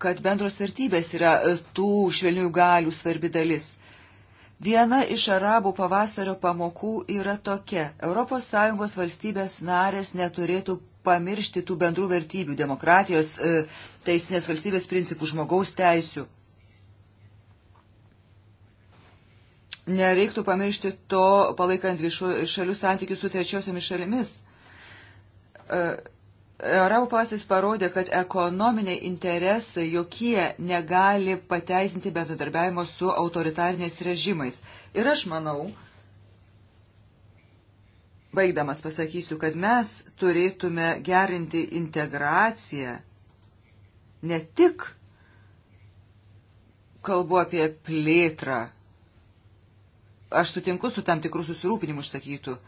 Speaker 2: kad bendros vertybės yra e, tų švelnių galių svarbi dalis. Viena iš arabų pavasario pamokų yra tokia. ES valstybės narės neturėtų pamiršti tų bendrų vertybių - demokratijos, e, teisinės valstybės principų, žmogaus teisių. Nereiktų pamiršti to, palaikant šalių santykių su trečiosiomis šalimis e, Arabų pavasaris parodė, kad ekonominiai interesai jokie negali pateisinti bendradarbiavimo su autoritariniais režimais. Ir aš manau, baigdamas pasakysiu, kad mes turėtume gerinti integraciją ne tik kalbu apie plėtrą. Aš sutinku su tam tikrų susirūpinimų išsakytų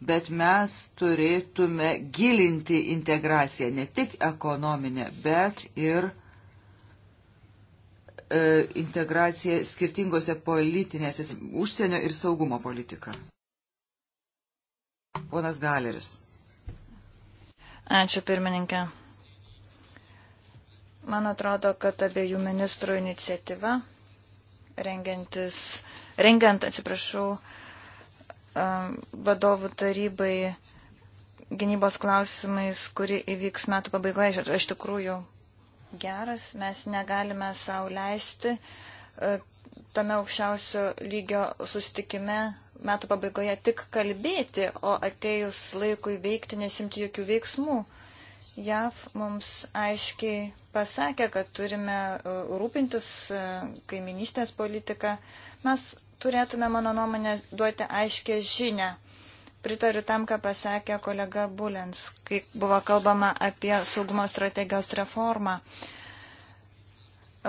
Speaker 2: bet mes turėtume gilinti integraciją, ne tik ekonominę, bet ir e, integraciją skirtingose politinėse, užsienio ir saugumo politika. Ponas Galeris.
Speaker 1: Ačiū pirmininkė. Man atrodo, kad abiejų ministrų iniciatyva, rengiant, atsiprašau, vadovų tarybai gynybos klausimais, kuri įvyks metų pabaigoje, iš tikrųjų geras. Mes negalime savo leisti tame aukščiausio lygio sustikime metų pabaigoje tik kalbėti, o atėjus laikui veikti nesimti jokių veiksmų. JAV mums aiškiai pasakė, kad turime rūpintis kaiminystės politiką. Mes turėtume, mano nuomonė, duoti aiškę žinę. Pritariu tam, ką pasakė kolega Bulens, kai buvo kalbama apie saugumo strategijos reformą.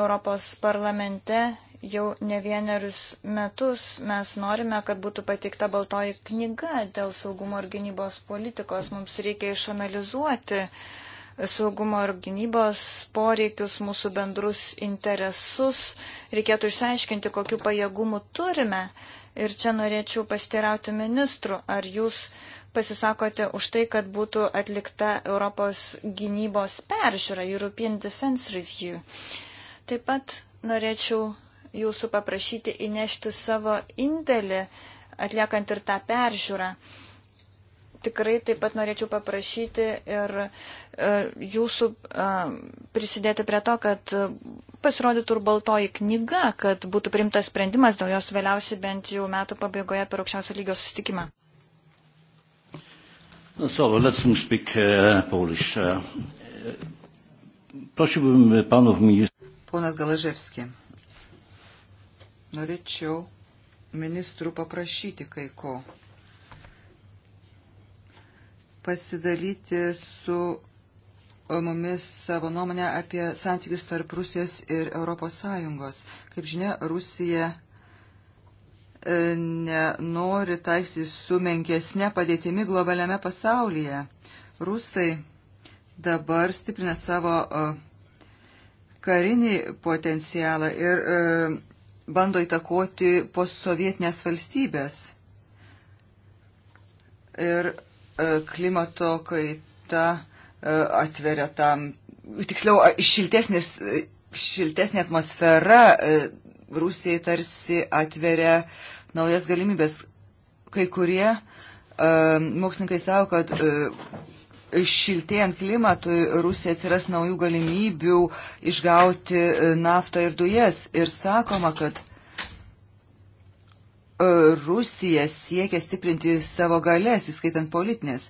Speaker 1: Europos parlamente jau ne vienerius metus mes norime, kad būtų patikta baltoji knyga dėl saugumo ir gynybos politikos. Mums reikia išanalizuoti uh, saugumo ir gynybos poreikius, mūsų bendrus interesus. Reikėtų išsiaiškinti, kokiu pajėgumu turime. Ir čia norėčiau pastirauti ministrų, ar jūs pasisakote už tai, kad būtų atlikta Europos gynybos peržiūra, European Defense Review. Taip pat norėčiau jūsų paprašyti įnešti savo indėlį, atliekant ir tą peržiūrą. Uh, tikrai taip pat norėčiau paprašyti ir e, jūsų e, prisidėti prie to, kad pasirodytų ir baltoji knyga, kad būtų primtas sprendimas dėl jos vėliausiai bent jau metų pabaigoje per aukščiausio lygio susitikimą. Uh, Solo, let's speak uh, Polish. Uh, prosiłbym panów ministrów.
Speaker 2: Ponas Galaževski, norėčiau ministrų paprašyti kai ko pasidalyti su mumis savo nuomonę apie santykius tarp Rusijos ir Europos Sąjungos. Kaip žinia, Rusija e, nenori taiksti su menkesne padėtimi globaliame pasaulyje. Rusai dabar stiprina savo e, karinį potencialą ir e, bando įtakoti postsovietinės valstybės. Ir E, klimato kaita e, atveria tam, tiksliau, šiltesnės, e, šiltesnė atmosfera Rusijai tarsi atveria naujas galimybės. Kai kurie mokslininkai savo, kad šiltėjant klimatui Rusija atsiras naujų galimybių išgauti naftą ir dujas. Ir sakoma, kad Rusija siekia stiprinti savo galės, įskaitant politinės.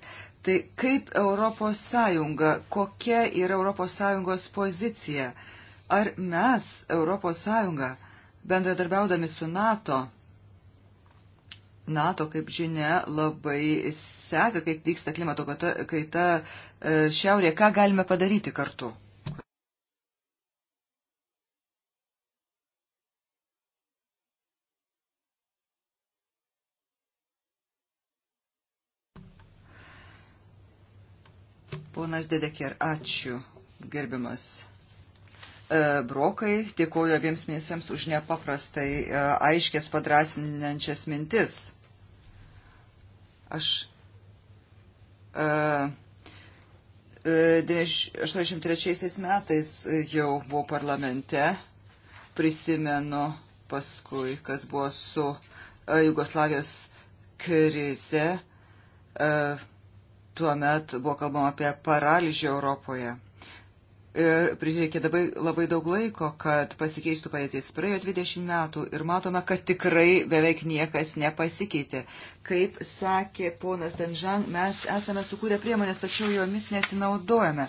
Speaker 2: Tai kaip Europos Sąjunga, kokia yra Europos Sąjungos pozicija? Ar mes, Europos Sąjunga, bendradarbiaudami su NATO, NATO, kaip žinia, labai seka, kaip vyksta klimato kaita e, šiaurėje, ką galime padaryti kartu? Ponas Dedeker, ačiū, gerbiamas e, Brokai, dėkoju abiems ministrams už nepaprastai e, aiškės padrasinančias mintis. Aš 83 e, metais jau buvau parlamente, prisimenu paskui, kas buvo su Jugoslavijos krize. Uh, tuo met buvo kalbama apie paralyžį Europoje. Ir prireikė labai, labai daug laiko, kad pasikeistų padėtis. Praėjo 20 metų ir matome, kad tikrai beveik niekas nepasikeitė. Kaip sakė ponas Danžan, mes esame sukūrę priemonės, tačiau jomis nesinaudojame.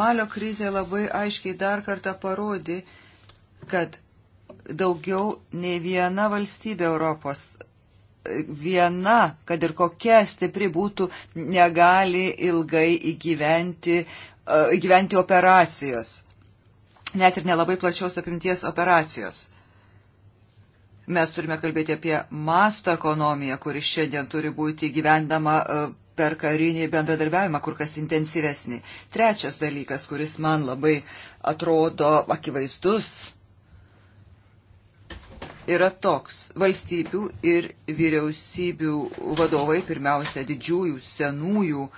Speaker 2: Malio krizė labai aiškiai dar kartą parodė, kad daugiau nei viena valstybė Europos viena, kad ir kokia stipri būtų, negali ilgai įgyventi, e, įgyventi operacijos. Net ir nelabai plačios apimties operacijos. Mes turime kalbėti apie masto ekonomiją, kuri šiandien turi būti gyvendama e, per karinį bendradarbiavimą kur kas intensyvesnį. Trečias dalykas, kuris man labai atrodo akivaizdus yra toks. Valstybių ir vyriausybių vadovai, pirmiausia, didžiųjų, senųjų e,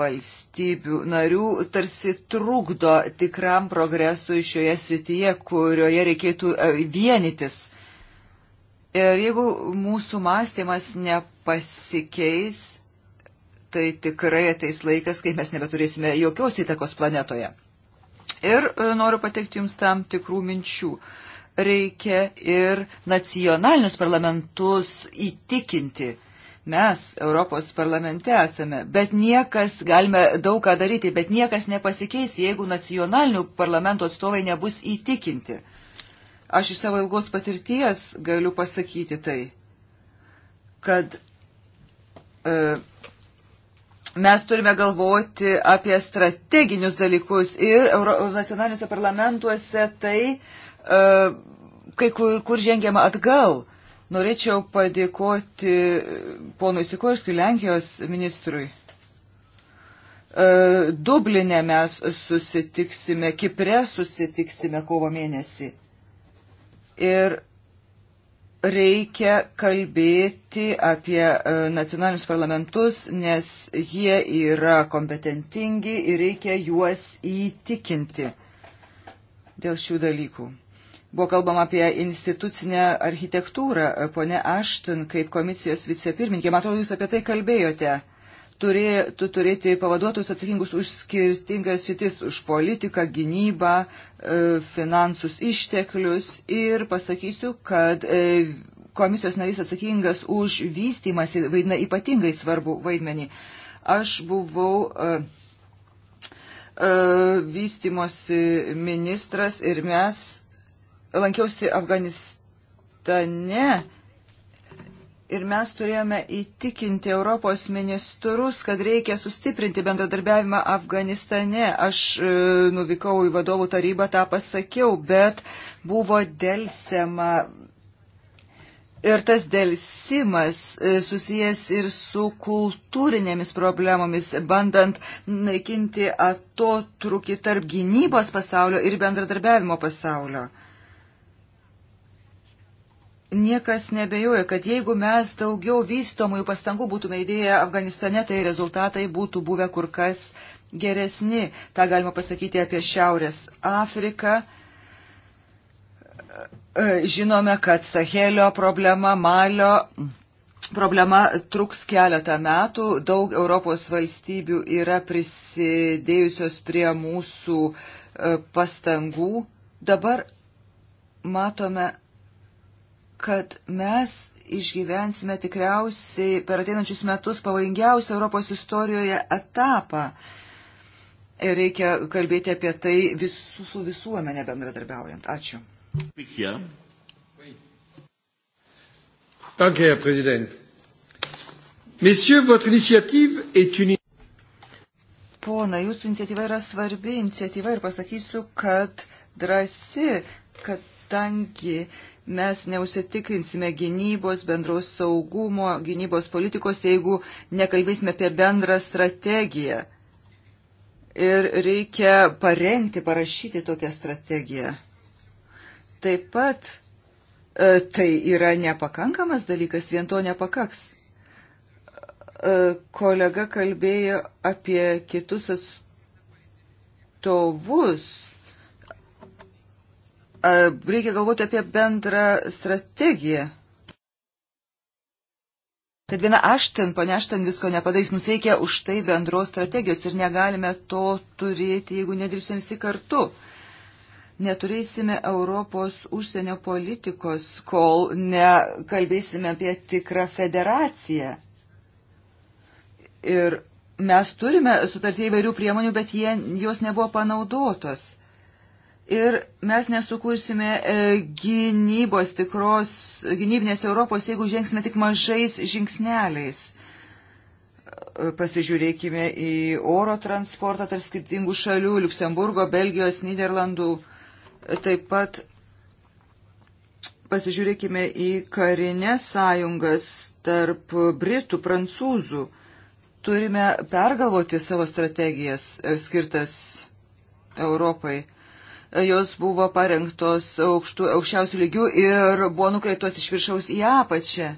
Speaker 2: valstybių narių, tarsi trukdo tikram progresui šioje srityje, kurioje reikėtų e, vienytis. Ir jeigu mūsų mąstymas nepasikeis, tai tikrai ateis laikas, kai mes nebeturėsime jokios įtakos planetoje. Ir e, noriu pateikti Jums tam tikrų minčių. Uh, reikia ir nacionalinius parlamentus įtikinti. Mes Europos parlamente esame, bet niekas, galime daug ką daryti, bet niekas nepasikeis, jeigu nacionalinių parlamento atstovai nebus įtikinti. Aš iš savo ilgos patirties galiu pasakyti tai, kad e, mes turime galvoti apie strateginius dalykus ir nacionaliniuose parlamentuose tai E, kai kur, kur žengiama atgal. Norėčiau padėkoti ponui Sikorskiui, Lenkijos ministrui. E, Dublinė mes susitiksime, Kipre susitiksime kovo mėnesį. Ir reikia kalbėti apie e, nacionalinius parlamentus, nes jie yra kompetentingi ir reikia juos įtikinti dėl šių dalykų. Buvo kalbama apie institucinę architektūrą. Pone Aštin, kaip komisijos vicepirmininkė, man atrodo, jūs apie tai kalbėjote turėtų turėti pavaduotojus atsakingus už skirtingas sitis, už politiką, gynybą, e, finansus, išteklius. Ir pasakysiu, kad e, komisijos narys atsakingas už vystymąsi vaidina ypatingai svarbu vaidmenį. Aš buvau e, vystimosi ministras ir mes lankiausi Afganistane ir mes turėjome įtikinti Europos ministrus, kad reikia sustiprinti bendradarbiavimą Afganistane. Aš e, nuvykau į vadovų tarybą, tą pasakiau, bet buvo dėlsiama. Ir tas dėlsimas e, susijęs ir su kultūrinėmis problemomis, bandant naikinti atotrukį tarp gynybos pasaulio ir bendradarbiavimo pasaulio. Niekas nebejoja, kad jeigu mes daugiau vystomųjų pastangų būtume įdėję Afganistane, tai rezultatai būtų buvę kur kas geresni. Ta galima pasakyti apie Šiaurės Afriką. E, žinome, kad Sahelio problema, Malio problema truks keletą metų. Daug Europos valstybių yra prisidėjusios prie mūsų e, pastangų. Dabar matome kad mes išgyvensime tikriausiai per ateinančius metus pavojingiausią Europos istorijoje etapą. Ir reikia kalbėti apie tai visų, su visuomenė bendradarbiaujant. Ačiū. Pikia.
Speaker 3: Danke, Herr Präsident. Messieurs, votre initiative
Speaker 2: est une. Pona, jūsų iniciatyva yra svarbi iniciatyva ir pasakysiu, kad drasi, kadangi uh, mes neusitikrinsime gynybos, bendraus saugumo, gynybos politikos, jeigu nekalbėsime apie bendrą strategiją. Ir reikia parengti, parašyti tokią strategiją. Taip pat e, tai yra nepakankamas dalykas, vien to nepakaks. E, kolega kalbėjo apie kitus atstovus Reikia galvoti apie bendrą strategiją. Kad viena aš ten, pane aš ten visko nepadarys, mums reikia už tai bendros strategijos ir negalime to turėti, jeigu nedirbsim visi kartu neturėsime Europos užsienio politikos, kol nekalbėsime apie tikrą federaciją. Ir mes turime sutartį įvairių priemonių, bet jie, jos nebuvo panaudotos. Ir mes nesukursime e, gynybos tikros, gynybinės Europos, jeigu žengsime tik mažais žingsneliais. E, pasižiūrėkime į oro transportą tarp skirtingų šalių - Luksemburgo, Belgijos, Niderlandų. E, taip pat pasižiūrėkime į karinės sąjungas tarp Britų, Prancūzų. Turime pergalvoti savo strategijas skirtas Europai jos buvo parengtos aukštų, aukščiausių lygių ir buvo nukreiptos iš viršaus į apačią.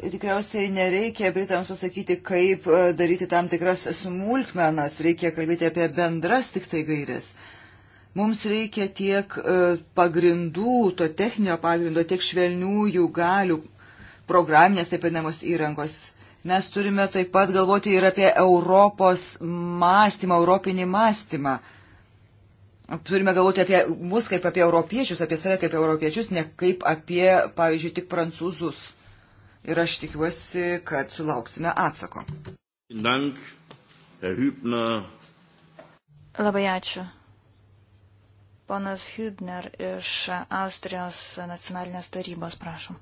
Speaker 2: Tikriausiai nereikia Britams pasakyti, kaip e, daryti tam tikras smulkmenas, reikia kalbėti apie bendras tik tai gairės. Mums reikia tiek e, pagrindų, to techninio pagrindo, tiek švelniųjų galių, programinės taip vadinamos įrangos Mes turime taip pat galvoti ir apie Europos mąstymą, europinį mąstymą. Turime galvoti apie mus kaip apie europiečius, apie save kaip europiečius, ne kaip apie, pavyzdžiui, tik prancūzus. Ir aš tikiuosi, kad sulauksime atsako.
Speaker 3: Dank,
Speaker 1: Labai ačiū. Ponas Hübner iš Austrijos nacionalinės tarybos, prašom.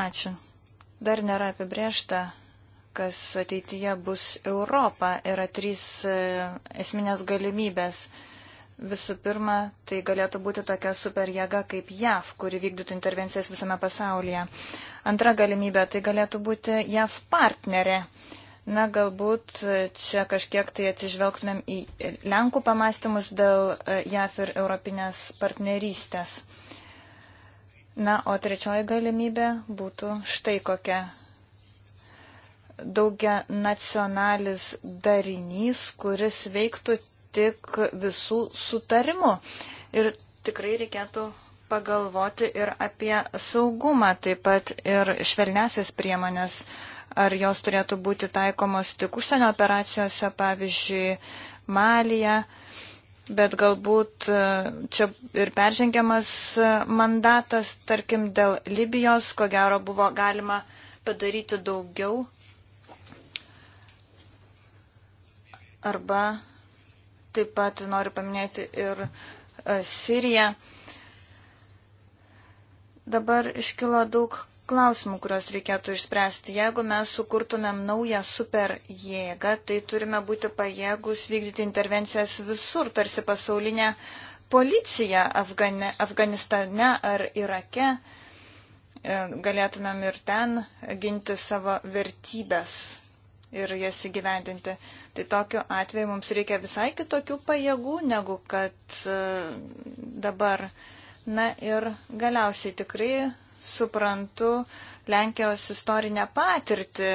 Speaker 1: Ačiū. Dar nėra apibriešta, kas ateityje bus Europa. Yra trys e, esminės galimybės. Visų pirma, tai galėtų būti tokia superjėga kaip JAV, kuri vykdytų intervencijas visame pasaulyje. Antra galimybė, tai galėtų būti JAV partnerė. Na, galbūt e, čia kažkiek tai atsižvelgtumėm į Lenkų pamastymus dėl e, JAV ir Europinės partnerystės. Na, o trečioji galimybė būtų štai kokia. Daugia nacionalis darinys, kuris veiktų tik visų sutarimu. Ir tikrai reikėtų pagalvoti ir apie saugumą, taip pat ir švelnesias priemonės. Ar jos turėtų būti taikomos tik užsienio operacijose, pavyzdžiui, Malija bet galbūt e, čia ir peržengiamas e, mandatas, tarkim, dėl Libijos, ko gero buvo galima padaryti daugiau. Arba taip pat noriu paminėti ir e, Siriją. Dabar iškilo daug klausimų, kuriuos reikėtų išspręsti. Jeigu mes sukurtumėm naują super jėgą, tai turime būti pajėgus vykdyti intervencijas visur, tarsi pasaulinė policija Afgane, Afganistane ar Irake. E, galėtumėm ir ten ginti savo vertybės ir jas įgyvendinti. Tai tokiu atveju mums reikia visai kitokių pajėgų negu kad e, dabar. Na ir galiausiai tikrai suprantu Lenkijos istorinę patirtį e,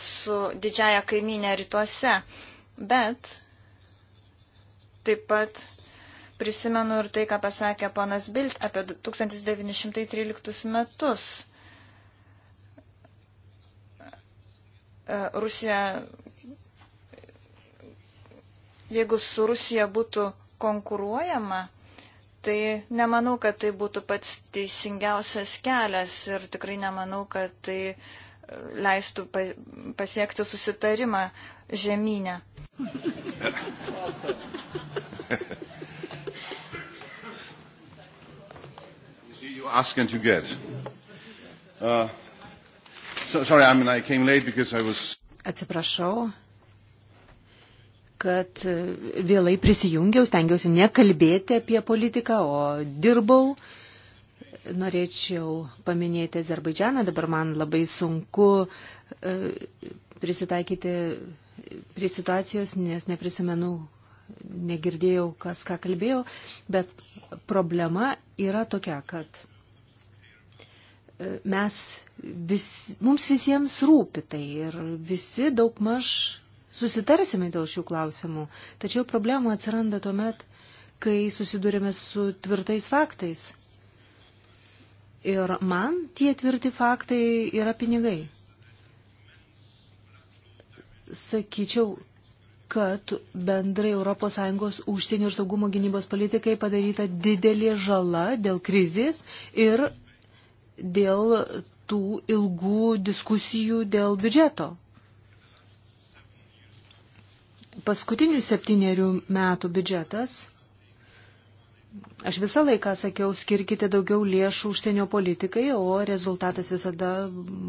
Speaker 1: su didžiaja kaiminė rytuose, bet taip pat prisimenu ir tai, ką pasakė ponas Bilt apie 1913 metus. E, Rusija, jeigu su Rusija būtų konkuruojama, Tai nemanau, kad tai būtų pats teisingiausias kelias ir tikrai nemanau, kad tai e, leistų pasiekti susitarimą žemynę. ask and you get. Uh, so, sorry, I mean, I came late because I was.
Speaker 3: Atsiprašau, kad vėlai prisijungiau, stengiausi nekalbėti apie politiką, o dirbau. Norėčiau paminėti Azerbaidžianą, dabar man labai sunku e, prisitaikyti prie situacijos, nes neprisimenu, negirdėjau, kas ką kalbėjau, bet problema yra tokia, kad e, mes vis, mums visiems rūpi tai ir visi daugmaž susitarsime dėl šių klausimų, tačiau problemų atsiranda tuomet, kai susidurime su tvirtais faktais. Ir man tie tvirti faktai yra pinigai. Sakyčiau, kad bendrai ES užsienio ir saugumo gynybos politikai padaryta didelė žala dėl krizės ir dėl tų ilgų diskusijų dėl biudžeto paskutinių septyniarių metų biudžetas, aš visą laiką sakiau, skirkite daugiau lėšų užsienio politikai, o rezultatas visada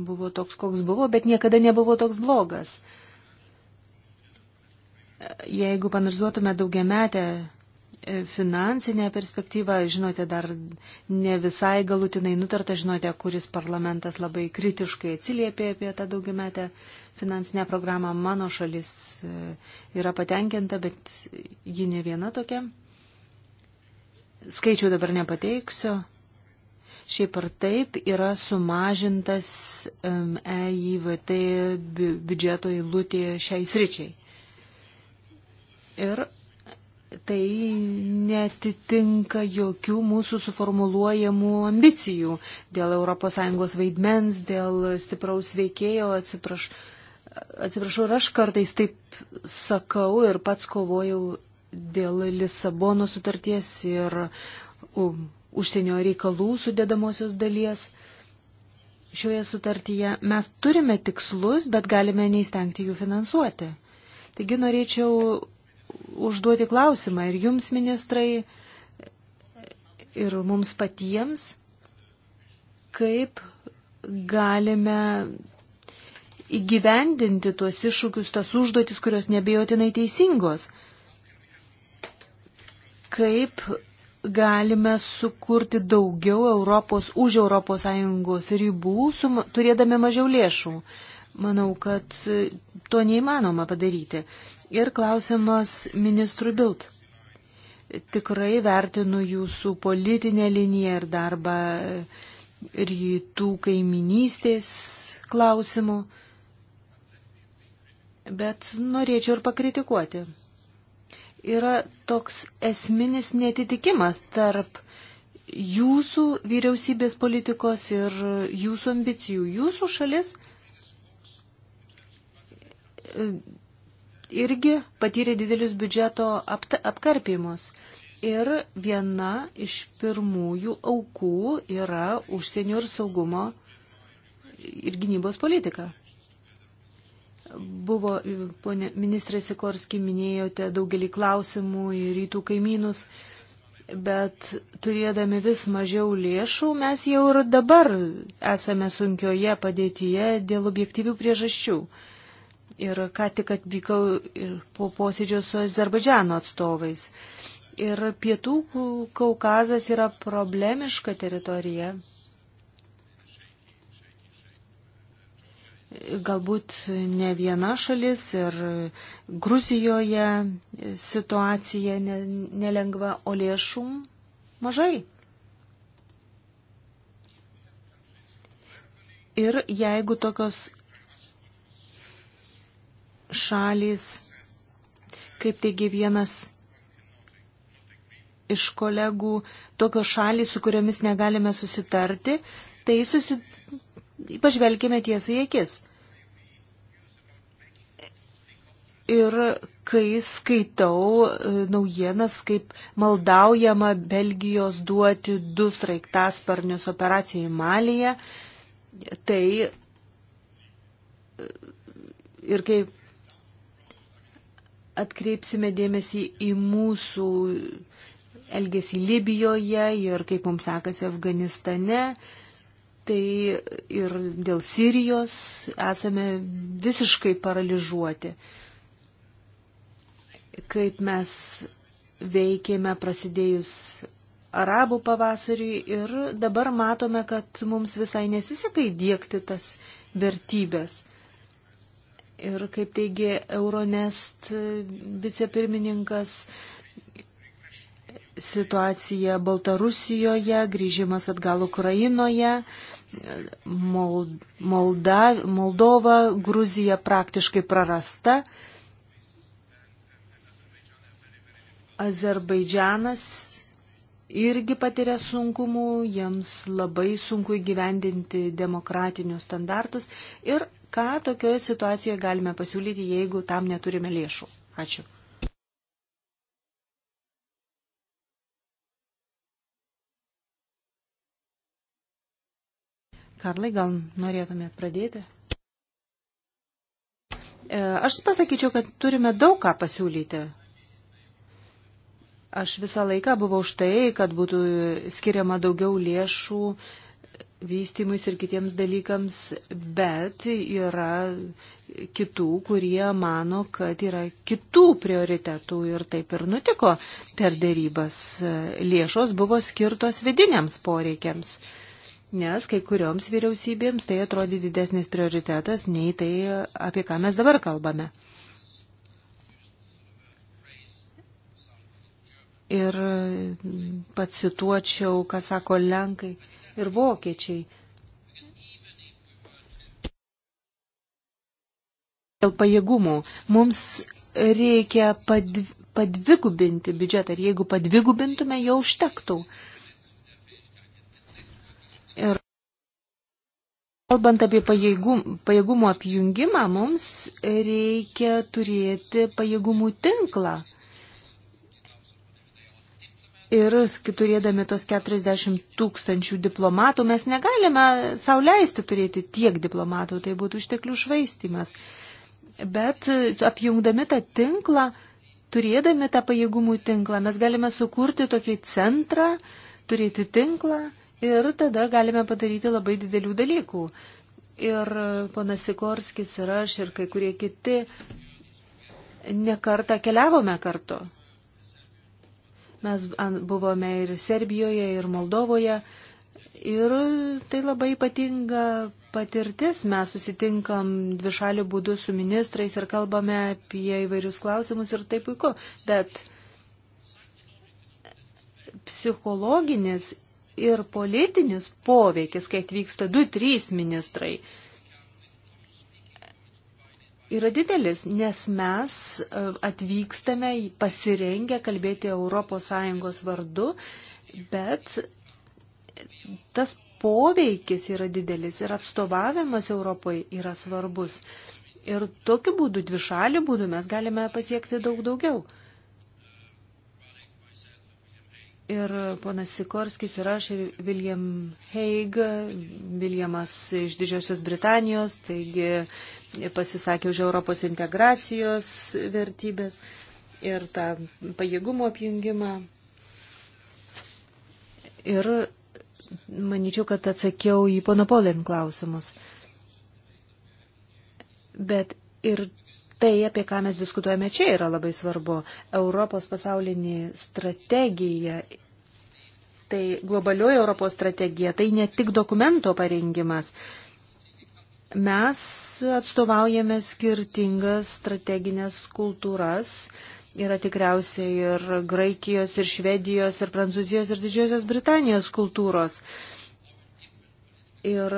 Speaker 3: buvo toks, koks buvo, bet niekada nebuvo toks blogas. Jeigu panalizuotume daugiametę finansinę perspektyvą, žinote, dar ne visai galutinai nutarta, žinote, kuris parlamentas labai kritiškai atsiliepė apie tą daugiametę finansinę programą. Mano šalis e, yra patenkinta, bet ji ne viena tokia. Skaičių dabar nepateiksiu. Šiaip ar taip yra sumažintas EIVT e biudžeto įlūtė šiai sričiai. Ir tai netitinka jokių mūsų suformuluojamų ambicijų dėl ES vaidmens, dėl stipraus veikėjo, atsipraš, atsiprašau, ir aš kartais taip sakau ir pats kovojau dėl Lisabono sutarties ir um, užsienio reikalų sudėdamosios dalies. Šioje sutartyje mes turime tikslus, bet galime neįstengti jų finansuoti. Taigi norėčiau užduoti klausimą ir jums, ministrai, ir mums patiems, kaip galime įgyvendinti tuos iššūkius, tas užduotis, kurios nebejotinai teisingos. Kaip galime sukurti daugiau Europos už ES ribų, sum, turėdami mažiau lėšų. Manau, kad to neįmanoma padaryti. Ir klausimas ministrui Bilt. Tikrai vertinu jūsų politinę liniją ir darbą rytų kaiminystės klausimų, bet norėčiau ir pakritikuoti. Yra toks esminis netitikimas tarp jūsų vyriausybės politikos ir jūsų ambicijų. Jūsų šalis irgi patyrė didelius biudžeto apkarpimus. Ir viena iš pirmųjų aukų yra užsienio ir saugumo ir gynybos politika. Buvo, ponė ministrė Sikorski, minėjote daugelį klausimų į rytų kaimynus, bet turėdami vis mažiau lėšų, mes jau ir dabar esame sunkioje padėtyje dėl objektyvių priežasčių ir ką tik atvykau po posėdžio su Azerbaidžiano atstovais. Ir pietų Kaukazas yra problemiška teritorija. Galbūt ne viena šalis ir Gruzijoje situacija nelengva, o lėšų mažai. Ir jeigu tokios šalys, kaip teigia vienas iš kolegų, tokios šalys, su kuriomis negalime susitarti, tai susi... pažvelkime tiesai į akis. Ir kai skaitau e, naujienas, kaip maldaujama Belgijos duoti du sraigtasparnius operacijai Malyje, tai e, ir kaip atkreipsime dėmesį į mūsų elgesį Libijoje ir kaip mums sekasi Afganistane. Tai ir dėl Sirijos esame visiškai paralyžiuoti. Kaip mes veikėme prasidėjus arabų pavasariui ir dabar matome, kad mums visai nesiseka įdėkti tas vertybės ir, kaip teigė Euronest vicepirmininkas, situacija Baltarusijoje, grįžimas atgal Ukrainoje, Molda, Moldova, Gruzija praktiškai prarasta. Azerbaidžianas irgi patiria sunkumų, jiems labai sunku įgyvendinti demokratinius standartus ir Ką tokioje situacijoje galime pasiūlyti, jeigu tam neturime lėšų? Ačiū. Karlai, gal norėtumėt pradėti? E, aš pasakyčiau, kad turime daug ką pasiūlyti. Aš visą laiką buvau už tai, kad būtų skiriama daugiau lėšų vystymus ir kitiems dalykams, bet yra kitų, kurie mano, kad yra kitų prioritetų ir taip ir nutiko per dėrybas. Lėšos buvo skirtos vidiniams poreikiams, nes kai kurioms vyriausybėms tai atrodė didesnis prioritetas nei tai, apie ką mes dabar kalbame. Ir pacituočiau, ką sako Lenkai ir vokiečiai. Dėl pajėgumų mums reikia padv padvigubinti biudžetą ir jeigu padvigubintume, jo užtektų. Ir Kalbant apie pajėgum, pajėgumų apjungimą, mums reikia turėti pajėgumų tinklą. Ir turėdami tos 40 tūkstančių diplomatų, mes negalime sauliaisti turėti tiek diplomatų, tai būtų išteklių švaistimas. Bet apjungdami tą tinklą, turėdami tą pajėgumų tinklą, mes galime sukurti tokį centrą, turėti tinklą ir tada galime padaryti labai didelių dalykų. Ir ponas Sikorskis ir aš ir kai kurie kiti nekartą keliavome kartu Mes buvome ir Serbijoje, ir Moldovoje. Ir tai labai ypatinga patirtis. Mes susitinkam dvišalių būdų su ministrais ir kalbame apie įvairius klausimus ir tai puiku. Bet psichologinis ir politinis poveikis, kai atvyksta du, trys ministrai, yra didelis, nes mes e, atvykstame pasirengę kalbėti ES vardu, bet tas poveikis yra didelis ir atstovavimas Europoje yra svarbus. Ir tokiu būdu, dvišaliu būdu mes galime pasiekti daug daugiau. Ir ponas Sikorskis ir aš, ir William Haig, Williamas iš Didžiosios Britanijos, taigi pasisakė už Europos integracijos vertybės ir tą pajėgumo apjungimą. Ir manyčiau, kad atsakiau į pono Polin klausimus. Bet ir tai, apie ką mes diskutuojame čia, yra labai svarbu. Europos pasaulinė strategija, tai globalioji Europos strategija, tai ne tik dokumento parengimas, Mes atstovaujame skirtingas strateginės kultūras. Yra tikriausiai ir Graikijos, ir Švedijos, ir Prancūzijos, ir Didžiosios Britanijos kultūros. Ir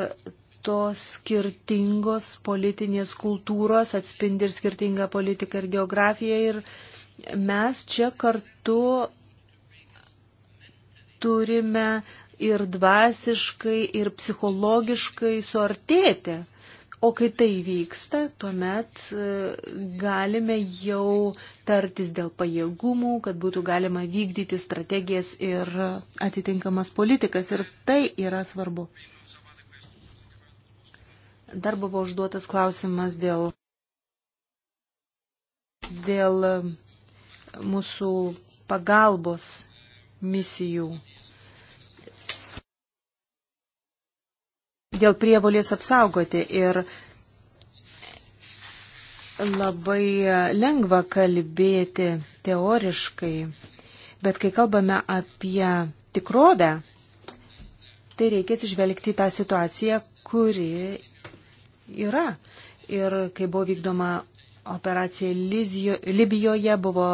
Speaker 3: tos skirtingos politinės kultūros atspindi ir skirtingą politiką ir geografiją. Ir mes čia kartu turime ir dvasiškai, ir psichologiškai suartėti. O kai tai vyksta, tuomet e, galime jau tartis dėl pajėgumų, kad būtų galima vykdyti strategijas ir atitinkamas politikas. Ir tai yra svarbu. Dar buvo užduotas klausimas dėl, dėl e, mūsų pagalbos misijų dėl prievolės apsaugoti. Ir labai lengva kalbėti teoriškai, bet kai kalbame apie tikrovę, tai reikia atsižvelgti į tą situaciją, kuri yra. Ir kai buvo vykdoma operacija Lizijo, Libijoje, buvo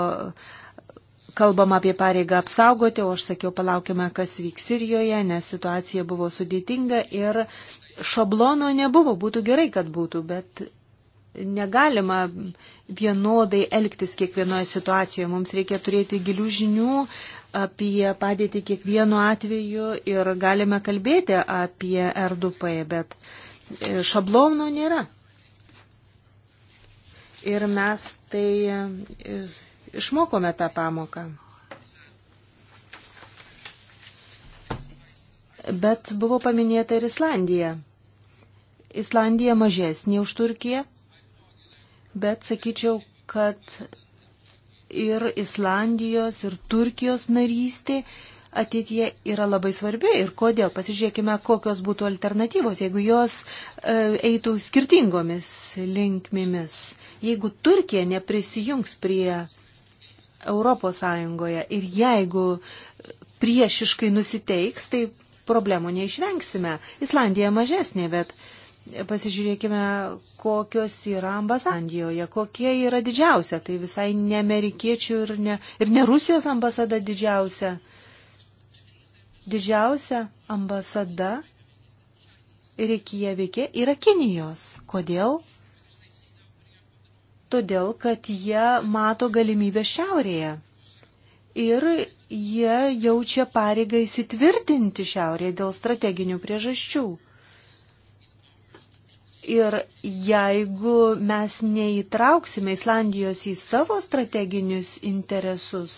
Speaker 3: kalbama apie pareigą apsaugoti, o aš sakiau, palaukime, kas vyks Sirijoje, nes situacija buvo sudėtinga ir šablono nebuvo, būtų gerai, kad būtų, bet negalima vienodai elgtis kiekvienoje situacijoje. Mums reikia turėti gilių žinių apie padėtį kiekvienu atveju ir galime kalbėti apie R2P, bet e, šablono nėra. Ir mes tai e, išmokome tą pamoką. Bet buvo paminėta ir Islandija. Islandija mažesnė už Turkiją, bet sakyčiau, kad ir Islandijos, ir Turkijos narystė ateitie yra labai svarbi ir kodėl. Pasižiūrėkime, kokios būtų alternatyvos, jeigu jos e, eitų skirtingomis linkmėmis. Jeigu Turkija neprisijungs prie Europos Sąjungoje. Ir jeigu priešiškai nusiteiks, tai problemų neišvengsime. Islandija mažesnė, bet pasižiūrėkime, kokios yra ambasandijoje, kokie yra didžiausia. Tai visai ne amerikiečių ir ne, ir ne Rusijos ambasada didžiausia. Didžiausia ambasada Reikijavike yra Kinijos. Kodėl? todėl kad jie mato galimybę šiaurėje. Ir jie jaučia pareigą įsitvirtinti šiaurėje dėl strateginių priežasčių. Ir jeigu mes neįtrauksime Islandijos į savo strateginius interesus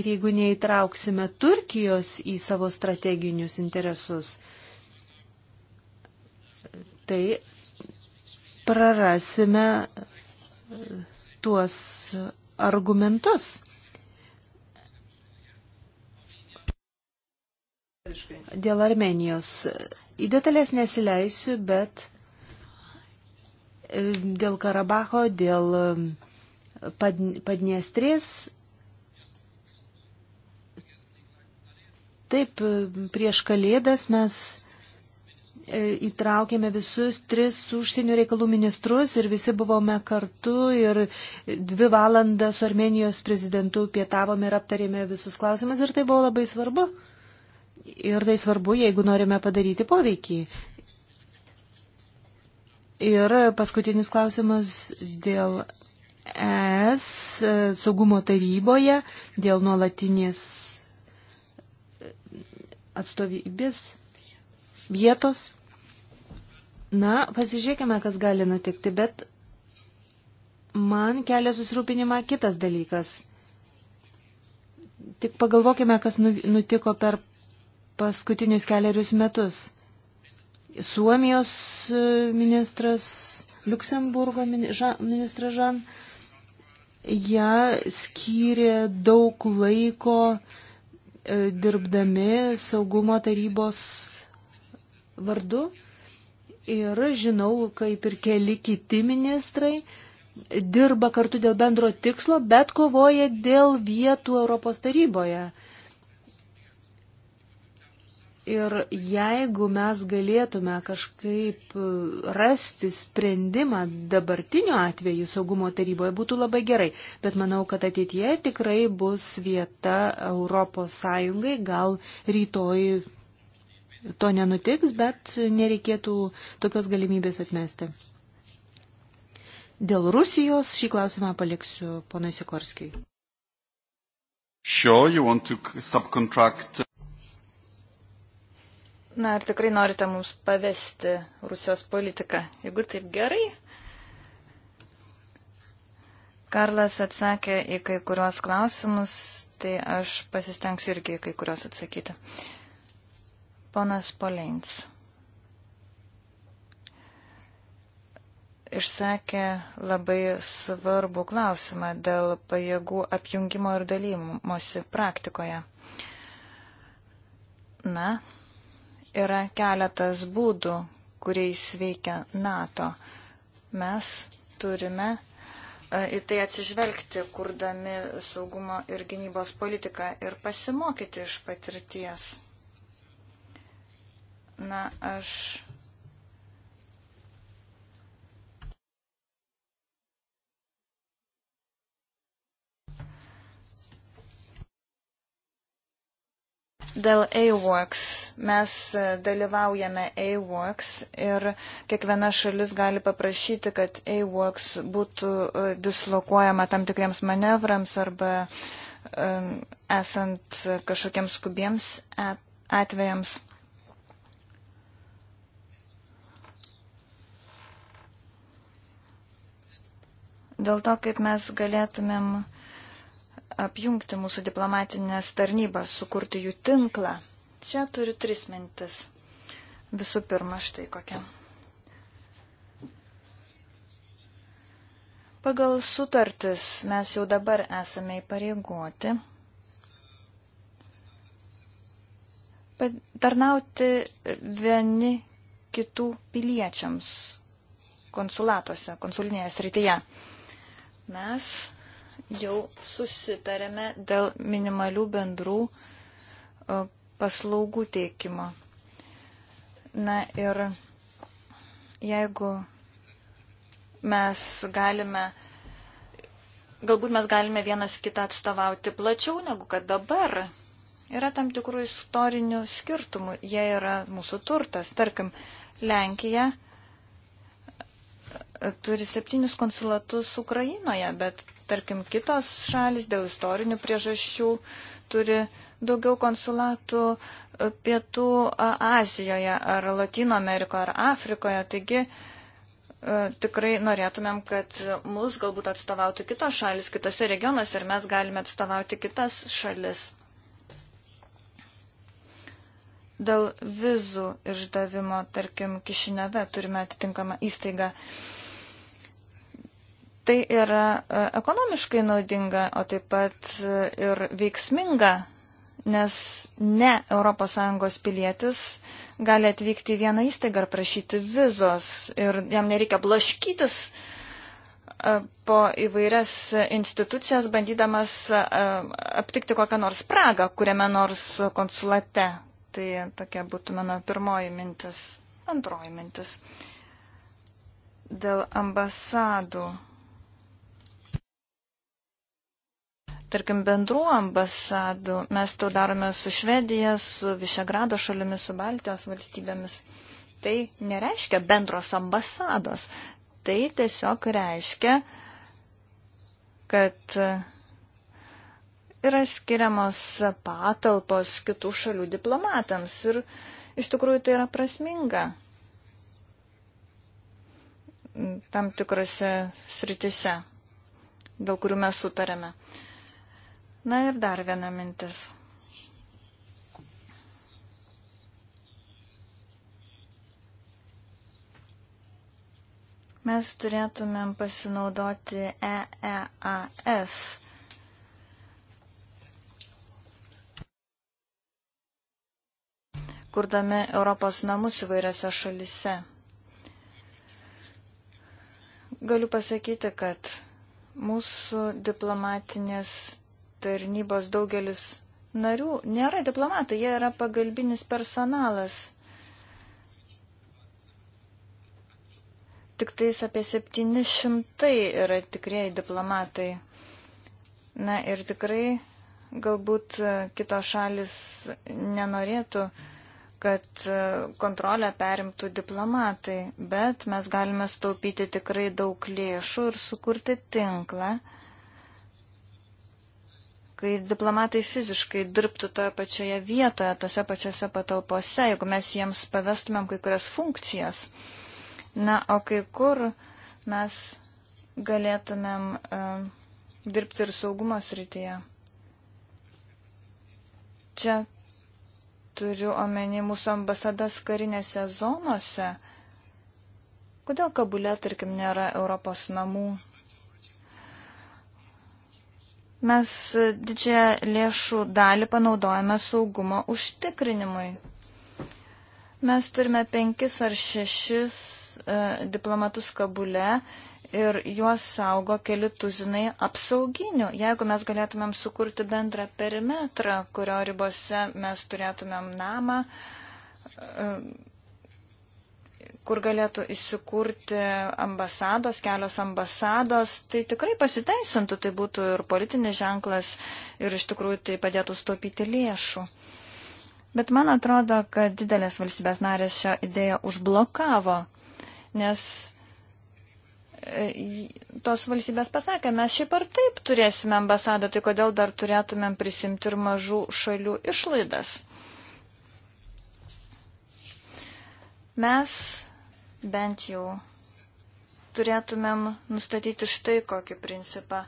Speaker 3: ir jeigu neįtrauksime Turkijos į savo strateginius interesus, tai prarasime tuos argumentus. Dėl Armenijos. Į detalės nesileisiu, bet e, dėl Karabacho, dėl e, Padniestrės. Taip, e, prieš kalėdas mes E, įtraukėme visus tris užsienio reikalų ministrus ir visi buvome kartu ir dvi valandas su Armenijos prezidentu pietavome ir aptarėme visus klausimus ir tai buvo labai svarbu. Ir tai svarbu, jeigu norime padaryti poveikį. Ir paskutinis klausimas dėl ES e, saugumo taryboje, dėl nuolatinės atstovybės vietos. Na, pasižiūrėkime, kas gali nutikti, bet man kelia susirūpinimą kitas dalykas. Tik pagalvokime, kas nu, nutiko per paskutinius keliarius metus. Suomijos e, ministras, Luksemburgo ministras Žan, jie skyrė daug laiko e, dirbdami saugumo tarybos vardu ir žinau, kaip ir keli kiti ministrai dirba kartu dėl bendro tikslo, bet kovoja dėl vietų Europos taryboje. Ir jeigu mes galėtume kažkaip rasti sprendimą dabartiniu atveju saugumo taryboje, būtų labai gerai. Bet manau, kad ateityje tikrai bus vieta Europos Sąjungai, gal rytoj to nenutiks, bet nereikėtų tokios galimybės atmesti. Dėl Rusijos šį
Speaker 1: klausimą paliksiu ponui Sikorskijui. Sure, Na, ar tikrai norite mums pavesti Rusijos politiką? Jeigu taip gerai. Karlas atsakė į kai kuriuos klausimus, tai aš pasistengsiu irgi į kai kuriuos atsakyti. Uh, Ponas Poleins išsakė labai svarbų klausimą dėl pajėgų apjungimo ir dalymosi praktikoje. Na, yra keletas būdų, kuriais veikia NATO. Mes turime e, į tai atsižvelgti, kurdami saugumo ir gynybos politiką ir pasimokyti iš patirties. Na, aš. Dėl AWACS mes e, dalyvaujame AWACS ir kiekviena šalis gali paprašyti, kad AWACS būtų e, dislokuojama tam tikriems manevrams arba um, esant kažkokiems skubiems atvejams. dėl to, kaip mes galėtumėm apjungti mūsų diplomatinės tarnybas, sukurti jų tinklą. Čia turiu tris mintis. Visų pirma, štai kokia. Pagal sutartis mes jau dabar esame įpareigoti tarnauti vieni kitų piliečiams konsulatuose, konsulinėje srityje mes jau susitarėme dėl minimalių bendrų e, paslaugų teikimo. Na ir jeigu mes galime, galbūt mes galime vienas kitą atstovauti plačiau negu kad dabar. Yra tam tikrų istorinių skirtumų, jie yra mūsų turtas. Tarkim, Lenkija turi septynis konsulatus Ukrainoje, bet tarkim kitos šalis dėl istorinių priežasčių turi daugiau konsulatų e, Pietų Azijoje ar Latino Amerikoje ar Afrikoje. Taigi e, tikrai norėtumėm, kad mus galbūt atstovautų kitos šalis kitose regionuose ir mes galime atstovauti kitas šalis dėl vizų išdavimo, tarkim, Kišineve turime atitinkamą įstaigą. Tai yra e, ekonomiškai naudinga, o taip pat e, ir veiksminga, nes ne ES pilietis gali atvykti į vieną įstaigą ir prašyti vizos ir jam nereikia blaškytis e, po įvairias institucijas, bandydamas aptikti kokią nors spragą kuriame nors konsulate. Tai tokia būtų mano pirmoji mintis, antroji mintis. Dėl ambasadų. Tarkim, bendrų ambasadų mes to darome su Švedija, su Višegrado šalimis, su Baltijos valstybėmis. Tai nereiškia bendros ambasados. Tai tiesiog reiškia, kad yra skiriamos patalpos kitų šalių diplomatams ir iš tikrųjų tai yra prasminga tam tikrose sritise, dėl kurių mes sutarėme. Na ir dar viena mintis. Mes turėtumėm pasinaudoti EEAS kurdami Europos namus įvairiose šalise. Galiu pasakyti, kad mūsų diplomatinės tarnybos daugelis narių nėra diplomatai, jie yra pagalbinis personalas. Tik tais apie 700 yra tikrieji diplomatai. Na ir tikrai galbūt kitos šalis nenorėtų uh, kad e, kontrolę perimtų diplomatai, bet mes galime staupyti tikrai daug lėšų ir sukurti tinklą, kai diplomatai fiziškai dirbtų toje pačioje vietoje, tose pačiose patalpose, jeigu mes jiems pavestumėm kai kurias funkcijas. Na, o kai kur mes galėtumėm uh, dirbti ir saugumo srityje. Čia turiu omeny mūsų ambasadas karinėse zonose. Kodėl Kabulė, tarkim, nėra Europos namų? Mes didžiąją lėšų dalį panaudojame saugumo užtikrinimui. Mes turime penkis ar šešis e, diplomatus Kabulė ir juos saugo keli tuzinai apsauginių. Jeigu mes galėtumėm sukurti bendrą perimetrą, kurio ribose mes turėtumėm namą, e, kur galėtų įsikurti ambasados, kelios ambasados, tai tikrai pasiteisintų, tai būtų ir politinis ženklas ir iš tikrųjų tai padėtų stopyti lėšų. Bet man atrodo, kad didelės valstybės narės šią idėją užblokavo, nes E, tos valstybės pasakė, mes šiaip ar taip turėsime ambasadą, tai kodėl dar turėtumėm prisimti ir mažų šalių išlaidas? Mes bent jau turėtumėm nustatyti štai kokį principą.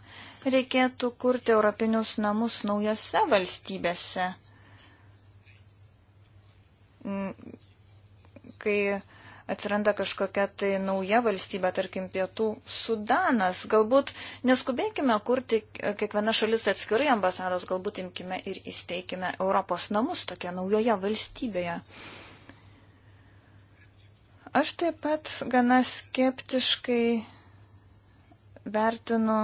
Speaker 1: Reikėtų kurti europinius namus naujose valstybėse. Kai atsiranda kažkokia tai nauja valstybė, tarkim, pietų Sudanas. Galbūt neskubėkime kurti kiekviena šalis atskirai ambasados, galbūt imkime ir įsteikime Europos namus tokia naujoje valstybėje. Aš taip pat gana skeptiškai vertinu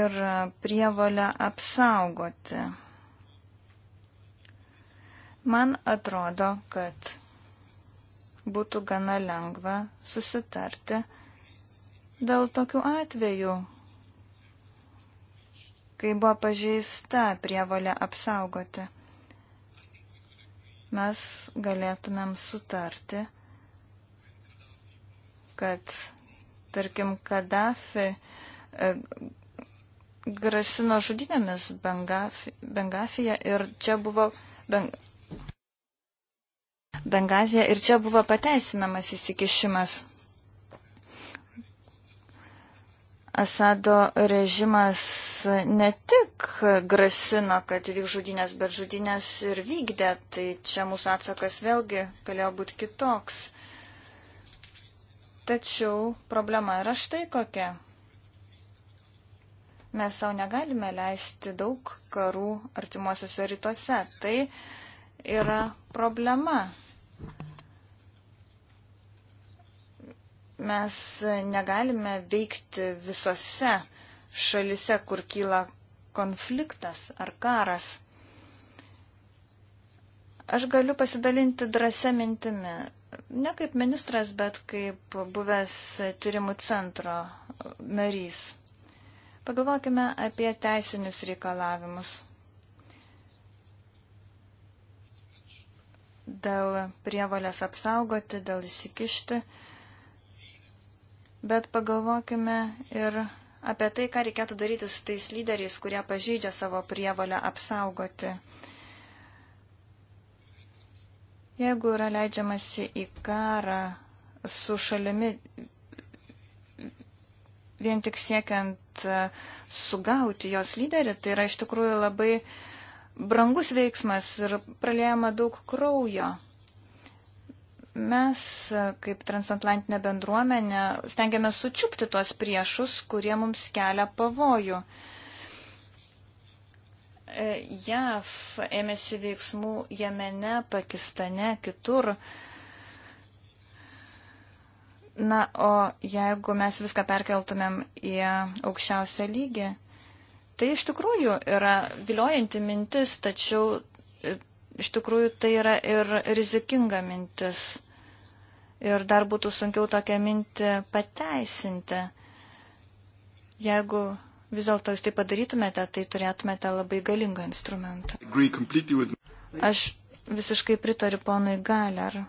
Speaker 1: ir prievalę apsaugoti. Man atrodo, kad būtų gana lengva susitarti dėl tokių atvejų, kai buvo pažeista prievalė apsaugoti. Mes galėtumėm sutarti, kad, tarkim, Kadafi e, grasino žudinėmis Bengafija ir čia buvo, ben, Bengazija ir čia buvo pateisinamas įsikišimas. Asado režimas ne tik grasino, kad vyk žudynės, bet žudynės ir vykdė, tai čia mūsų atsakas vėlgi galėjo būti kitoks. Tačiau problema yra štai kokia. Mes savo negalime leisti daug karų artimuosiuose rytuose. Tai yra problema. Mes negalime veikti visose šalise, kur kyla konfliktas ar karas. Aš galiu pasidalinti drąsią mintimį. Ne kaip ministras, bet kaip buvęs tyrimų centro narys. Pagalvokime apie teisinius reikalavimus. dėl prievalės apsaugoti, dėl įsikišti, bet pagalvokime ir apie tai, ką reikėtų daryti su tais lyderiais, kurie pažydžia savo prievalę apsaugoti. Jeigu yra leidžiamasi į karą su šalimi vien tik siekiant e, sugauti jos lyderį, tai yra iš tikrųjų labai uh, brangus veiksmas ir praliejama daug kraujo. Mes, kaip transatlantinė bendruomenė, stengiamės sučiupti tuos priešus, kurie mums kelia pavojų. E, JAV ėmėsi veiksmų Jemene, Pakistane, kitur. Na, o jeigu mes viską perkeltumėm į aukščiausią lygį, Tai iš tikrųjų yra viliojanti mintis, tačiau e, iš tikrųjų tai yra ir rizikinga mintis. Ir dar būtų sunkiau tokią mintį pateisinti. Jeigu vis dėlto jūs tai padarytumėte, tai turėtumėte labai galingą instrumentą. Aš visiškai pritariu ponui Galer.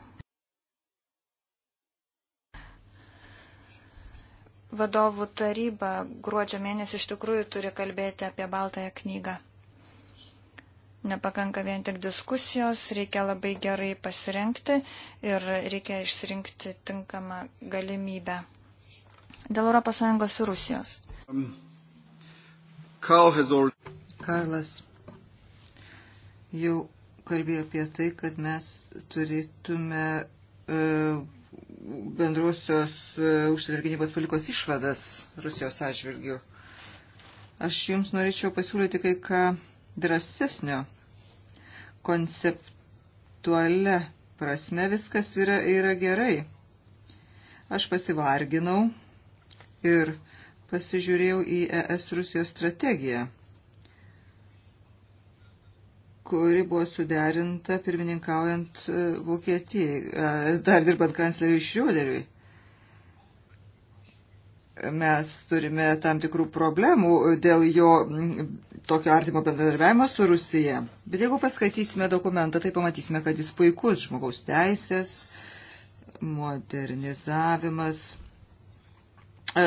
Speaker 1: vadovų taryba gruodžio mėnesį iš tikrųjų turi kalbėti apie baltąją knygą. Nepakanka vien tik diskusijos, reikia labai gerai pasirenkti ir reikia išsirinkti tinkamą galimybę. Dėl ES ir Rusijos.
Speaker 2: Um, Karlas jau kalbėjo apie tai, kad mes turėtume uh, bendruosios e, užsienio gynybos politikos išvadas Rusijos atžvilgių. Aš jums norėčiau pasiūlyti kai ką drąsesnio. Konceptuale prasme viskas yra, yra gerai. Aš pasivarginau ir pasižiūrėjau į ES Rusijos strategiją kuri buvo suderinta pirmininkaujant e, Vokietijai, e, dar dirbant kancleriui Šrioderiui. Mes turime tam tikrų problemų dėl jo tokio artimo bendradarbiavimo su Rusija. Bet jeigu paskaitysime dokumentą, tai pamatysime, kad jis puikus žmogaus teisės, modernizavimas, e,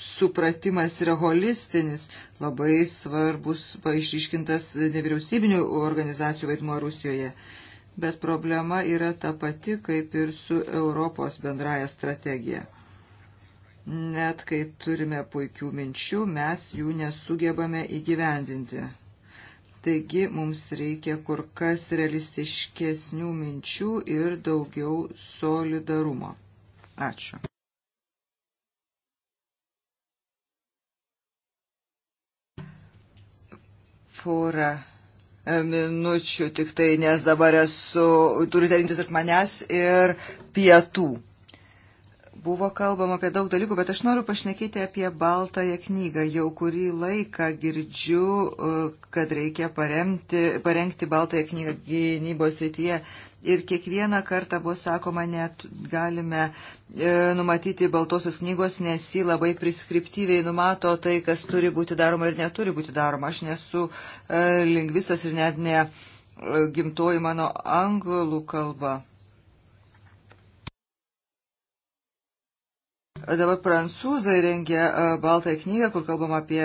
Speaker 2: supratimas yra holistinis, labai svarbus paišryškintas nevyriausybinių organizacijų vaidmuo Rusijoje. Bet problema yra ta pati, kaip ir su Europos bendraja strategija. Net kai turime puikių minčių, mes jų nesugebame įgyvendinti. Taigi mums reikia kur kas realistiškesnių minčių ir daugiau solidarumo. Ačiū. porą e, minučių tik tai, nes dabar esu, turite rinktis ir manęs ir pietų. Buvo kalbama apie daug dalykų, bet aš noriu pašnekėti apie baltąją knygą. Jau kurį laiką girdžiu, e, kad reikia paremti, parengti baltąją knygą gynybos rytyje ir kiekvieną kartą buvo sakoma, net galime e, numatyti baltosios knygos, nes jį labai priskriptyviai numato tai, kas turi būti daroma ir neturi būti daroma. Aš nesu e, lingvistas ir net ne e, gimtoji mano anglų kalba. Dabar prancūzai rengia baltąją knygą, kur kalbam apie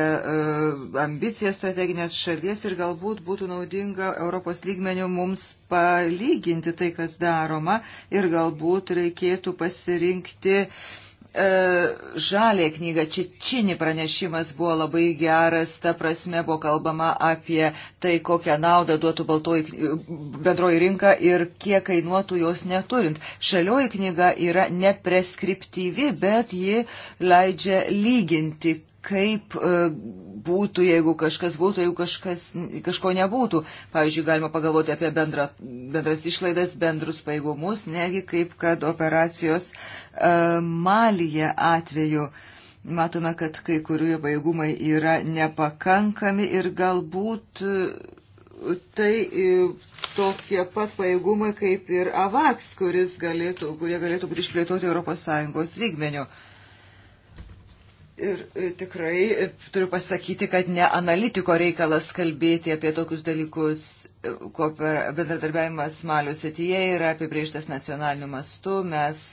Speaker 2: ambicijas strateginės šalies ir galbūt būtų naudinga Europos lygmenių mums palyginti tai, kas daroma ir galbūt reikėtų pasirinkti uh, E, žalė knyga Čičini pranešimas buvo labai geras, ta prasme buvo kalbama apie tai, kokią naudą duotų baltoji, bendroji rinka ir kiek kainuotų jos neturint. Šalioji knyga yra nepreskriptyvi, bet ji leidžia lyginti, kaip e, būtų, jeigu kažkas būtų, jeigu kažkas, kažko nebūtų. Pavyzdžiui, galima pagalvoti apie bendra, bendras išlaidas, bendrus paėgumus, negi kaip kad operacijos e, Malyje atveju. Matome, kad kai kurių pajėgumai yra nepakankami ir galbūt e, tai tokie pat pajėgumai kaip ir AVAX, galėtų, kurie galėtų būti išplėtoti ES lygmeniu. Uh, Ir e, tikrai e, turiu pasakyti, kad ne analitiko reikalas kalbėti apie tokius dalykus. E, bendradarbiavimas Malio setyje yra apibrėžtas nacionaliniu mastu. Mes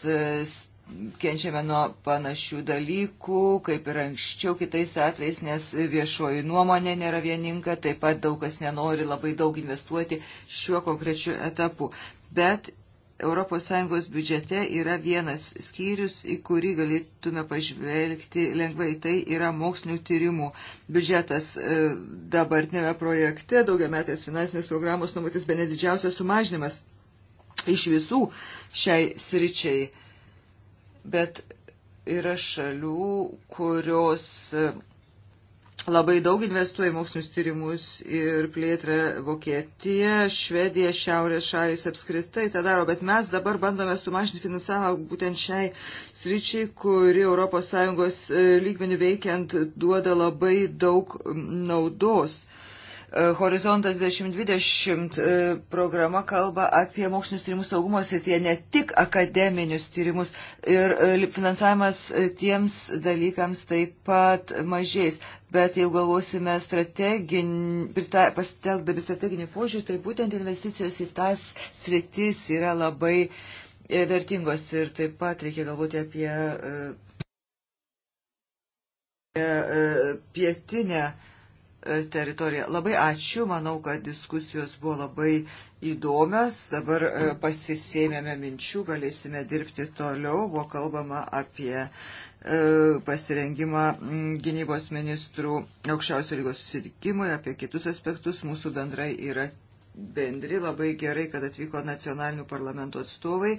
Speaker 2: kenčiame nuo panašių dalykų, kaip ir anksčiau kitais atvejais, nes viešoji nuomonė nėra vieninga, taip pat daug kas nenori labai daug investuoti šiuo konkrečiu etapu. Bet ES biudžete yra vienas skyrius, į kurį galėtume pažvelgti lengvai. Tai yra mokslinių tyrimų biudžetas e, dabartinėme projekte, daugiametės finansinės programos numatis be nedidžiausias sumažinimas iš visų šiai sričiai. Bet yra šalių, kurios labai daug investuoja į mokslinius tyrimus ir plėtrą Vokietija, Švedija, Šiaurės šalys apskritai tą daro, bet mes dabar bandome sumažinti finansavimą būtent šiai sričiai, kuri ES lygmenių veikiant duoda labai daug naudos. E, horizontas 2020 e, programa kalba apie mokslinius tyrimus saugumo srityje, ne tik akademinius tyrimus ir e, finansavimas tiems dalykams taip pat mažės. Bet jeigu galvosime strateginį, pasitelkdami strateginį požiūrį, tai būtent investicijos į tas sritis yra labai vertingos ir taip pat reikia galvoti apie pietinę. Uh, teritoriją. Labai ačiū, manau, kad diskusijos buvo labai įdomios, dabar e, pasisėmėme minčių, galėsime dirbti toliau, buvo kalbama apie e, pasirengimą gynybos ministrų aukščiausio lygos susitikimui, apie kitus aspektus mūsų bendrai yra bendri, labai gerai, kad atvyko nacionalinių parlamentų atstovai,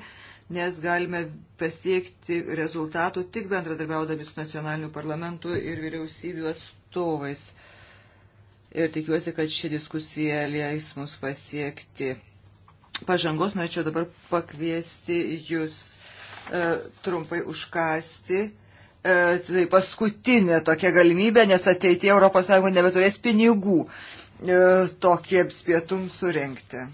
Speaker 2: nes galime pasiekti rezultatų tik bendradarbiaudami su nacionalinių parlamentų ir vyriausybių atstovais ir tikiuosi, kad ši diskusija leis mus pasiekti pažangos. Norėčiau dabar pakviesti jūs e, trumpai užkasti. E, tai paskutinė tokia galimybė, nes ateitie ES nebeturės pinigų e, tokiems pietums surenkti.